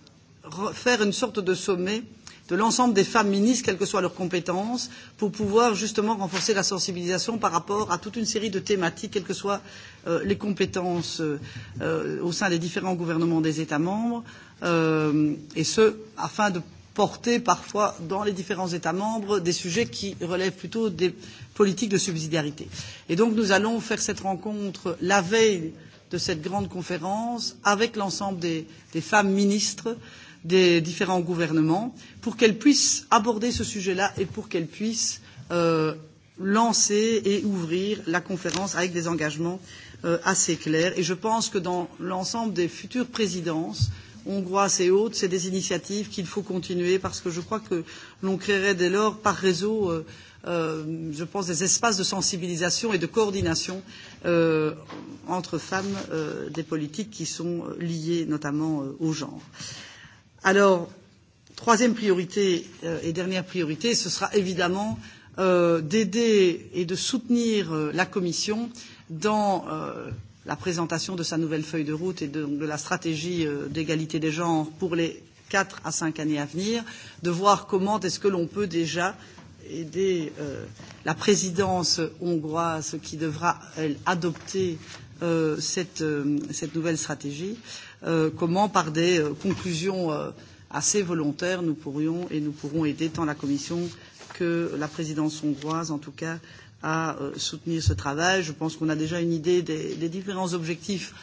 faire une sorte de sommet de l'ensemble des femmes ministres, quelles que soient leurs compétences, pour pouvoir justement renforcer la sensibilisation par rapport à toute une série de thématiques, quelles que soient euh, les compétences euh, euh au sein des différents gouvernements des États membres, euh, et ce, afin de porter parfois dans les différents États membres des sujets qui relèvent plutôt des politiques de subsidiarité. Et donc nous allons faire cette rencontre la veille de cette grande conférence avec l'ensemble des, des femmes ministres des différents gouvernements pour qu'elles puissent aborder ce sujet-là et pour qu'elles puissent euh, lancer et ouvrir la conférence avec des engagements euh, assez clairs. Et je pense que dans l'ensemble des futures présidences, euh, hongroises et autres, c'est des initiatives qu'il faut continuer parce que je crois que l'on créerait dès lors par réseau, euh, euh, je pense, des espaces de sensibilisation et de coordination euh, entre femmes euh, des politiques qui sont euh, liées notamment euh, au genre. Alors, troisième priorité euh, et dernière priorité, ce sera évidemment euh, d'aider et de soutenir euh, la Commission dans euh, la présentation de sa nouvelle feuille de route et de, donc, de la stratégie euh, d'égalité des genres pour les 4 à 5 années à venir, de voir comment est-ce que l'on peut déjà aider euh, la présidence hongroise qui devra, elle, adopter euh, cette, euh, cette nouvelle stratégie, euh, comment par des euh, conclusions euh, assez volontaires nous pourrions et nous pourrons aider tant la Commission que la présidence hongroise, en tout cas, euh, à euh, soutenir ce travail. Je pense qu'on a déjà une idée des, des différents objectifs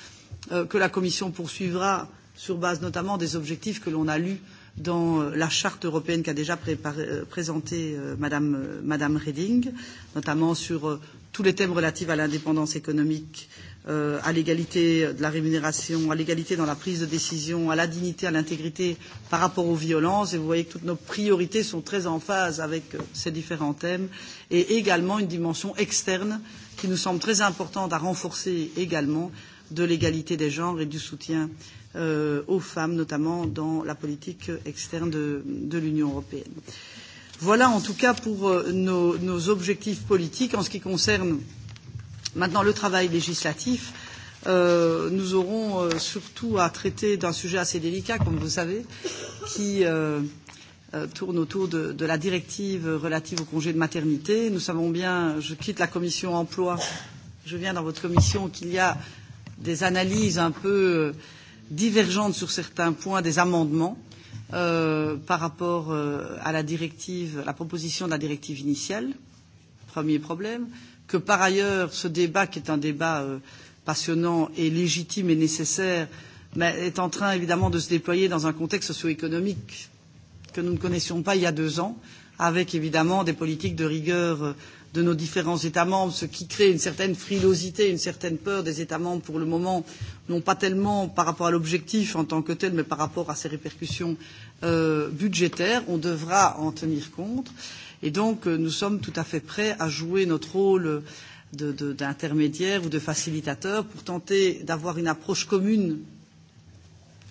euh, que la Commission poursuivra sur base notamment des objectifs que l'on a lus dans euh, la charte européenne qu'a déjà préparé, euh, présentée euh, Madame, euh, Madame Reding, notamment sur euh, tous les thèmes relatifs à l'indépendance économique, euh, euh, à l'égalité de la rémunération, à l'égalité dans la prise de décision, à la dignité, à l'intégrité par rapport aux violences. Et vous voyez que toutes nos priorités sont très en phase avec euh, ces différents thèmes et également une dimension externe qui nous semble très importante à renforcer également de l'égalité des genres et du soutien euh, aux femmes, notamment dans la politique externe de, de l'Union européenne. Voilà en tout cas pour euh, nos, nos objectifs politiques en ce qui concerne euh, Maintenant, le travail législatif, euh, nous aurons euh, surtout à traiter d'un sujet assez délicat, comme vous savez, qui euh, euh, tourne autour de, de la directive relative au congé de maternité. Nous savons bien, je quitte la commission emploi, je viens dans votre commission, qu'il y a des analyses un peu euh, divergentes sur certains points des amendements euh, par rapport euh, à la directive, la proposition de la directive initiale. Premier problème. Euh, que par ailleurs ce débat, qui est un débat euh, passionnant et légitime et nécessaire, mais est en train évidemment de se déployer dans un contexte socio-économique que nous ne connaissions pas il y a deux ans, avec évidemment des politiques de rigueur euh, de nos différents États membres, ce qui crée une certaine frilosité, une certaine peur des États membres pour le moment, non pas tellement par rapport à l'objectif en tant que tel, mais par rapport à ses répercussions euh, budgétaires. On devra en tenir compte. Euh, Et donc, euh, nous sommes tout à fait prêts à jouer notre rôle d'intermédiaire ou de facilitateur pour tenter d'avoir une approche commune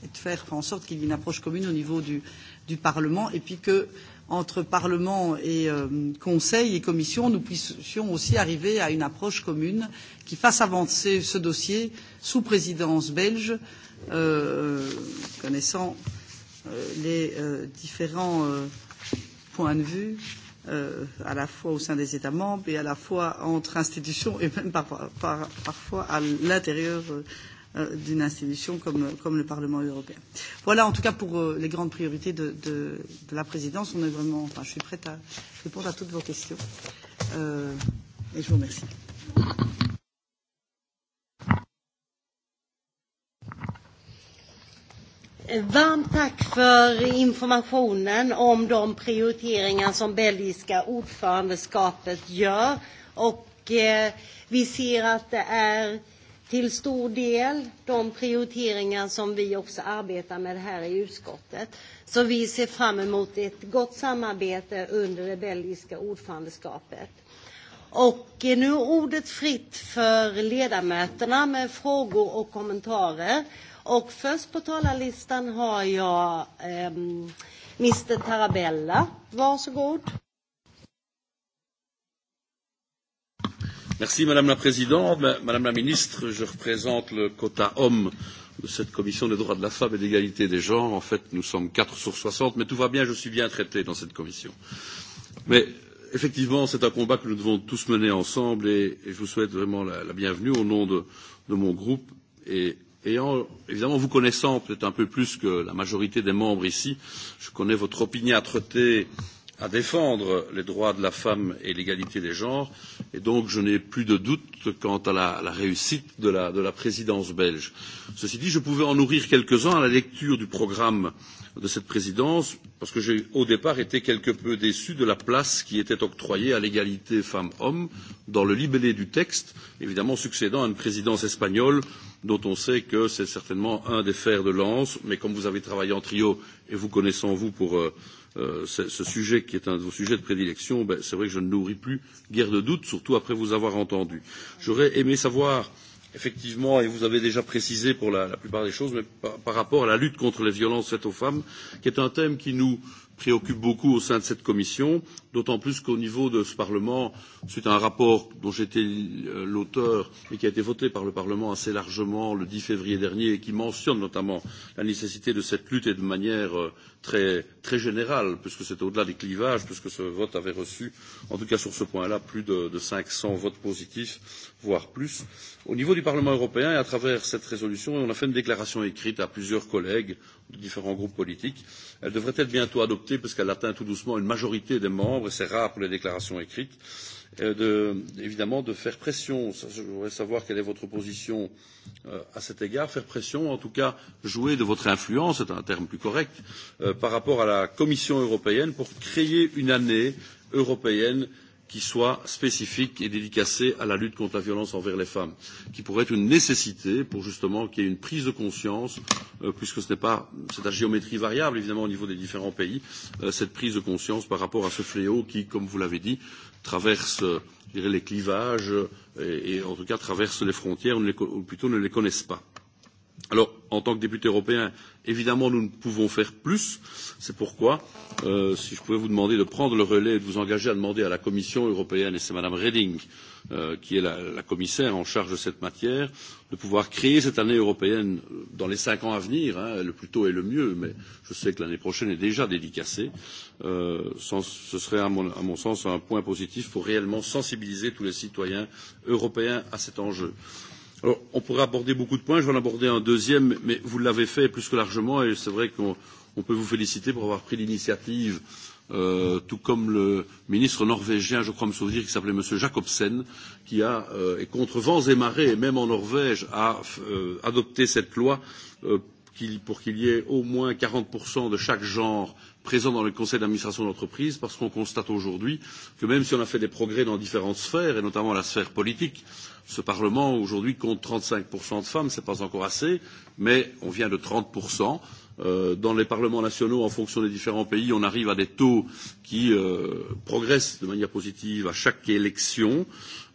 et de faire en sorte qu'il y ait une approche commune au niveau du, du Parlement et puis que entre Parlement et euh, Conseil et Commission, nous puissions aussi arriver à une approche commune qui fasse avancer ce dossier sous présidence belge, euh, connaissant euh, les euh, différents euh, points de vue. Euh, euh, à la fois au sein des États membres et à la fois entre institutions et même par, par, parfois à l'intérieur euh, d'une institution comme, comme le Parlement européen. Voilà en tout cas pour euh, les grandes priorités de, de, de la présidence. On est vraiment, enfin, je suis prête à répondre à toutes vos questions euh, et je vous remercie. Thank you. Varmt tack för informationen om de prioriteringar som belgiska ordförandeskapet gör. Och eh, vi ser att det är till stor del de prioriteringar som vi också arbetar med här i utskottet. Så vi ser fram emot ett gott samarbete under det belgiska ordförandeskapet. Och eh, nu ordet fritt för ledamöterna med frågor och kommentarer. Och först på talarlistan har jag eh, Mr Tarabella. Varsågod. Merci Madame la Présidente. Madame la Ministre, je représente le quota homme de cette commission des droits de la femme et d'égalité des genres. En fait, nous sommes 4 sur 60, mais tout va bien, je suis bien traité dans cette commission. Mais effectivement, c'est un combat que nous devons tous mener ensemble et, et je vous souhaite vraiment la, la bienvenue au nom de, de mon groupe et ayant, évidemment, vous connaissant peut-être un peu plus que la majorité des membres ici, je connais votre opiniâtreté à défendre les droits de la femme et l'égalité des genres, et donc je n'ai plus de doute quant à la, la réussite de la, de la présidence belge. Ceci dit, je pouvais en nourrir quelques-uns à la lecture du programme de cette présidence, parce que j'ai au départ été quelque peu déçu de la place qui était octroyée à l'égalité femmes-hommes dans le libellé du texte, évidemment succédant à une présidence espagnole euh, dont on sait que c'est certainement un des fers de lance. Mais comme vous avez travaillé en trio et vous connaissant vous pour euh, euh, ce, ce sujet qui est un de vos sujets de prédilection, ben, c'est vrai que je ne nourris plus guère de doute, surtout après vous avoir entendu. J'aurais aimé savoir effectivement, et vous avez déjà précisé pour la, la plupart des choses, mais par, par rapport à la lutte contre les violences faites aux femmes, qui est un thème qui nous préoccupe beaucoup au sein de cette commission, d'autant plus qu'au niveau de ce Parlement, suite à un rapport dont j'étais euh, l'auteur et qui a été voté par le Parlement assez largement le 10 février dernier et qui mentionne notamment la nécessité de cette lutte et de manière euh, très, très général, puisque c'était au-delà des clivages, puisque ce vote avait reçu, en tout cas sur ce point-là, plus de, de 500 votes positifs, voire plus. Au niveau du Parlement européen, et à travers cette résolution, on a fait une déclaration écrite à plusieurs collègues de différents groupes politiques. Elle devrait être bientôt adoptée, puisqu'elle atteint tout doucement une majorité des membres, et c'est rare pour les déclarations écrites. Euh, de, évidemment de faire pression. Je voudrais savoir quelle est votre position euh, à cet égard. Faire pression, en tout cas jouer de votre influence, c'est un terme plus correct, euh, par rapport à la Commission européenne pour créer une année européenne euh, qui soit spécifique et dédicacé à la lutte contre la violence envers les femmes, qui pourrait être une nécessité pour justement qu'il y ait une prise de conscience, euh, puisque ce n'est pas c'est à géométrie variable évidemment au niveau des différents pays, euh, cette prise de conscience par rapport à ce fléau qui, comme vous l'avez dit, traverse euh, je dirais, les clivages et, et en tout cas traversent les frontières, ou plutôt ne les connaissent pas. Alors, en tant que député européen, Évidemment, nous ne pouvons faire plus. C'est pourquoi, euh, si je pouvais vous demander de prendre le relais et de vous engager à demander à la Commission européenne, et c'est Madame Reding euh, qui est la, la commissaire en charge de cette matière, de pouvoir créer cette année européenne dans les cinq ans à venir, hein, le plus tôt est le mieux, mais je sais que l'année prochaine est déjà dédicacée. Euh, sans, ce serait, à mon, à mon sens, un point positif pour réellement sensibiliser tous les citoyens européens à cet enjeu. Euh, Alors, on pourrait aborder beaucoup de points, je vais en aborder un deuxième, mais vous l'avez fait plus que largement, et c'est vrai qu'on on peut vous féliciter pour avoir pris l'initiative, euh, tout comme le ministre norvégien, je crois me souvenir, qui s'appelait M. Jacobsen, qui a, euh, et contre vents et marées, et même en Norvège, a euh, adopté cette loi euh, pour qu'il y ait au moins 40% de chaque genre présent dans le conseil d'administration d'entreprise, parce qu'on constate aujourd'hui que même si on a fait des progrès dans différentes sphères, et notamment la sphère politique, euh, Ce Parlement aujourd'hui compte 35% de femmes, c'est pas encore assez, mais on vient de 30%. Euh, dans les parlements nationaux, en fonction des différents pays, on arrive à des taux qui euh, progressent de manière positive à chaque élection.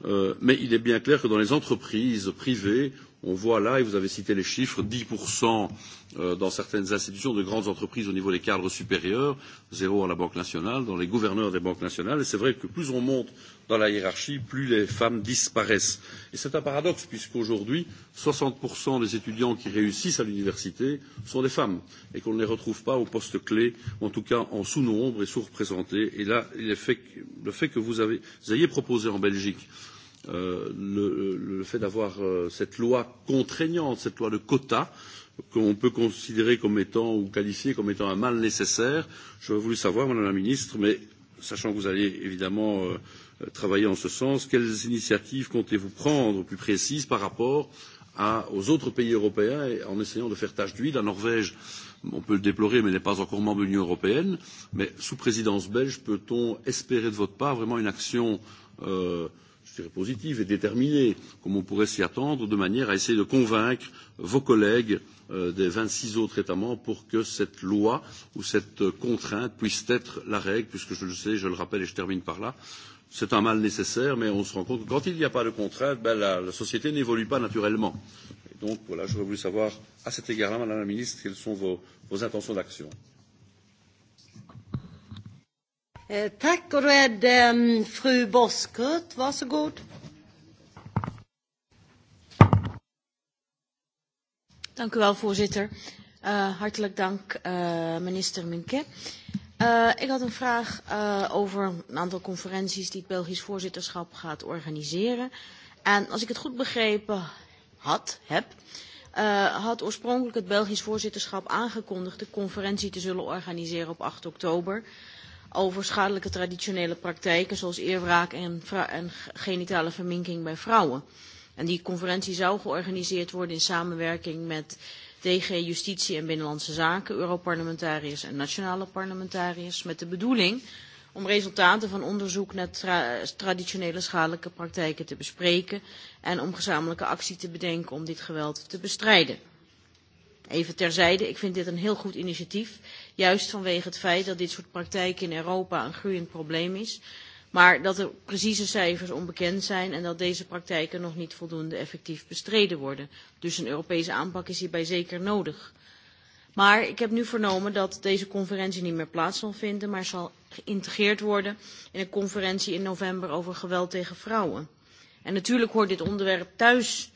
Euh, mais il est bien clair que dans les entreprises privées, on voit là, et vous avez cité les chiffres, 10% euh, dans certaines institutions de grandes entreprises au niveau des cadres supérieurs, zéro à la Banque nationale, dans les gouverneurs des banques nationales. Et c'est vrai que plus on monte dans la hiérarchie, plus les femmes disparaissent. Et c'est un paradoxe, puisqu'aujourd'hui, 60% des étudiants qui réussissent à l'université sont des femmes, et qu'on ne les retrouve pas au poste clé, en tout cas en sous-nombre et sous-représentés. Et là, il est fait, le fait que vous, avez, vous ayez proposé en Belgique euh, le, le fait d'avoir euh, cette loi contraignante, cette loi de quotas, qu'on peut considérer comme étant ou qualifier comme étant un mal nécessaire. J'aurais voulu savoir, Madame la Ministre, mais sachant que vous allez évidemment euh, travailler en ce sens, quelles initiatives comptez-vous prendre plus précises par rapport à, aux autres pays européens et en essayant de faire tâche d'huile La Norvège, on peut le déplorer, mais n'est pas encore membre de l'Union européenne. Mais sous présidence belge, peut-on espérer de votre part vraiment une action euh, je dirais, positive et déterminée, comme on pourrait s'y attendre, de manière à essayer de convaincre vos collègues euh, des 26 autres États membres pour que cette loi ou cette contrainte puisse être la règle, puisque je le sais, je le rappelle et je termine par là. C'est un mal nécessaire, mais on se rend compte que quand il n'y a pas de contrainte, ben la, la société n'évolue pas naturellement. Et donc voilà, j'aurais voulu savoir à cet égard-là, Madame la Ministre, quelles sont vos, vos intentions d'action. Eh, tack och då är det um, fru Boskurt. Varsågod. Dank u wel, voorzitter. Uh, hartelijk dank, uh, minister Minke. Uh, ik had een vraag uh, over een aantal conferenties die het Belgisch voorzitterschap gaat organiseren. En als ik het goed begrepen had, heb, uh, had oorspronkelijk het Belgisch voorzitterschap aangekondigd de conferentie te zullen organiseren op 8 oktober. Uh, over schadelijke traditionele praktijken zoals eerwraak en, en genitale verminking bij vrouwen. En die conferentie zou georganiseerd worden in samenwerking met DG Justitie en Binnenlandse Zaken, Europarlementariërs en nationale parlementariërs, met de bedoeling om resultaten van onderzoek naar tra traditionele schadelijke praktijken te bespreken en om gezamenlijke actie te bedenken om dit geweld te bestrijden. Even terzijde, ik vind dit een heel goed initiatief Juist vanwege het feit dat dit soort praktijken in Europa een groeiend probleem is. Maar dat de er precieze cijfers onbekend zijn en dat deze praktijken nog niet voldoende effectief bestreden worden. Dus een Europese aanpak is hierbij zeker nodig. Maar ik heb nu vernomen dat deze conferentie niet meer plaats zal vinden, maar zal geïntegreerd worden in een conferentie in november over geweld tegen vrouwen. En natuurlijk hoort dit onderwerp thuis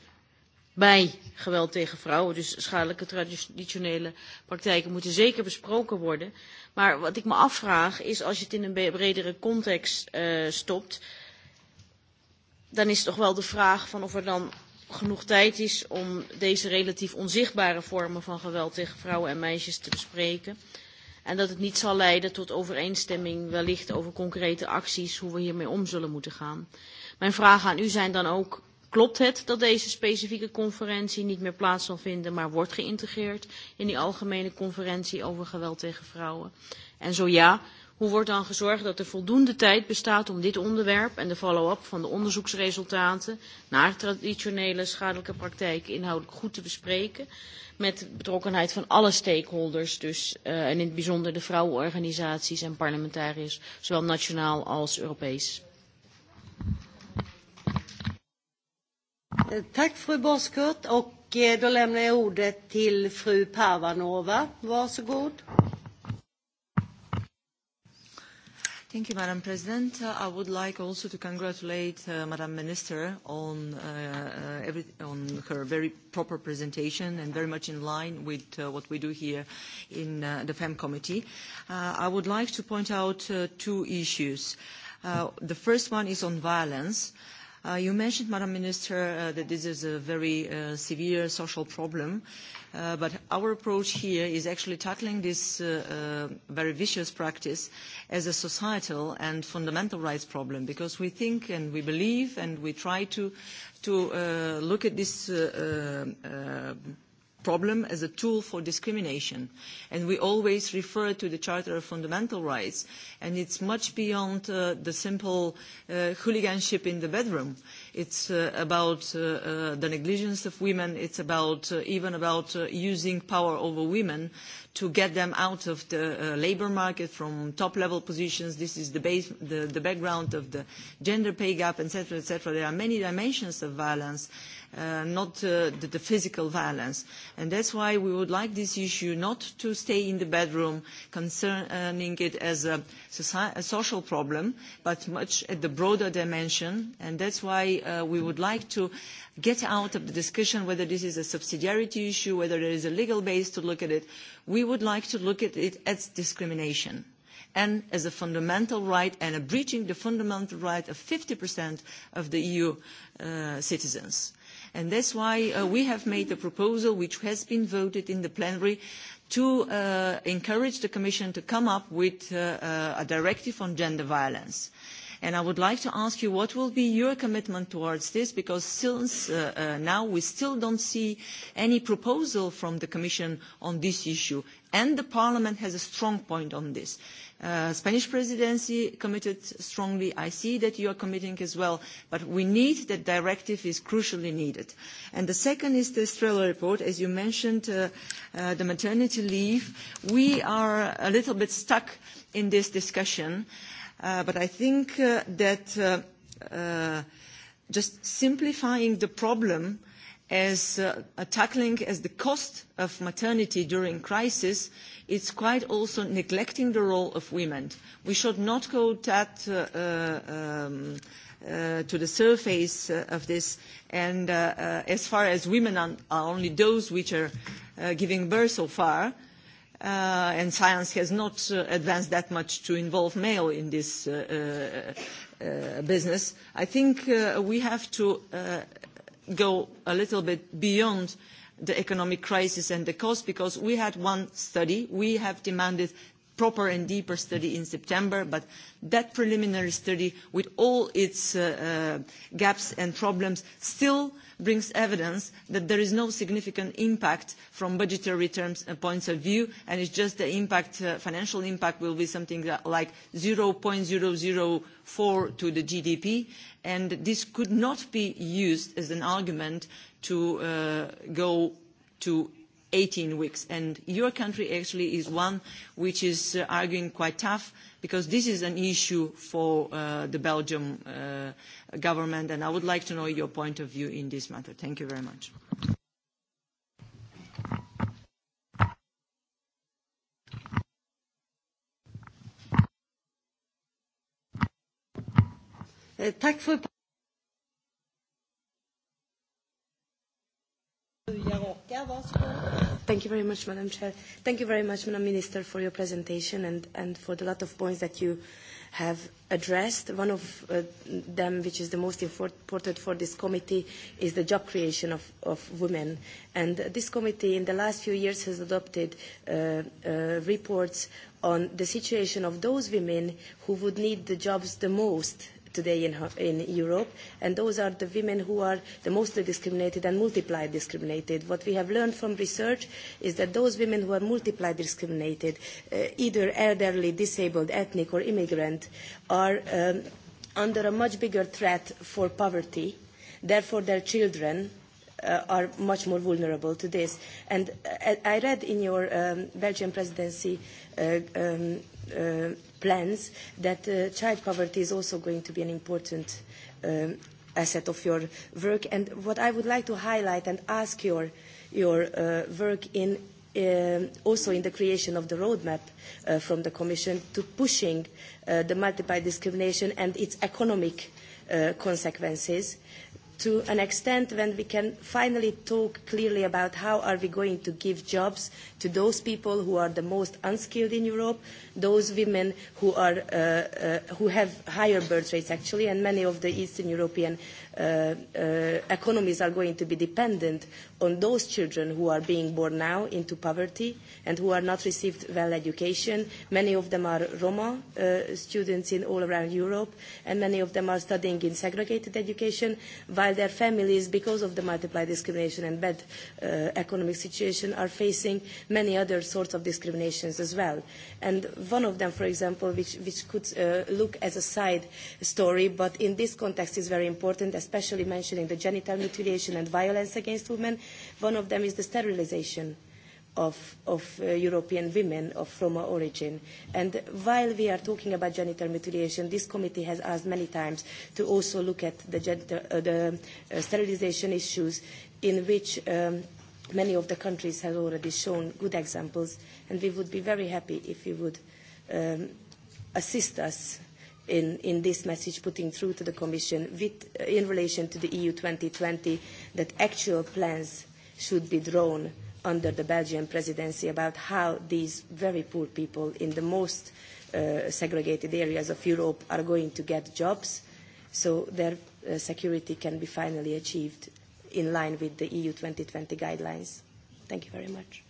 bij geweld tegen vrouwen. Dus schadelijke traditionele praktijken moeten zeker besproken worden. Maar wat ik me afvraag is, als je het in een bredere context uh, stopt, dan is het toch wel de vraag van of er dan genoeg tijd is om deze relatief onzichtbare vormen van geweld tegen vrouwen en meisjes te bespreken. En dat het niet zal leiden tot overeenstemming wellicht over concrete acties, hoe we hiermee om zullen moeten gaan. Mijn vragen aan u zijn dan ook, Klopt het dat deze specifieke conferentie niet meer plaats zal vinden, maar wordt geïntegreerd in die algemene conferentie over geweld tegen vrouwen? En zo ja, hoe wordt dan gezorgd dat er voldoende tijd bestaat om dit onderwerp en de follow-up van de onderzoeksresultaten naar traditionele schadelijke praktijken inhoudelijk goed te bespreken, met betrokkenheid van alle stakeholders, dus, uh, en in het bijzonder de vrouwenorganisaties en parlementariërs, zowel nationaal als Europees? Tack fru Boskurt och eh, då lämnar jag ordet till fru Parvanova. Varsågod. Thank you, Madam President. Uh, I would like also to congratulate uh, Madam Minister on, uh, uh, every, on her very proper presentation and very much in line with uh, what we do here in uh, the FEM committee. Uh, I would like to point out uh, two issues. Uh, the first one is on violence. Uh, Uh, you mentioned, Madam Minister, uh, that this is a very uh, severe social problem, uh, but our approach here is actually tackling this uh, uh, very vicious practice as a societal and fundamental rights problem, because we think and we believe and we try to, to uh, look at this uh, uh, uh problem as a tool for discrimination. And we always refer to the Charter of Fundamental Rights, and it's much beyond uh, the simple uh, hooliganship in the bedroom. It's uh, about uh, uh, the negligence of women. It's about uh, even about uh, using power over women to get them out of the uh, labor market from top-level positions. This is the, base, the, the background of the gender pay gap, etc., etc. There are many dimensions of violence. Uh, uh, not uh, the, the physical violence. And that's why we would like this issue not to stay in the bedroom concerning it as a, soci- a social problem, but much at the broader dimension. And that's why uh, we would like to get out of the discussion whether this is a subsidiarity issue, whether there is a legal base to look at it. We would like to look at it as discrimination and as a fundamental right and a breaching the fundamental right of 50% of the EU uh, citizens. And that's why uh, we have made a proposal which has been voted in the plenary to uh, encourage the Commission to come up with uh, uh, a directive on gender violence. And I would like to ask you what will be your commitment towards this, because since uh, uh, now we still don't see any proposal from the Commission on this issue, and the Parliament has a strong point on this. Uh, Spanish presidency committed strongly. I see that you are committing as well, but we need that directive is crucially needed. And the second is the Estrella report. As you mentioned, uh, uh, the maternity leave, we are a little bit stuck in this discussion, uh, but I think uh, that uh, uh, just simplifying the problem as uh, tackling as the cost of maternity during crisis, it's quite also neglecting the role of women. We should not go that uh, uh, um, uh, to the surface uh, of this. And uh, uh, as far as women are, are only those which are uh, giving birth so far, uh, and science has not uh, advanced that much to involve male in this uh, uh, uh, business, I think uh, we have to uh, go a little bit beyond the economic crisis and the cost because we had one study. We have demanded proper and deeper study in September, but that preliminary study, with all its uh, uh, gaps and problems, still uh, brings evidence that there is no significant impact from budgetary returns and uh, points of view, and it's just the impact, uh, financial impact will be something that, like 0.004 to the GDP, and this could not be used as an argument to uh, go to 18 weeks. And your country actually is one which is uh, arguing quite tough because this is an issue for uh, the Belgium uh, government, and I would like to know your point of view in this matter. Thank you very much. E, Tack för Thank you very much, Madam Chair. Thank you very much, Madam Minister, for your presentation and, and for the lot of points that you have addressed. One of uh, them, which is the most important for this committee, is the job creation of, of women. And this committee in the last few years has adopted uh, uh, reports on the situation of those women who would need the jobs the most today in, in Europe, and those are the women who are the mostly discriminated and multiply discriminated. What we have learned from research is that those women who are multiply discriminated, uh, either elderly, disabled, ethnic, or immigrant, are um, under a much bigger threat for poverty. Therefore, their children uh, are much more vulnerable to this. And uh, I read in your um, Belgian presidency uh, um, uh, plans that uh, child poverty is also going to be an important um, asset of your work. And what I would like to highlight and ask your, your uh, work in um, also in the creation of the roadmap uh, from the Commission to pushing uh, the multiple discrimination and its economic uh, consequences to an extent when we can finally talk clearly about how are we going to give jobs to those people who are the most unskilled in Europe, those women who, are, uh, uh, who have higher birth rates actually, and many of the Eastern European uh, uh, economies are going to be dependent on those children who are being born now into poverty and who are not received well education. Many of them are Roma uh, students in all around Europe, and many of them are studying in segregated education, while their families, because of the multiplied discrimination and bad uh, economic situation, are facing many other sorts of discriminations as well. And one of them, for example, which, which could uh, look as a side story, but in this context is very important, as especially mentioning the genital mutilation and violence against women. One of them is the sterilization of, of uh, European women of Roma origin. And while we are talking about genital mutilation, this committee has asked many times to also look at the, genital, uh, the uh, sterilization issues in which um, many of the countries have already shown good examples, and we would be very happy if you would um, assist us in, in this message putting through to the Commission with, uh, in relation to the EU 2020 that actual plans should be drawn under the Belgian presidency about how these very poor people in the most uh, segregated areas of Europe are going to get jobs so their uh, security can be finally achieved in line with the EU 2020 guidelines. Thank you very much.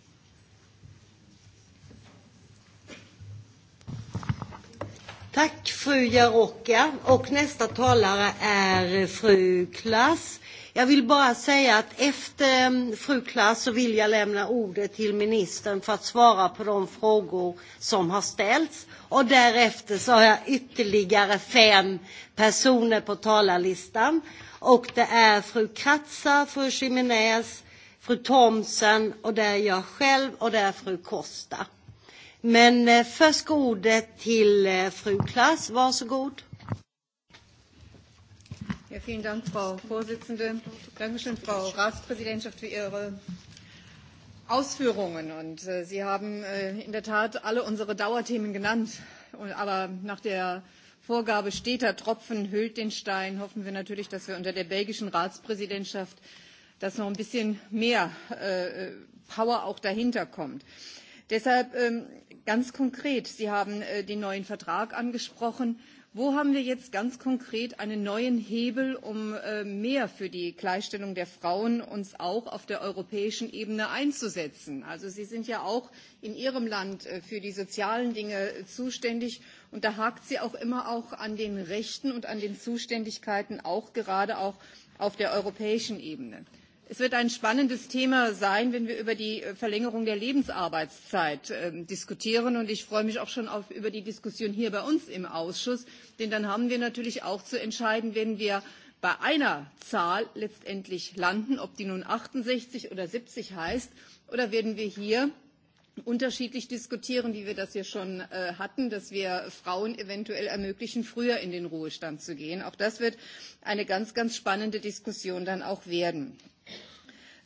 Tack fru Jarocka och nästa talare är fru Klass. Jag vill bara säga att efter mm, fru Klass så vill jag lämna ordet till ministern för att svara på de frågor som har ställts. Och därefter så har jag ytterligare fem personer på talarlistan. Och det är fru Kratsa, fru Chimenez, fru Thomsen och det är jag själv och det är fru Costa. Men eh, först går ordet till eh, fru Klass. Varsågod. Ja, vielen Dank, Frau Vorsitzende. Dankeschön, Frau Ratspräsidentschaft, für Ihre Ausführungen. Und äh, Sie haben äh, in der Tat alle unsere Dauerthemen genannt. Und, aber nach der Vorgabe steter Tropfen hüllt den Stein hoffen wir natürlich, dass wir unter der belgischen Ratspräsidentschaft dass noch ein bisschen mehr äh, äh Power auch dahinter kommt. Deshalb ähm, Ganz konkret, Sie haben äh, den neuen Vertrag angesprochen. Wo haben wir jetzt ganz konkret einen neuen Hebel, um äh, mehr für die Gleichstellung der Frauen uns auch auf der europäischen Ebene einzusetzen? Also Sie sind ja auch in Ihrem Land äh, für die sozialen Dinge äh, zuständig und da hakt sie auch immer auch an den Rechten und an den Zuständigkeiten auch gerade auch auf der europäischen Ebene. Es wird ein spannendes Thema sein, wenn wir über die äh, Verlängerung der Lebensarbeitszeit äh, diskutieren. Und ich freue mich auch schon auf, über die Diskussion hier bei uns im Ausschuss. Denn dann haben wir natürlich auch zu entscheiden, wenn wir bei einer Zahl letztendlich landen, ob die nun 68 oder 70 heißt, oder werden wir hier unterschiedlich diskutieren, wie wir das hier schon äh, hatten, dass wir Frauen eventuell ermöglichen, früher in den Ruhestand zu gehen. Auch das wird eine ganz, ganz spannende Diskussion dann auch werden.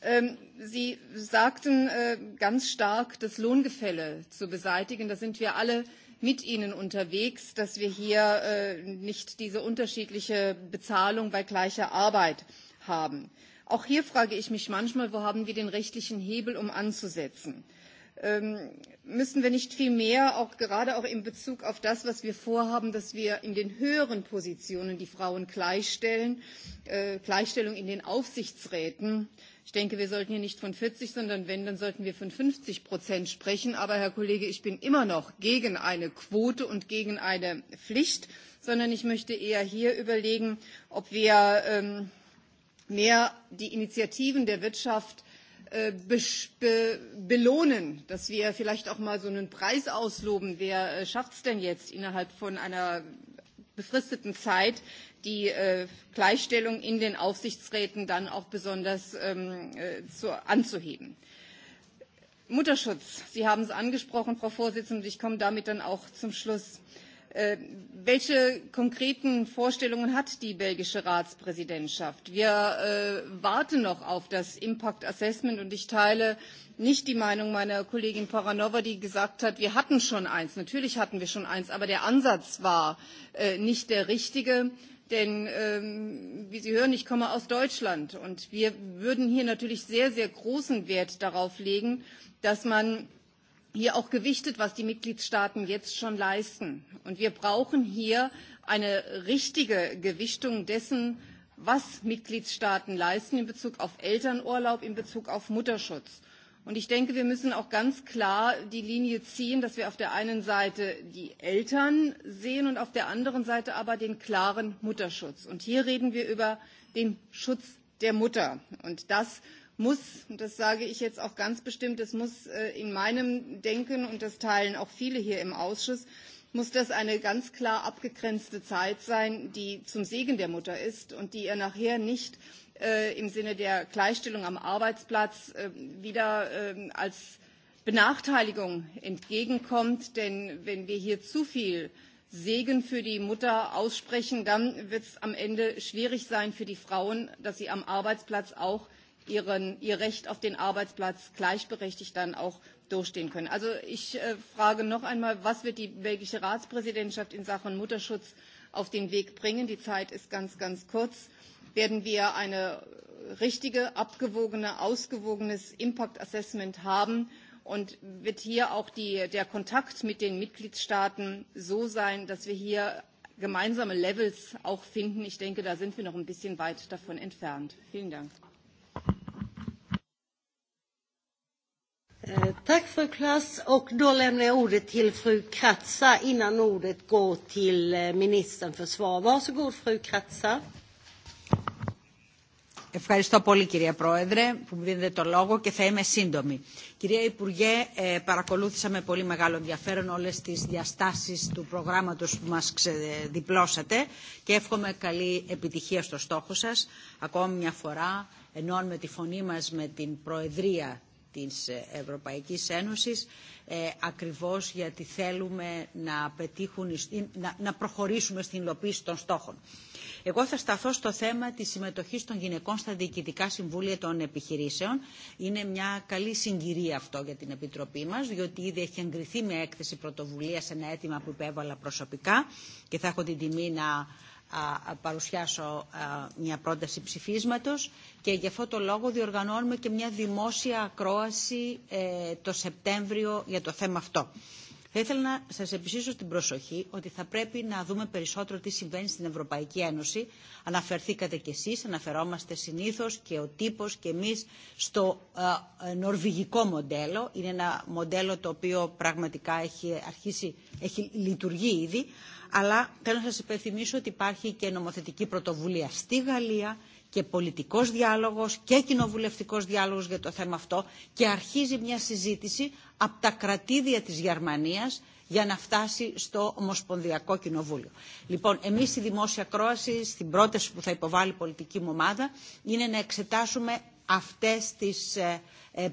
Ähm, Sie sagten äh, ganz stark, das Lohngefälle zu beseitigen. Da sind wir alle mit Ihnen unterwegs, dass wir hier äh, nicht diese unterschiedliche Bezahlung bei gleicher Arbeit haben. Auch hier frage ich mich manchmal, wo haben wir den rechtlichen Hebel, um anzusetzen? ähm, müssen wir nicht viel mehr, auch gerade auch in Bezug auf das, was wir vorhaben, dass wir in den höheren Positionen die Frauen gleichstellen, äh, Gleichstellung in den Aufsichtsräten, äh, Ich denke, wir sollten hier nicht von 40, sondern wenn, dann sollten wir von 50 Prozent sprechen. Aber Herr Kollege, ich bin immer noch gegen eine Quote und gegen eine Pflicht, sondern ich möchte eher hier überlegen, ob wir ähm, mehr die Initiativen der Wirtschaft äh, Be be belohnen, dass wir vielleicht auch mal so einen Preis ausloben. Wer äh, schafft es denn jetzt innerhalb von einer befristeten Zeit die äh, Gleichstellung in den Aufsichtsräten dann auch besonders ähm, äh, zu, anzuheben. Mutterschutz, Sie haben es angesprochen, Frau Vorsitzende, ich komme damit dann auch zum Schluss. Äh, Äh, welche konkreten Vorstellungen hat die belgische Ratspräsidentschaft? Wir äh, warten noch auf das Impact Assessment und ich teile nicht die Meinung meiner Kollegin Paranova, die gesagt hat, wir hatten schon eins. Natürlich hatten wir schon eins, aber der Ansatz war äh, nicht der richtige. Denn ähm, wie Sie hören, ich komme aus Deutschland und wir würden hier natürlich sehr, sehr großen Wert darauf legen, dass man hier auch gewichtet, was die Mitgliedstaaten jetzt schon leisten. Und wir brauchen hier eine richtige Gewichtung dessen, was Mitgliedstaaten leisten in Bezug auf Elternurlaub, in Bezug auf Mutterschutz. Und ich denke, wir müssen auch ganz klar die Linie ziehen, dass wir auf der einen Seite die Eltern sehen und auf der anderen Seite aber den klaren Mutterschutz. Und hier reden wir über den Schutz der Mutter. Und das muss, und das sage ich jetzt auch ganz bestimmt, das muss äh, in meinem Denken, und das teilen auch viele hier im Ausschuss, muss das eine ganz klar abgegrenzte Zeit sein, die zum Segen der Mutter ist und die ihr nachher nicht äh, im Sinne der Gleichstellung am Arbeitsplatz äh, wieder äh, als Benachteiligung entgegenkommt. Denn wenn wir hier zu viel Segen für die Mutter aussprechen, dann wird es am Ende schwierig sein für die Frauen, dass sie am Arbeitsplatz auch ihren, ihr Recht auf den Arbeitsplatz gleichberechtigt dann auch durchstehen können. Also ich äh, frage noch einmal, was wird die belgische Ratspräsidentschaft in Sachen Mutterschutz auf den Weg bringen? Die Zeit ist ganz, ganz kurz. Werden wir eine richtige, abgewogene, ausgewogenes Impact Assessment haben? Und wird hier auch die, der Kontakt mit den Mitgliedstaaten so sein, dass wir hier gemeinsame Levels auch finden? Ich denke, da sind wir noch ein bisschen weit davon entfernt. Vielen Dank. Eh, tack för Klas. Och då lämnar jag ordet till fru Kratsa innan ordet går till eh, ministern för svar. Varsågod fru Kratsa. Ευχαριστώ πολύ κυρία Πρόεδρε που μου δίνετε το λόγο και θα είμαι σύντομη. Κυρία Υπουργέ, ε, παρακολούθησα με πολύ μεγάλο ενδιαφέρον όλες τις διαστάσεις του προγράμματος που μας ξεδιπλώσατε και εύχομαι καλή επιτυχία στο στόχο σας. Ακόμη μια φορά ενώνουμε τη φωνή μας με την Προεδρία της Ευρωπαϊκής Ένωσης ε, ακριβώς γιατί θέλουμε να, πετύχουν, να, να προχωρήσουμε στην υλοποίηση των στόχων. Εγώ θα σταθώ στο θέμα της συμμετοχής των γυναικών στα διοικητικά συμβούλια των επιχειρήσεων. Είναι μια καλή συγκυρία αυτό για την Επιτροπή μας, διότι ήδη έχει εγκριθεί μια έκθεση πρωτοβουλία σε ένα αίτημα που υπέβαλα προσωπικά και θα έχω την τιμή να παρουσιάσω μια πρόταση ψηφίσματος και γι' αυτό το λόγο διοργανώνουμε και μια δημόσια ακρόαση το Σεπτέμβριο για το θέμα αυτό. Θα ήθελα να σας επισήσω στην προσοχή ότι θα πρέπει να δούμε περισσότερο τι συμβαίνει στην Ευρωπαϊκή Ένωση. Αναφερθήκατε κι εσείς, αναφερόμαστε συνήθως και ο τύπος και εμείς στο ε, νορβηγικό μοντέλο. Είναι ένα μοντέλο το οποίο πραγματικά έχει, αρχίσει, έχει λειτουργεί ήδη. Αλλά θέλω να σας υπενθυμίσω ότι υπάρχει και νομοθετική πρωτοβουλία στη Γαλλία, και πολιτικός διάλογος και κοινοβουλευτικός διάλογος για το θέμα αυτό και αρχίζει μια συζήτηση από τα κρατήδια της Γερμανίας για να φτάσει στο Ομοσπονδιακό Κοινοβούλιο. Λοιπόν, εμείς στη δημόσια κρόαση, στην πρόταση που θα υποβάλει η πολιτική μου ομάδα, είναι να εξετάσουμε αυτές τις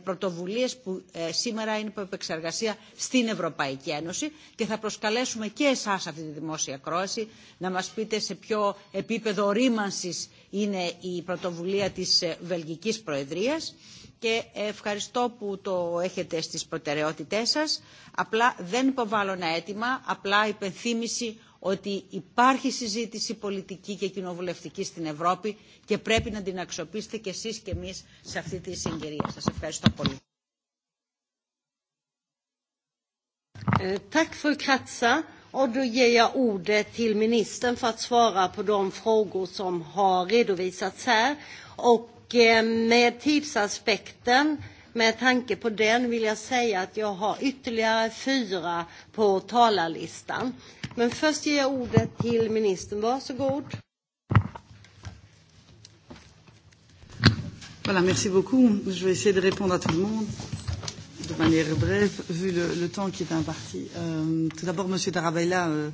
πρωτοβουλίες που σήμερα είναι υπό επεξεργασία στην Ευρωπαϊκή Ένωση και θα προσκαλέσουμε και εσάς αυτή τη δημόσια κρόαση να μας πείτε σε ποιο επίπεδο ρήμανσης είναι η πρωτοβουλία της Βελγικής Προεδρίας και ευχαριστώ που το έχετε στις προτεραιότητές σας. Απλά δεν υποβάλλω ένα αίτημα, απλά υπενθύμηση ότι υπάρχει συζήτηση πολιτική και κοινοβουλευτική στην Ευρώπη και πρέπει να την αξιοποιήσετε και εσείς και εμείς σε αυτή τη συγκυρία. Σας ευχαριστώ πολύ. Eh, tack för Kratsa. Och då ger jag ordet till ministern för att svara på de frågor som har redovisats här. Och eh, med tidsaspekten, med tanke på den vill jag säga att jag har ytterligare fyra på talarlistan. Men först ger jag ordet till ministern. Varsågod. Voilà, merci beaucoup. Je vais essayer de répondre à tout le monde de manière brève, vu le, le temps qui est imparti. Euh, tout d'abord, Monsieur Tarabella, euh,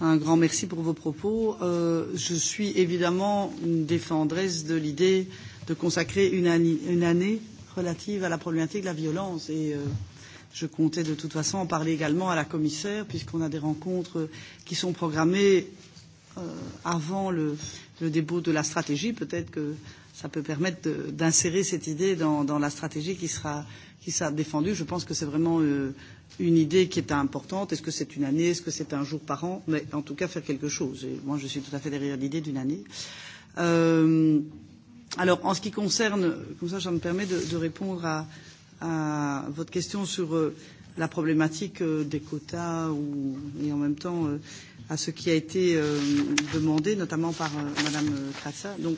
un grand merci pour vos propos. Euh, je suis évidemment une défendresse de l'idée de consacrer une année, une année relative à la problématique de la violence et euh, Je comptais de toute façon en parler également à la commissaire, puisqu'on a des rencontres qui sont programmées euh, avant le, le dépôt de la stratégie. Peut-être que ça peut permettre d'insérer cette idée dans, dans la stratégie qui sera, qui sera défendue. Je pense que c'est vraiment euh, une idée qui est importante. Est-ce que c'est une année Est-ce que c'est un jour par an Mais en tout cas, faire quelque chose. Et moi, je suis tout à fait derrière l'idée d'une année. Euh, alors, en ce qui concerne, comme ça, ça me permet de, de répondre à, euh, à votre question sur euh, la problématique euh, des quotas ou, et en même temps euh, à ce qui a été euh, demandé, notamment par euh, Madame euh, Kratza. Donc,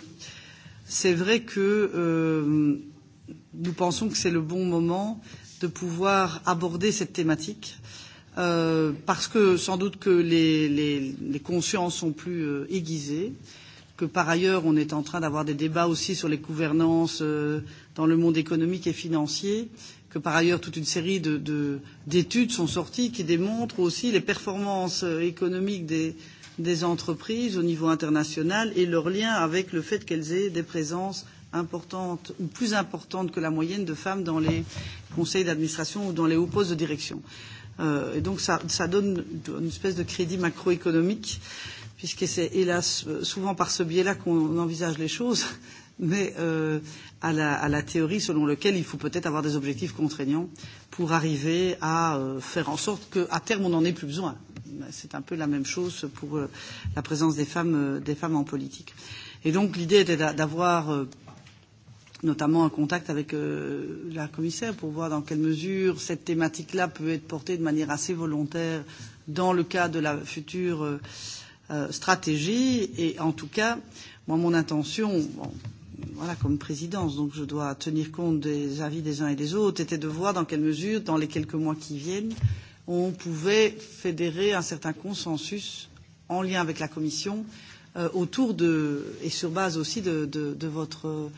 c'est vrai que euh, nous pensons que c'est le bon moment de pouvoir aborder cette thématique. Euh, parce que sans doute que les, les, les consciences sont plus euh, aiguisées, euh, que par ailleurs, on est en train d'avoir des débats aussi sur les gouvernances euh, dans le monde économique et financier, que par ailleurs, toute une série d'études de, de, sont sorties qui démontrent aussi les performances euh, économiques des, des entreprises au niveau international et leur lien avec le fait qu'elles aient des présences importantes ou plus importantes que la moyenne de femmes dans les conseils d'administration ou dans les hauts postes de direction. Euh, et donc ça, ça donne une espèce de crédit macroéconomique euh, puisque c'est hélas euh, souvent par ce biais-là qu'on envisage les choses, mais euh, à, la, à la théorie selon laquelle il faut peut-être avoir des objectifs contraignants pour arriver à euh, faire en sorte qu'à terme on n'en ait plus besoin. C'est un peu la même chose pour euh, la présence des femmes, euh, des femmes en politique. Et donc l'idée était d'avoir euh, notamment un contact avec euh, la commissaire pour voir dans quelle mesure cette thématique-là peut être portée de manière assez volontaire dans le cas de la future. Euh, euh, stratégie. Et en tout cas, moi, mon intention, bon, voilà, comme présidence, donc je dois tenir compte des avis des uns et des autres, était de voir dans quelle mesure, dans les quelques mois qui viennent, on pouvait fédérer un certain consensus en lien avec la Commission euh, autour de, et sur base aussi de, de, de, votre,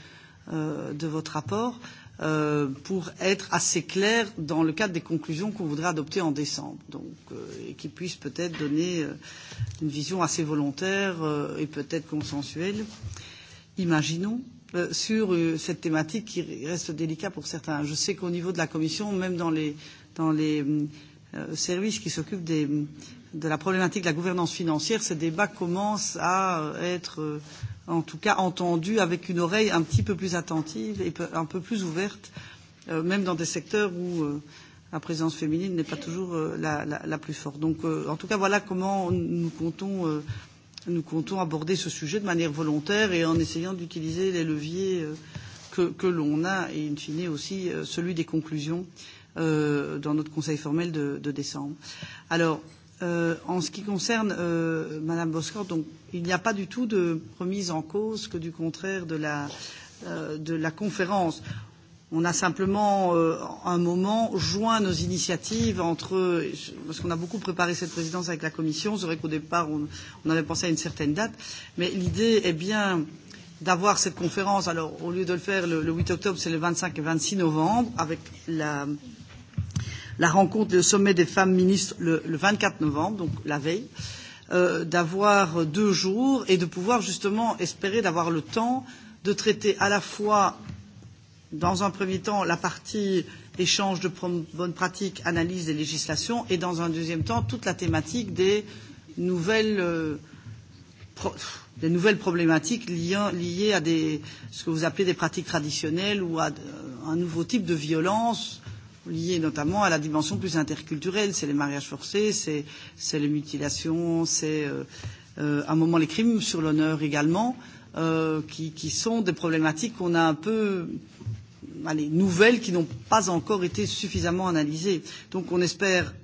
euh, de votre rapport, euh, euh, pour être assez clair dans le cadre des conclusions qu'on voudra adopter en décembre, donc, euh, et qui puisse peut-être donner euh, une vision assez volontaire euh, et peut-être consensuelle, imaginons, euh, sur euh, cette thématique qui reste délicate pour certains. Je sais qu'au niveau de la Commission, même dans les, dans les euh, service qui s'occupe des, de la problématique de la gouvernance financière, ces débats commencent à euh, être, euh, en tout cas, entendus avec une oreille un petit peu plus attentive et un peu plus ouverte, euh, même dans des secteurs où euh, la présence féminine n'est pas toujours euh, la, la, la plus forte. Donc, euh, en tout cas, voilà comment nous comptons. Euh, nous comptons aborder ce sujet de manière volontaire et en essayant d'utiliser les leviers euh, que, que l'on a et in fine aussi euh, celui des conclusions euh, euh, dans notre conseil formel de, de décembre. Alors, euh, en ce qui concerne euh, Madame Boscor, donc il n'y a pas du tout de remise en cause que du contraire de la, euh, de la conférence. On a simplement, euh, un moment, joint nos initiatives entre, parce qu'on a beaucoup préparé cette présidence avec la Commission. C'est vrai qu'au départ, on, on avait pensé à une certaine date, mais l'idée est bien d'avoir cette conférence. Alors, au lieu de le faire le, le 8 octobre, c'est le 25 et 26 novembre, avec la la rencontre et le sommet des femmes ministres le, le 24 novembre, donc la veille, euh, d'avoir deux jours et de pouvoir justement espérer d'avoir le temps de traiter à la fois, dans un premier temps, la partie échange de bonnes pratiques, analyse des législations, et dans un deuxième temps, toute la thématique des nouvelles. Euh, des nouvelles problématiques liant, liées à des, ce que vous appelez des pratiques traditionnelles ou à euh, un nouveau type de violence liées notamment à la dimension plus interculturelle. C'est les mariages forcés, c'est, c'est les mutilations, c'est euh, euh, à un moment les crimes sur l'honneur également, euh, qui, qui sont des problématiques qu'on a un peu allez, nouvelles, qui n'ont pas encore été suffisamment analysées. Donc on espère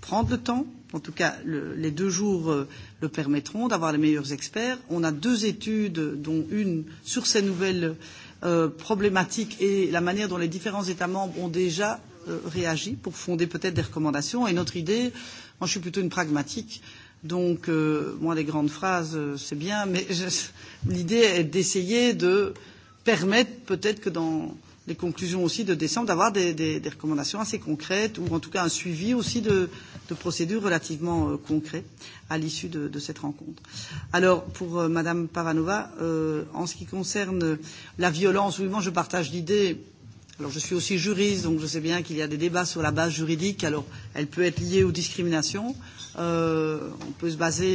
prendre le temps, en tout cas le, les deux jours euh, le permettront, d'avoir les meilleurs experts. On a deux études, dont une sur ces nouvelles euh, problématiques et la manière dont les différents États membres ont déjà euh, réagi pour fonder peut-être des recommandations. Et notre idée, moi je suis plutôt une pragmatique, donc euh, moi les grandes phrases euh, c'est bien, mais l'idée est d'essayer de permettre peut-être que dans les conclusions aussi de décembre d'avoir des, des, des recommandations assez concrètes ou en tout cas un suivi aussi de, de procédures relativement euh, concrètes à l'issue de, de cette rencontre. Alors pour euh, Madame Pavanova, euh, en ce qui concerne la violence, oui, moi je partage l'idée euh, Alors je suis aussi juriste, donc je sais bien qu'il y a des débats sur la base juridique. Alors elle peut être liée aux discriminations. Euh, on peut se baser,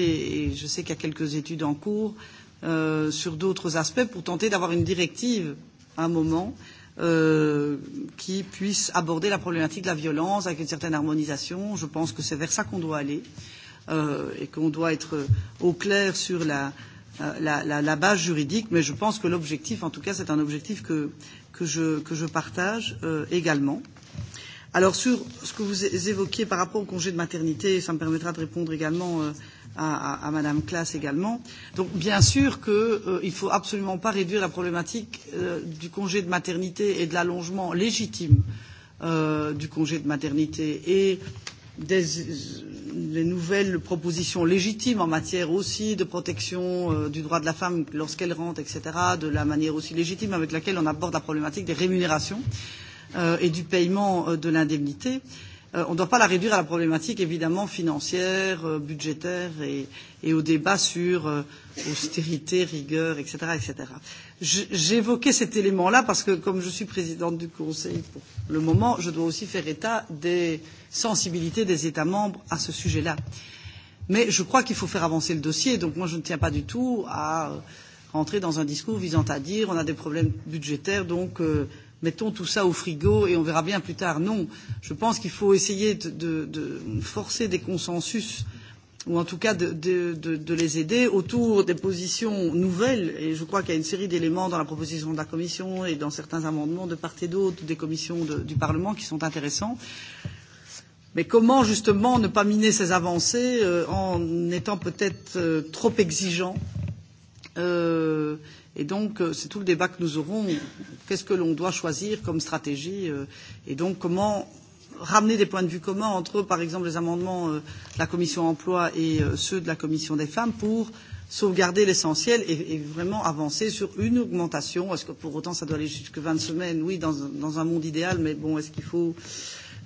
et je sais qu'il y a quelques études en cours, euh, sur d'autres aspects pour tenter d'avoir une directive à un moment euh, qui puisse aborder la problématique de la violence avec une certaine harmonisation. Je pense que c'est vers ça qu'on doit aller euh, et qu'on doit être au clair sur la, euh, la, la, la base juridique, mais je pense que l'objectif, en tout cas, c'est un objectif que, que je, que je partage euh, également. Alors sur ce que vous évoquiez par rapport au congé de maternité, ça me permettra de répondre également euh, à, à, à Madame Classe également. Donc bien sûr qu'il euh, ne faut absolument pas réduire la problématique euh, du congé de maternité et de l'allongement légitime euh, du congé de maternité et euh, des, les nouvelles propositions légitimes en matière aussi de protection euh, du droit de la femme lorsqu'elle rentre, etc., de la manière aussi légitime avec laquelle on aborde la problématique des rémunérations euh, et du paiement euh, de l'indemnité. Euh, on ne doit pas la réduire à la problématique évidemment financière, euh, budgétaire et, et au débat sur euh, austérité, rigueur, etc., etc. Euh, J'évoquais cet élément-là parce que, comme je suis présidente du Conseil pour le moment, je dois aussi faire état des sensibilités des États membres à ce sujet-là. Mais je crois qu'il faut faire avancer le dossier. Donc moi, je ne tiens pas du tout à rentrer dans un discours visant à dire on a des problèmes budgétaires, donc euh, mettons tout ça au frigo et on verra bien plus tard. Non, je pense qu'il faut essayer de, de, de forcer des consensus euh, ou en tout cas de, de, de, de les aider autour des positions nouvelles. Et je crois qu'il y a une série d'éléments dans la proposition de la Commission et dans certains amendements de part et d'autre des commissions de, du Parlement qui sont intéressants. Mais comment justement ne pas miner ces avancées euh, en étant peut-être euh, trop exigeant euh, Et donc, euh, c'est tout le débat que nous aurons. Qu'est-ce que l'on doit choisir comme stratégie euh, Et donc, comment ramener des points de vue communs entre, par exemple, les amendements euh, de la commission emploi et euh, ceux de la commission des femmes pour sauvegarder l'essentiel et, et vraiment avancer sur une augmentation. Est-ce que pour autant ça doit aller jusque 20 semaines Oui, dans, dans un monde idéal, mais bon, est-ce qu'il faut euh,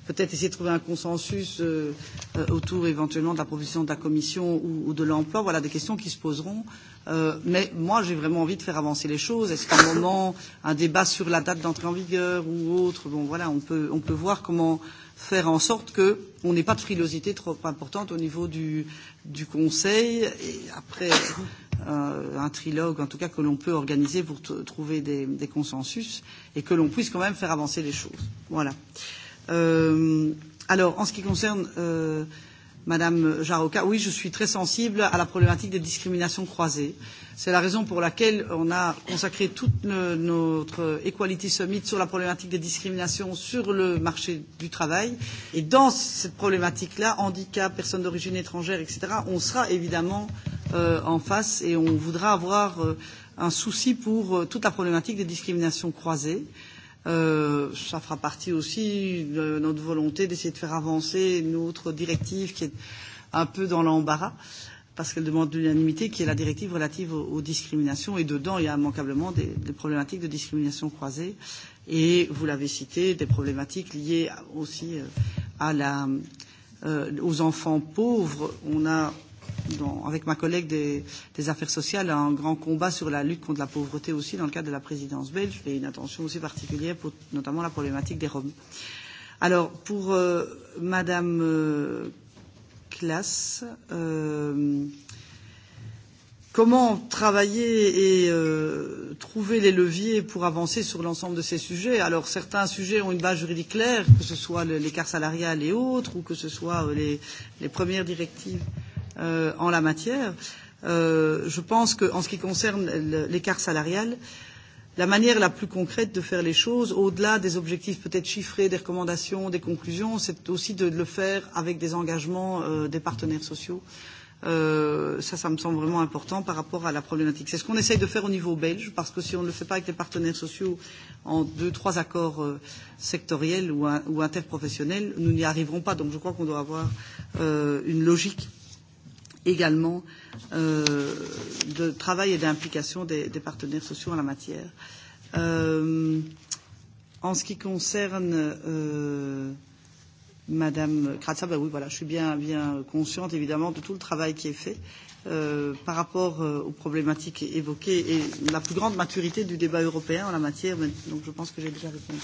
peut-être essayer de trouver un consensus euh, euh, autour éventuellement de la proposition de la Commission ou, ou de l'emploi. Voilà des questions qui se poseront. Euh, mais moi, j'ai vraiment envie de faire avancer les choses. Est-ce qu'à un moment, un débat sur la date d'entrée en vigueur ou autre, bon voilà, on peut, on peut voir comment faire en sorte qu'on n'ait pas de frilosité trop importante au niveau du, du Conseil et après euh, un trilogue, en tout cas que l'on peut organiser pour trouver des, des consensus et que l'on puisse quand même faire avancer les choses. Voilà. Euh, Euh, alors, en ce qui concerne euh, Madame Jaroka, oui, je suis très sensible à la problématique des discriminations croisées. C'est la raison pour laquelle on a consacré tout le, notre Equality Summit sur la problématique des discriminations sur le marché du travail. Et dans cette problématique-là, handicap, personnes d'origine étrangère, etc., on sera évidemment euh, en face et on voudra avoir euh, un souci pour euh, toute la problématique des discriminations croisées. Euh, Euh, ça fera partie aussi de notre volonté d'essayer de faire avancer une autre directive qui est un peu dans l'embarras parce qu'elle demande l'unanimité, qui est la directive relative aux, aux discriminations. Et dedans, il y a immanquablement des, des problématiques de discrimination croisée. Et vous l'avez cité, des problématiques liées aussi euh, à la, euh, aux enfants pauvres. On a dans, avec ma collègue des, des affaires sociales un grand combat sur la lutte contre la pauvreté aussi dans le cadre de la présidence belge et une attention aussi particulière pour notamment la problématique des Roms. Alors pour euh, Madame euh, Classe, euh, comment travailler et euh, trouver les leviers pour avancer sur l'ensemble de ces sujets. Alors certains sujets ont une base juridique claire, que ce soit l'écart salarial et autres, ou que ce soit euh, les, les premières directives euh, euh, en la matière. Euh, je pense qu'en ce qui concerne l'écart salarial, la manière la plus concrète de faire les choses, au-delà des objectifs peut-être chiffrés, des recommandations, des conclusions, c'est aussi de le faire avec des engagements euh, des partenaires sociaux. Euh, ça, ça me semble vraiment important par rapport à la problématique. C'est ce qu'on essaye de faire au niveau belge, parce que si on ne le fait pas avec les partenaires sociaux en deux, trois accords euh, sectoriels ou, un, ou interprofessionnels, nous n'y arriverons pas. Donc je crois qu'on doit avoir euh, une logique également euh, de travail et d'implication des, des partenaires sociaux en la matière. Euh, en ce qui concerne euh, Madame Kratza, ben oui, voilà, je suis bien, bien consciente évidemment de tout le travail qui est fait euh, par rapport euh, aux problématiques évoquées et la plus grande maturité du débat européen en la matière. Donc je pense que j'ai déjà répondu.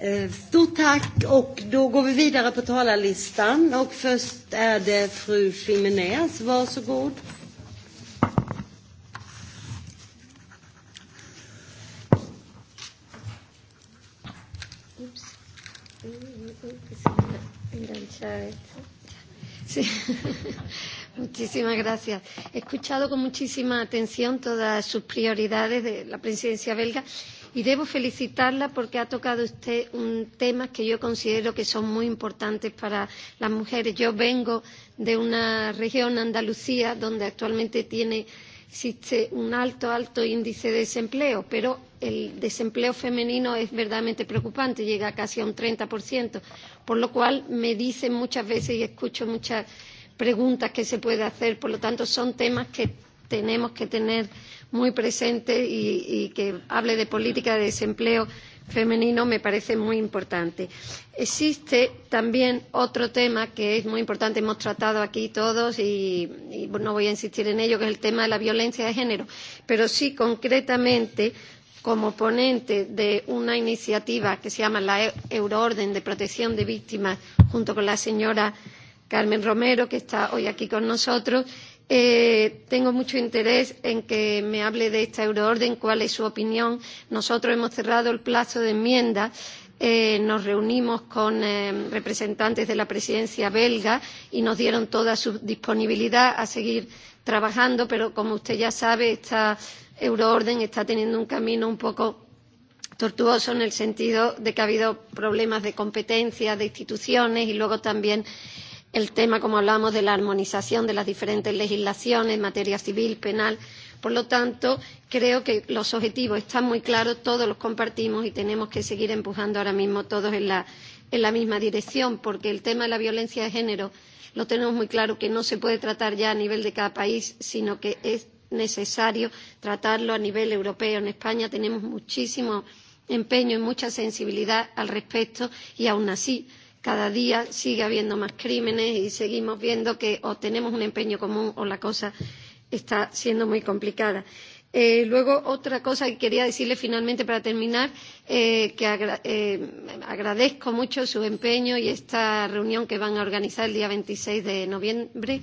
Eh, stort tack och då går vi vidare på talarlistan och först är det fru Jiménez. Varsågod. Oops. Sí. Muchísimas gracias. He escuchado con muchísima atención todas sus prioridades de la presidencia belga Y debo felicitarla porque ha tocado usted un tema que yo considero que son muy importantes para las mujeres. Yo vengo de una región, Andalucía, donde actualmente tiene, existe un alto, alto índice de desempleo, pero el desempleo femenino es verdaderamente preocupante, llega casi a un 30%, por lo cual me dicen muchas veces y escucho muchas preguntas que se puede hacer. Por lo tanto, son temas que tenemos que tener muy presente y, y que hable de política de desempleo femenino me parece muy importante. Existe también otro tema que es muy importante, hemos tratado aquí todos y, y no voy a insistir en ello, que es el tema de la violencia de género, pero sí concretamente como ponente de una iniciativa que se llama la e-, Euroorden de Protección de Víctimas junto con la señora Carmen Romero, que está hoy aquí con nosotros, Eh, tengo mucho interés en que me hable de esta euroorden, cuál es su opinión. Nosotros hemos cerrado el plazo de enmiendas. Eh, nos reunimos con eh, representantes de la presidencia belga y nos dieron toda su disponibilidad a seguir trabajando, pero como usted ya sabe, esta euroorden está teniendo un camino un poco tortuoso en el sentido de que ha habido problemas de competencia de instituciones y luego también eh, el tema, como hablábamos, de la armonización de las diferentes legislaciones en materia civil, penal. Por lo tanto, creo que los objetivos están muy claros, todos los compartimos y tenemos que seguir empujando ahora mismo todos en la, en la misma dirección, porque el tema de la violencia de género lo tenemos muy claro que no se puede tratar ya a nivel de cada país, sino que es necesario tratarlo a nivel europeo. En España tenemos muchísimo empeño y mucha sensibilidad al respecto y aún así cada día sigue habiendo más crímenes y seguimos viendo que o tenemos un empeño común o la cosa está siendo muy complicada. Eh, luego, otra cosa que quería decirle finalmente para terminar, eh, que agra eh, agradezco mucho su empeño y esta reunión que van a organizar el día 26 de noviembre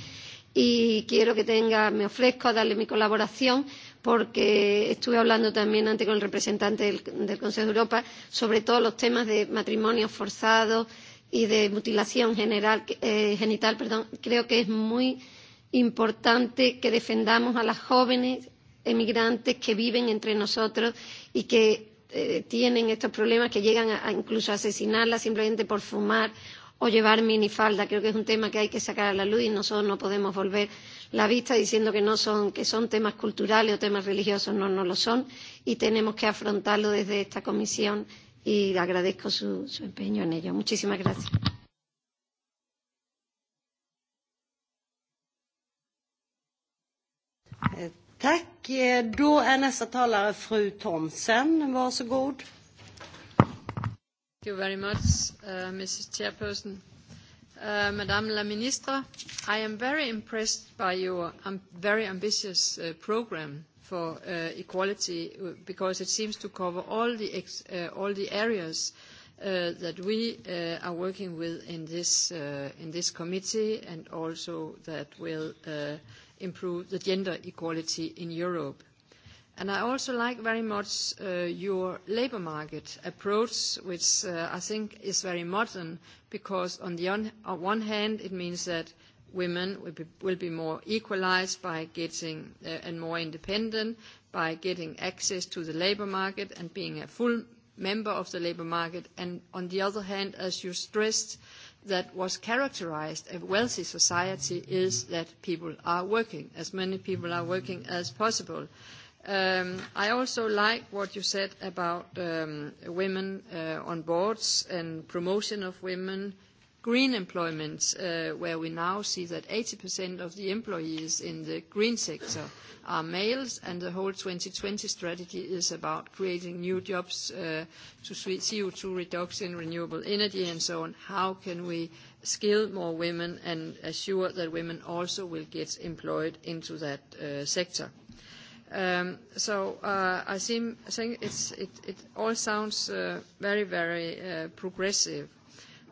y quiero que tenga, me ofrezco a darle mi colaboración porque estuve hablando también antes con el representante del, del Consejo de Europa sobre todos los temas de matrimonios forzados, eh, y de mutilación general, eh, genital, perdón, creo que es muy importante que defendamos a las jóvenes emigrantes que viven entre nosotros y que eh, tienen estos problemas, que llegan a, a incluso a asesinarlas simplemente por fumar o llevar minifalda. Creo que es un tema que hay que sacar a la luz y nosotros no podemos volver la vista diciendo que, no son, que son temas culturales o temas religiosos. No, no lo son y tenemos que afrontarlo desde esta comisión y agradezco su, su empeño en ello. Muchísimas gracias. Eh, tack. Eh, då är nästa talare fru Thomsen. Varsågod. Thank you very much, uh, Mrs. Chairperson. Uh, Madame la Ministre, I am very impressed by your um, very ambitious uh, program for uh, equality uh, because it seems to cover all the, ex uh, all the areas uh, that we uh, are working with in this, uh, in this committee and also that will uh, improve the gender equality in Europe. And I also like very much uh, your labor market approach, which uh, I think is very modern, because on the on, on one hand, it means that women will be, will be more equalized by getting uh, and more independent by getting access to the labor market and being a full member of the labor market. And on the other hand, as you stressed, that what characterized a wealthy society is that people are working, as many people are working as possible. Um, I also like what you said about um, women uh, on boards and promotion of women green employment, uh, where we now see that 80% of the employees in the green sector are males, and the whole 2020 strategy is about creating new jobs uh, to CO2 reduction, renewable energy, and so on. How can we skill more women and assure that women also will get employed into that uh, sector? Um, so uh, I seem, I think it's, it, it all sounds uh, very, very uh, progressive. Uh,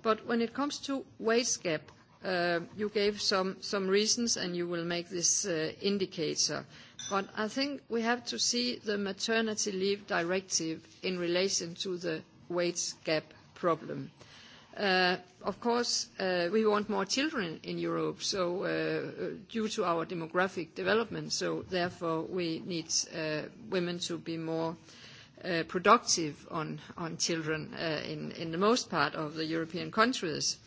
But when it comes to wage gap, uh, you gave some, some reasons, and you will make this uh, indicator. But I think we have to see the maternity leave directive in relation to the wage gap problem. Uh, of course, uh, we want more children in Europe, so uh, due to our demographic development, so therefore we need uh, women to be more uh, uh, productive on, on children uh, in, in the most part of the European countries.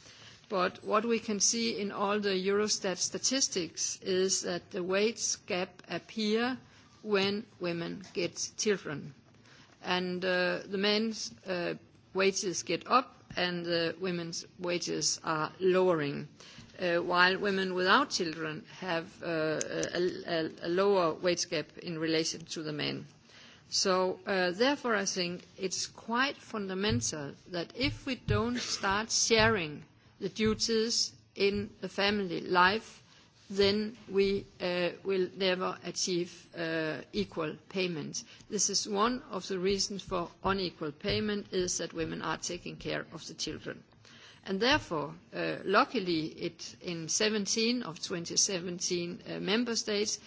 But what we can see in all the Eurostat statistics is that the wage gap appear when women get children. And uh, the men's uh, wages get up and the uh, women's wages are lowering. Uh, while women without children have uh, a, a, a lower wage gap in relation to the men. So uh, therefore, I think it's quite fundamental that if we don't start sharing the duties in the family life, then we uh, will never achieve uh, equal payment. This is one of the reasons for unequal payment is that women are taking care of the children. And therefore, uh, luckily, it, in 17 of 2017 uh, member states,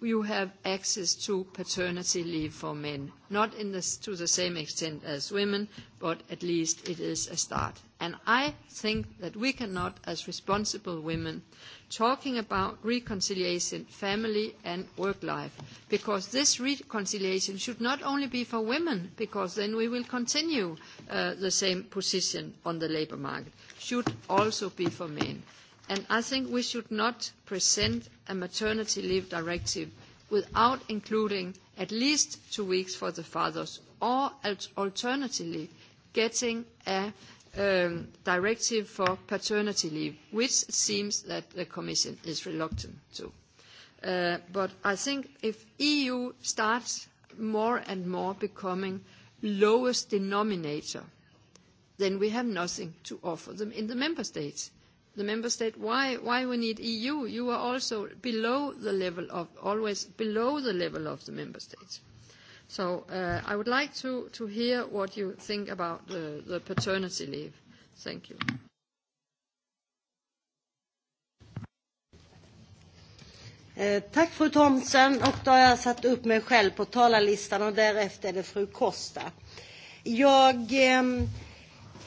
you have access to paternity leave for men. Not in the, to the same extent as women, but at least it is a start. And I think that we cannot, as responsible women, talking about reconciliation, family and work life, because this reconciliation should not only be for women, because then we will continue uh, the same position on the labour market, should also be for men. And I think we should not present a maternity leave directive without including at least two weeks for the fathers, or alternatively, getting a um, directive for paternity leave, which seems that the Commission is reluctant to. Uh, but I think if EU starts more and more becoming lowest denominator, then we have nothing to offer them in the member states the member state why why we need EU you are also below the level of always below the level of the member states so uh, I would like to to hear what you think about the, the paternity leave thank you eh, Tack fru Thomsen och då har jag satt upp mig själv på talarlistan och därefter är det fru Costa. Jag eh,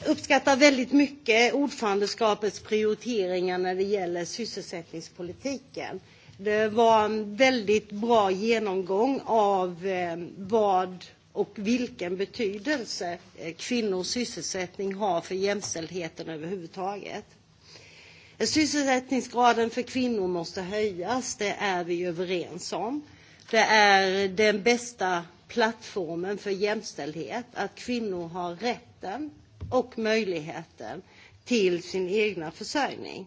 uppskattar väldigt mycket ordförandeskapets prioriteringar när det gäller sysselsättningspolitiken. Det var en väldigt bra genomgång av eh, vad och vilken betydelse eh, kvinnors sysselsättning har för jämställdheten överhuvudtaget. Sysselsättningsgraden för kvinnor måste höjas, det är vi överens om. Det är den bästa plattformen för jämställdhet, att kvinnor har rätten och möjligheten till sin egna försörjning.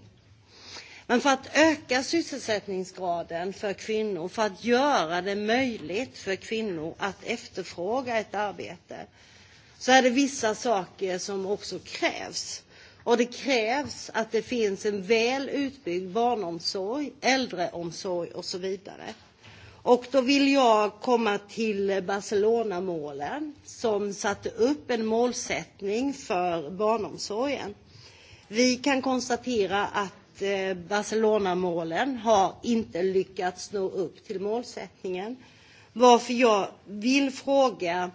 Men för att öka sysselsättningsgraden för kvinnor, för att göra det möjligt för kvinnor att efterfråga ett arbete, så är det vissa saker som också krävs. Och det krävs att det finns en väl utbyggd barnomsorg, äldreomsorg och så vidare. Och då vill jag komma till Barcelona-målen som satte upp en målsättning för barnomsorgen. Vi kan konstatera att eh, Barcelona-målen har inte lyckats nå upp till målsättningen. Varför jag vill fråga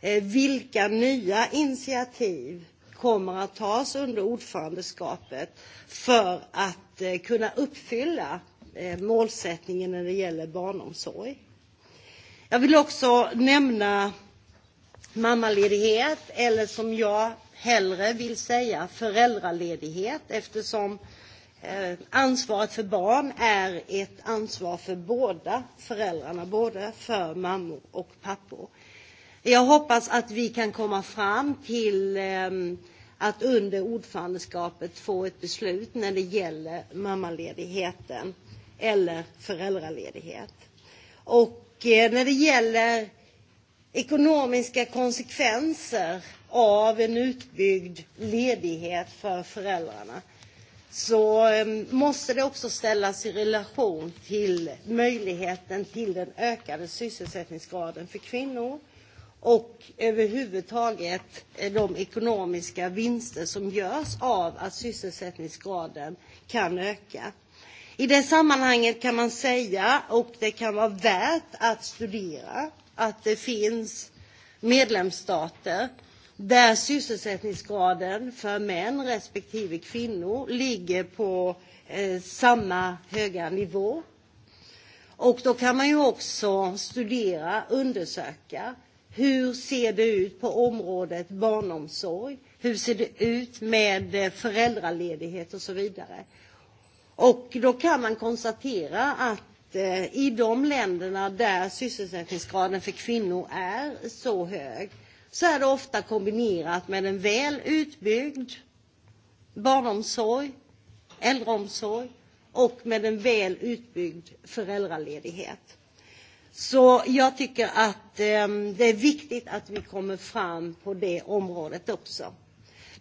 eh, vilka nya initiativ kommer att tas under ordförandeskapet för att eh, kunna uppfylla Eh, målsättningen när det gäller barnomsorg. Jag vill också nämna mammaledighet eller som jag hellre vill säga föräldraledighet eftersom eh, ansvaret för barn är ett ansvar för båda föräldrarna, både för mammor och pappor. Jag hoppas att vi kan komma fram till eh, att under ordförandeskapet få ett beslut när det gäller mammaledigheten eller föräldraledighet. Och eh, när det gäller ekonomiska konsekvenser av en utbyggd ledighet för föräldrarna så eh, måste det också ställas i relation till möjligheten till den ökade sysselsättningsgraden för kvinnor och överhuvudtaget eh, de ekonomiska vinster som görs av att sysselsättningsgraden kan öka. I det sammanhanget kan man säga, och det kan vara värt att studera, att det finns medlemsstater där sysselsättningsgraden för män respektive kvinnor ligger på eh, samma höga nivå. Och då kan man ju också studera, undersöka, hur ser det ut på området barnomsorg? Hur ser det ut med eh, föräldraledighet och så vidare? Och då kan man konstatera att eh, i de länderna där sysselsättningsgraden för kvinnor är så hög så är det ofta kombinerat med en väl utbyggd barnomsorg, äldreomsorg och med en väl utbyggd föräldraledighet. Så jag tycker att eh, det är viktigt att vi kommer fram på det området också.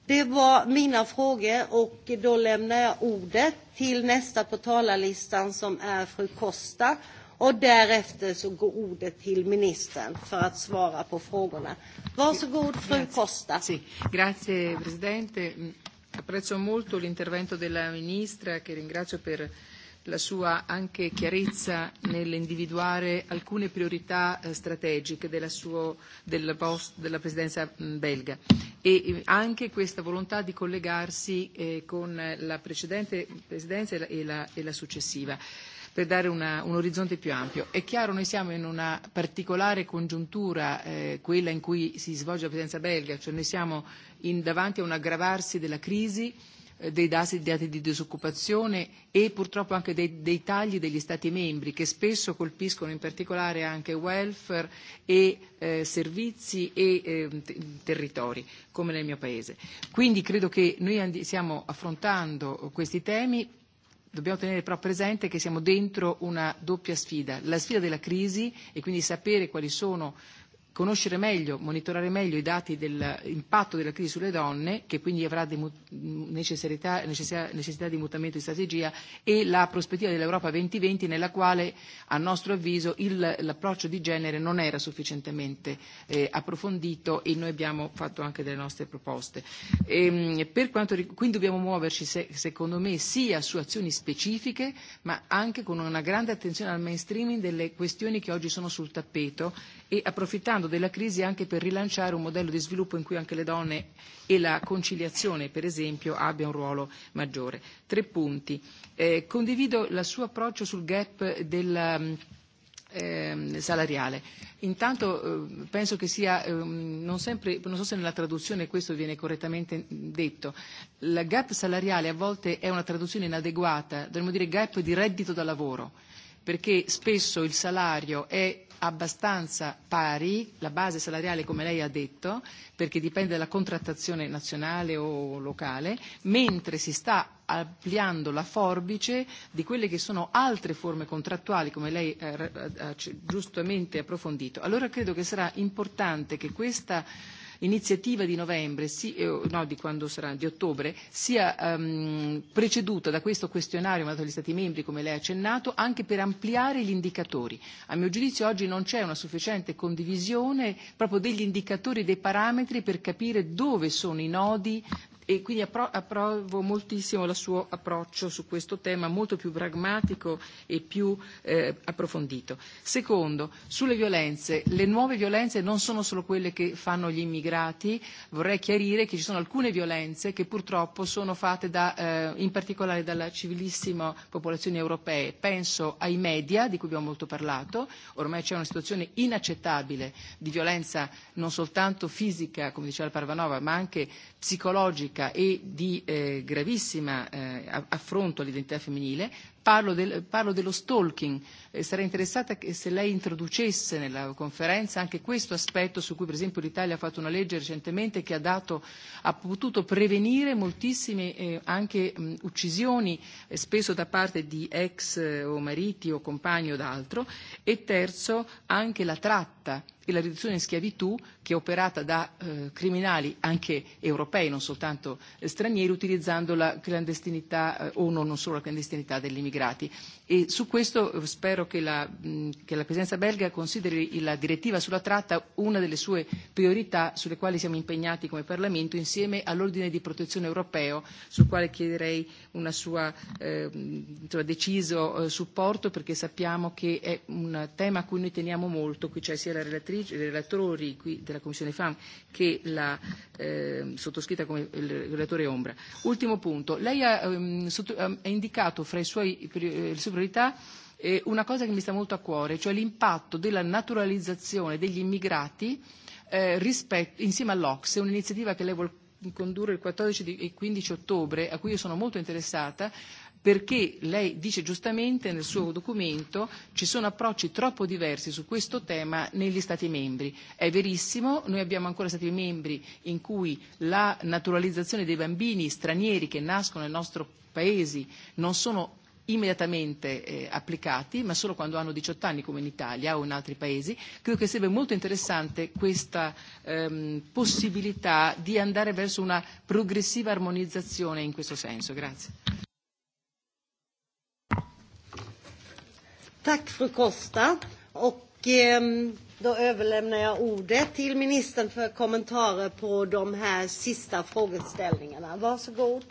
Det var mina frågor och då lämnar jag ordet till nästa på talarlistan som är fru Costa. Och därefter så går ordet till ministern för att svara på frågorna. Varsågod fru Costa. Sì, grazie Presidente. Apprezzo molto l'intervento della Ministra che ringrazio per la sua anche chiarezza nell'individuare alcune priorità eh, strategiche della, suo, del post, della Presidenza mh, mm, belga e eh, anche questa volontà di collegarsi eh, con la precedente Presidenza e la, e la, e la successiva per dare una, un orizzonte più ampio. È chiaro, noi siamo in una particolare congiuntura, eh, quella in cui si svolge la presidenza belga, cioè noi siamo in, davanti a un aggravarsi della crisi, eh, dei dati, dati di disoccupazione e purtroppo anche dei, dei tagli degli Stati membri che spesso colpiscono in particolare anche welfare e eh, servizi e eh, territori, come nel mio Paese. Quindi credo che noi andi- stiamo affrontando questi temi Dobbiamo tenere però presente che siamo dentro una doppia sfida, la sfida della crisi e quindi sapere quali sono conoscere meglio, monitorare meglio i dati dell'impatto della crisi sulle donne, che quindi avrà di necessità, necessità, necessità di mutamento di strategia, e la prospettiva dell'Europa 2020 nella quale, a nostro avviso, il, l'approccio di genere non era sufficientemente eh, approfondito e noi abbiamo fatto anche delle nostre proposte. E, per quanto, quindi dobbiamo muoverci, se, secondo me, sia su azioni specifiche, ma anche con una grande attenzione al mainstreaming delle questioni che oggi sono sul tappeto e approfittando della crisi anche per rilanciare un modello di sviluppo in cui anche le donne e la conciliazione, per esempio, abbia un ruolo maggiore. Tre punti. Eh, condivido il suo approccio sul gap del eh, salariale. Intanto eh, penso che sia, eh, non, sempre, non so se nella traduzione questo viene correttamente detto, il gap salariale a volte è una traduzione inadeguata, dovremmo dire gap di reddito da lavoro, perché spesso il salario è abbastanza pari, la base salariale come lei ha detto, perché dipende dalla contrattazione nazionale o locale, mentre si sta ampliando la forbice di quelle che sono altre forme contrattuali, come lei eh, eh, ha giustamente approfondito. Allora credo che sarà importante che questa iniziativa di novembre, si, eh, no, di quando sarà, di ottobre, sia ehm, preceduta da questo questionario mandato agli Stati membri, come lei ha accennato, anche per ampliare gli indicatori. A mio giudizio oggi non c'è una sufficiente condivisione proprio degli indicatori e dei parametri per capire dove sono i nodi e quindi appro- approvo moltissimo il suo approccio su questo tema, molto più pragmatico e più eh, approfondito. Secondo, sulle violenze, le nuove violenze non sono solo quelle che fanno gli immigrati, vorrei chiarire che ci sono alcune violenze che purtroppo sono fatte da, eh, in particolare dalla civilissima popolazione europea, penso ai media di cui abbiamo molto parlato, ormai c'è una situazione inaccettabile di violenza non soltanto fisica, come diceva Parvanova, ma anche psicologica e di eh, gravissima eh, affronto all'identità femminile, Parlo, del, parlo dello stalking, eh, sarei interessata che se lei introducesse nella conferenza anche questo aspetto su cui per esempio l'Italia ha fatto una legge recentemente che ha, dato, ha potuto prevenire moltissime eh, anche mh, uccisioni eh, spesso da parte di ex eh, o mariti o compagni o d'altro e terzo anche la tratta e la riduzione in schiavitù che è operata da eh, criminali anche europei, non soltanto eh, stranieri, utilizzando la clandestinità eh, o non, non solo la clandestinità dell'immigrazione immigrati. E su questo eh, spero che la, che la Presidenza belga consideri la direttiva sulla tratta una delle sue priorità sulle quali siamo impegnati come Parlamento insieme all'ordine di protezione europeo sul quale chiederei una sua, eh, insomma, deciso eh, supporto perché sappiamo che è un tema a cui noi teniamo molto, qui c'è sia la relatrice, i relatori qui della Commissione FAM che la eh, sottoscritta come il relatore Ombra. Ultimo punto, lei ha, ehm, sotto, ehm, ha indicato fra i suoi Eh, su priorità eh, una cosa che mi sta molto a cuore, cioè l'impatto della naturalizzazione degli immigrati eh, rispetto, insieme all'Ocse, un'iniziativa che lei vuole condurre il 14 e 15 ottobre, a cui io sono molto interessata, perché lei dice giustamente nel suo documento ci sono approcci troppo diversi su questo tema negli Stati membri. È verissimo, noi abbiamo ancora Stati membri in cui la naturalizzazione dei bambini stranieri che nascono nel nostro paesi non sono immediatamente eh, applicati, ma solo quando hanno 18 anni come in Italia o in altri paesi, credo che sarebbe molto interessante questa ehm, possibilità di andare verso una progressiva armonizzazione in questo senso. Grazie. Tack fru Costa. Och eh, då överlämnar jag ordet till ministern för kommentarer på de här sista frågeställningarna. Varsågod.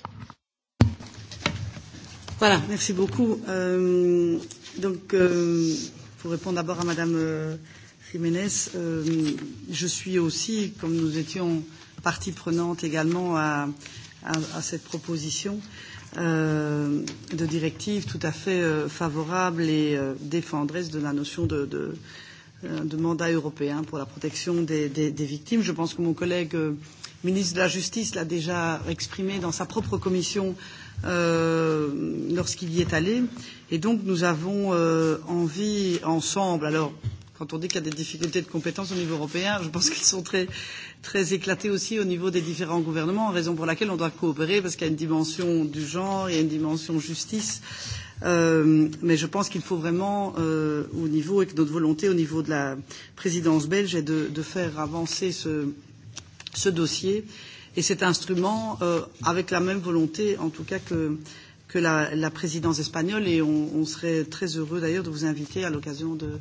Voilà, merci beaucoup. Euh, donc, euh, pour répondre d'abord à Madame euh, Jiménez, euh, je suis aussi, comme nous étions partie prenante également à, à, à cette proposition euh, de directive, tout à fait euh, favorable et euh, défendresse de la notion de, de, euh, de mandat européen pour la protection des, des, des victimes. Je pense que mon collègue euh, ministre de la Justice l'a déjà exprimé dans sa propre commission euh, euh, lorsqu'il y est allé. Et donc nous avons euh, envie ensemble, alors quand on dit qu'il y a des difficultés de compétences au niveau européen, je pense qu'elles sont très, très éclatées aussi au niveau des différents gouvernements, raison pour laquelle on doit coopérer, parce qu'il y a une dimension du genre, il y a une dimension justice. Euh, mais je pense qu'il faut vraiment, euh, au niveau, et que notre volonté au niveau de la présidence belge est de, de faire avancer ce, ce dossier. Euh, et cet instrument euh, avec la même volonté, en tout cas, que, que la, la présidence espagnole. Et on, on serait très heureux d'ailleurs de vous inviter à l'occasion de,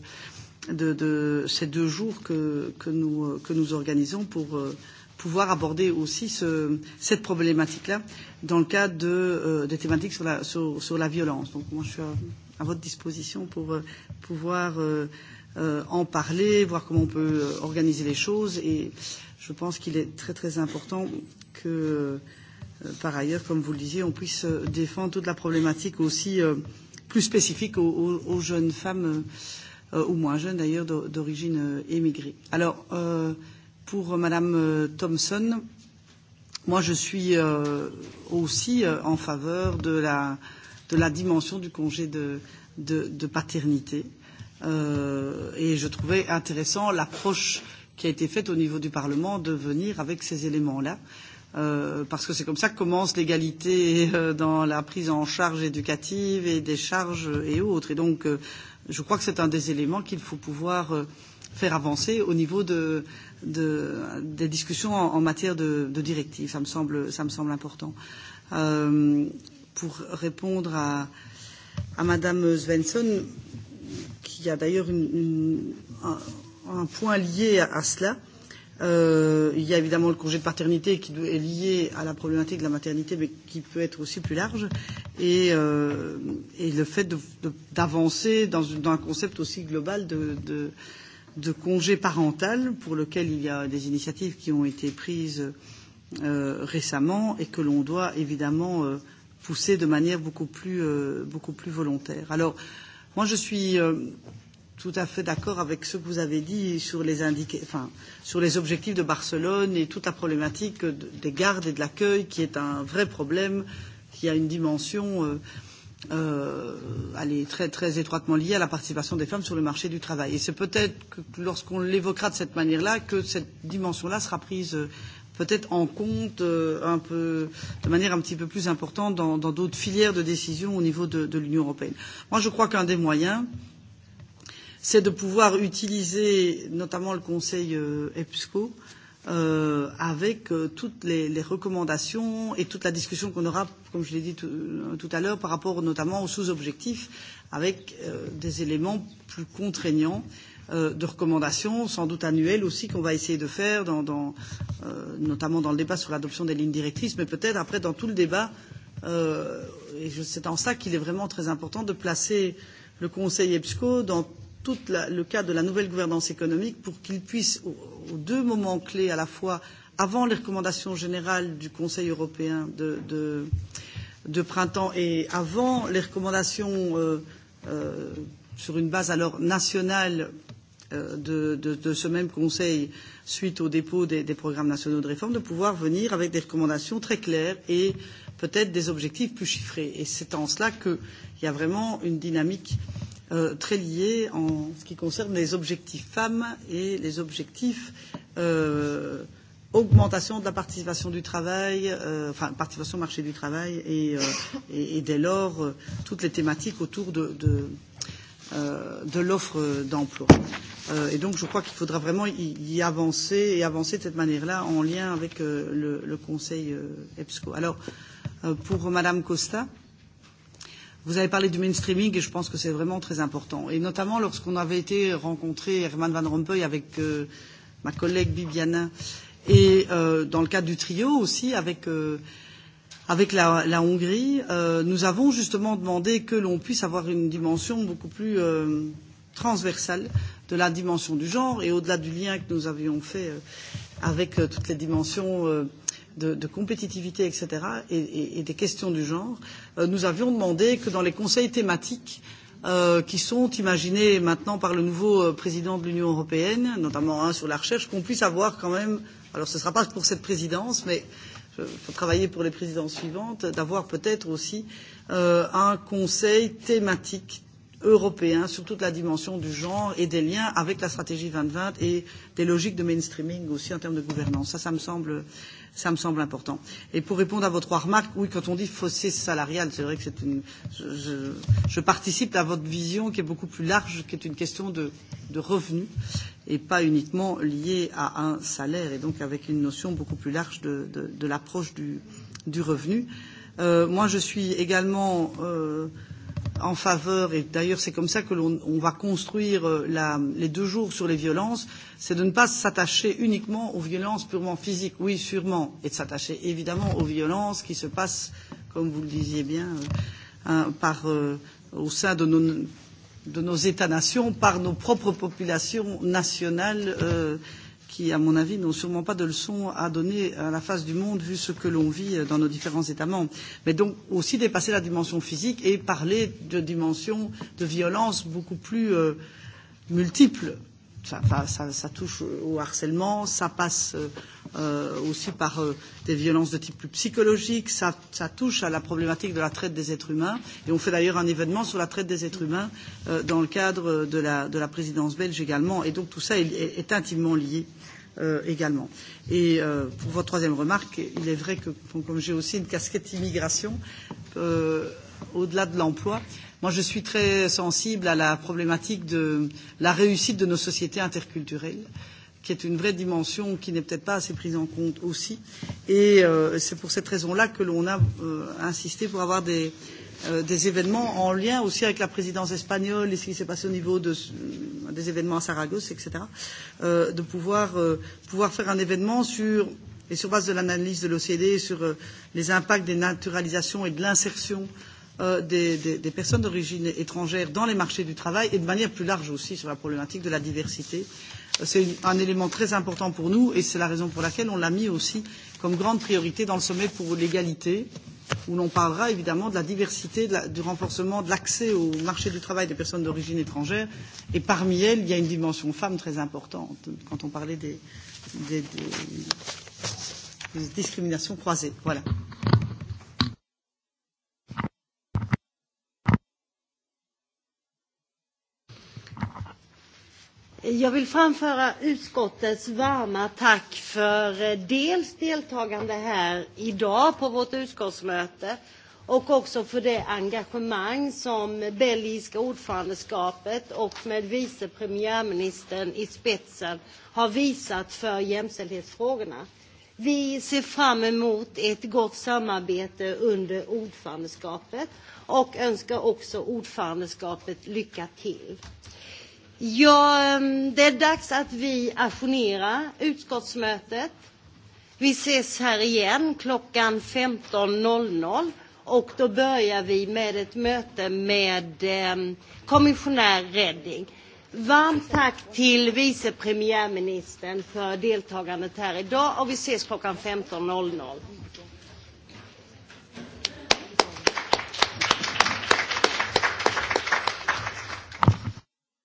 de, de ces deux jours que, que, nous, euh, que nous organisons pour euh, pouvoir aborder aussi ce, cette problématique-là dans le cadre de, euh, des thématiques sur la, sur, sur la violence. Donc moi, je suis à, à votre disposition pour euh, pouvoir. Euh, euh, en parler, voir comment on peut euh, organiser les choses et, euh, je pense qu'il est très très important que, euh, par ailleurs, comme vous le disiez, on puisse euh, défendre toute la problématique aussi euh, plus spécifique aux, aux, aux jeunes femmes, euh, ou moins jeunes d'ailleurs, d'origine euh, émigrée. Alors, euh, pour Madame euh, Thompson, moi je suis euh, aussi euh, en faveur de la, de la dimension du congé de, de, de paternité. Euh, et je trouvais intéressant l'approche euh, qui a été faite au niveau du Parlement de venir avec ces éléments-là. Euh, parce que c'est comme ça que commence l'égalité euh, dans la prise en charge éducative et des charges euh, et autres. Et donc, euh, je crois que c'est un des éléments qu'il faut pouvoir euh, faire avancer au niveau de, de, des discussions en, en matière de, de directive. Ça me semble, ça me semble important. Euh, pour répondre à, à Madame Svensson, qui a d'ailleurs une, une, un, un point lié à, à cela. Euh, il y a évidemment le congé de paternité qui est lié à la problématique de la maternité, mais qui peut être aussi plus large, et, euh, et le fait d'avancer dans, dans un concept aussi global de, de, de congé parental, pour lequel il y a des initiatives qui ont été prises euh, récemment et que l'on doit évidemment euh, pousser de manière beaucoup plus, euh, beaucoup plus volontaire. Alors, moi, je suis euh, tout à fait d'accord avec ce que vous avez dit sur les, indiqués, enfin, sur les objectifs de Barcelone et toute la problématique des gardes et de l'accueil qui est un vrai problème, qui a une dimension euh, euh, elle est très, très étroitement liée à la participation des femmes sur le marché du travail. Et c'est peut-être que lorsqu'on l'évoquera de cette manière-là que cette dimension-là sera prise euh, peut-être en compte euh, un peu, de manière un petit peu plus importante dans, dans d'autres filières de décision au niveau de, de l'Union européenne. Moi, je crois qu'un des moyens, euh, c'est de pouvoir utiliser notamment le Conseil euh, EPSCO euh, avec euh, toutes les, les recommandations et toute la discussion qu'on aura, comme je l'ai dit tout, euh, tout à l'heure, par rapport notamment aux sous-objectifs, avec euh, des éléments plus contraignants euh, de recommandations, sans doute annuelles aussi, qu'on va essayer de faire, dans, dans, euh, notamment dans le débat sur l'adoption des lignes directrices, mais peut-être après dans tout le débat. Euh, et c'est en ça qu'il est vraiment très important de placer le Conseil EBSCO dans tout la, le cadre de la nouvelle gouvernance économique pour qu'ils puissent, aux, aux deux moments clés à la fois, avant les recommandations générales du Conseil européen de, de, de printemps et avant les recommandations euh, euh, sur une base alors nationale euh, de, de, de ce même Conseil suite au dépôt des, des programmes nationaux de réforme, de pouvoir venir avec des recommandations très claires et peut-être des objectifs plus chiffrés. Et c'est en cela qu'il y a vraiment une dynamique euh, euh, très liées en ce qui concerne les objectifs femmes et les objectifs euh, augmentation de la participation du travail, euh, enfin participation au marché du travail et, euh, et, et dès lors euh, toutes les thématiques autour de, de, euh, de l'offre d'emploi. Euh, et donc je crois qu'il faudra vraiment y, y avancer et avancer de cette manière-là en lien avec euh, le, le Conseil euh, EBSCO. Alors euh, pour Madame Costa. Euh, Vous avez parlé du mainstreaming et je pense que c'est vraiment très important. Et notamment lorsqu'on avait été rencontré Herman Van Rompuy avec euh, ma collègue Bibiana et euh, dans le cadre du trio aussi avec, euh, avec la, la Hongrie, euh, nous avons justement demandé que l'on puisse avoir une dimension beaucoup plus euh, transversale de la dimension du genre et au-delà du lien que nous avions fait euh, avec euh, toutes les dimensions euh, de, de compétitivité, etc., et, et, et des questions du genre, euh, nous avions demandé que dans les conseils thématiques euh, qui sont imaginés maintenant par le nouveau euh, président de l'Union européenne, notamment un hein, sur la recherche, qu'on puisse avoir quand même, alors ce ne sera pas pour cette présidence, mais il euh, faut travailler pour les présidences suivantes, d'avoir peut-être aussi euh, un conseil thématique européen sur toute la dimension du genre et des liens avec la stratégie 2020 et des logiques de mainstreaming aussi en termes de gouvernance. Ça, ça me semble Ça me semble important. Et pour répondre à vos trois remarques, oui, quand on dit fossé salarial, c'est vrai que c'est une. Je, je, je participe à votre vision qui est beaucoup plus large, qui est une question de, de revenus et pas uniquement liée à un salaire, et donc avec une notion beaucoup plus large de, de, de l'approche du, du revenu. Euh, moi, je suis également. Euh, en faveur, et d'ailleurs c'est comme ça que l'on on va construire euh, la, les deux jours sur les violences, c'est de ne pas s'attacher uniquement aux violences purement physiques, oui sûrement, et de s'attacher évidemment aux violences qui se passent, comme vous le disiez bien, euh, hein, par, euh, au sein de nos, de nos États-nations, par nos propres populations nationales. Euh, qui, à mon avis, n'ont sûrement pas de leçons à donner à la face du monde vu ce que l'on vit dans nos différents États membres. Mais donc aussi dépasser la dimension physique et parler de dimensions de violence beaucoup plus euh, multiples ça, enfin, ça, ça touche au harcèlement, ça passe euh, aussi par euh, des violences de type plus psychologique, ça, ça touche à la problématique de la traite des êtres humains. Et on fait d'ailleurs un événement sur la traite des êtres humains euh, dans le cadre de la, de la présidence belge également. Et donc tout ça est, est, est intimement lié. Euh, également. Et euh, pour votre troisième remarque, il est vrai que comme j'ai aussi une casquette immigration, euh, au-delà de l'emploi, euh, Moi, je suis très sensible à la problématique de la réussite de nos sociétés interculturelles, qui est une vraie dimension qui n'est peut-être pas assez prise en compte aussi. Et euh, c'est pour cette raison-là que l'on a euh, insisté pour avoir des, euh, des événements en lien aussi avec la présidence espagnole et ce qui s'est passé au niveau de, euh, des événements à Saragosse, etc. Euh, de pouvoir, euh, pouvoir faire un événement sur et sur base de l'analyse de l'OCDE sur euh, les impacts des naturalisations et de l'insertion euh, euh, des, des, des personnes d'origine étrangère dans les marchés du travail et de manière plus large aussi sur la problématique de la diversité. Euh, c'est un élément très important pour nous et c'est la raison pour laquelle on l'a mis aussi comme grande priorité dans le sommet pour l'égalité, où l'on parlera évidemment de la diversité, de la, du renforcement de l'accès au marché du travail des personnes d'origine étrangère. Et parmi elles, il y a une dimension femme très importante quand on parlait des, des, des, des discriminations croisées. Voilà. Euh, Jag vill framföra utskottets varma tack för eh, dels deltagande här idag på vårt utskottsmöte och också för det engagemang som belgiska ordförandeskapet och med vice premiärministern i spetsen har visat för jämställdhetsfrågorna. Vi ser fram emot ett gott samarbete under ordförandeskapet och önskar också ordförandeskapet lycka till. Ja, det är dags att vi ajournerar utskottsmötet. Vi ses här igen klockan 15.00 och då börjar vi med ett möte med eh, kommissionär Redding. Varmt tack till vice premiärministern för deltagandet här idag och vi ses klockan 15.00.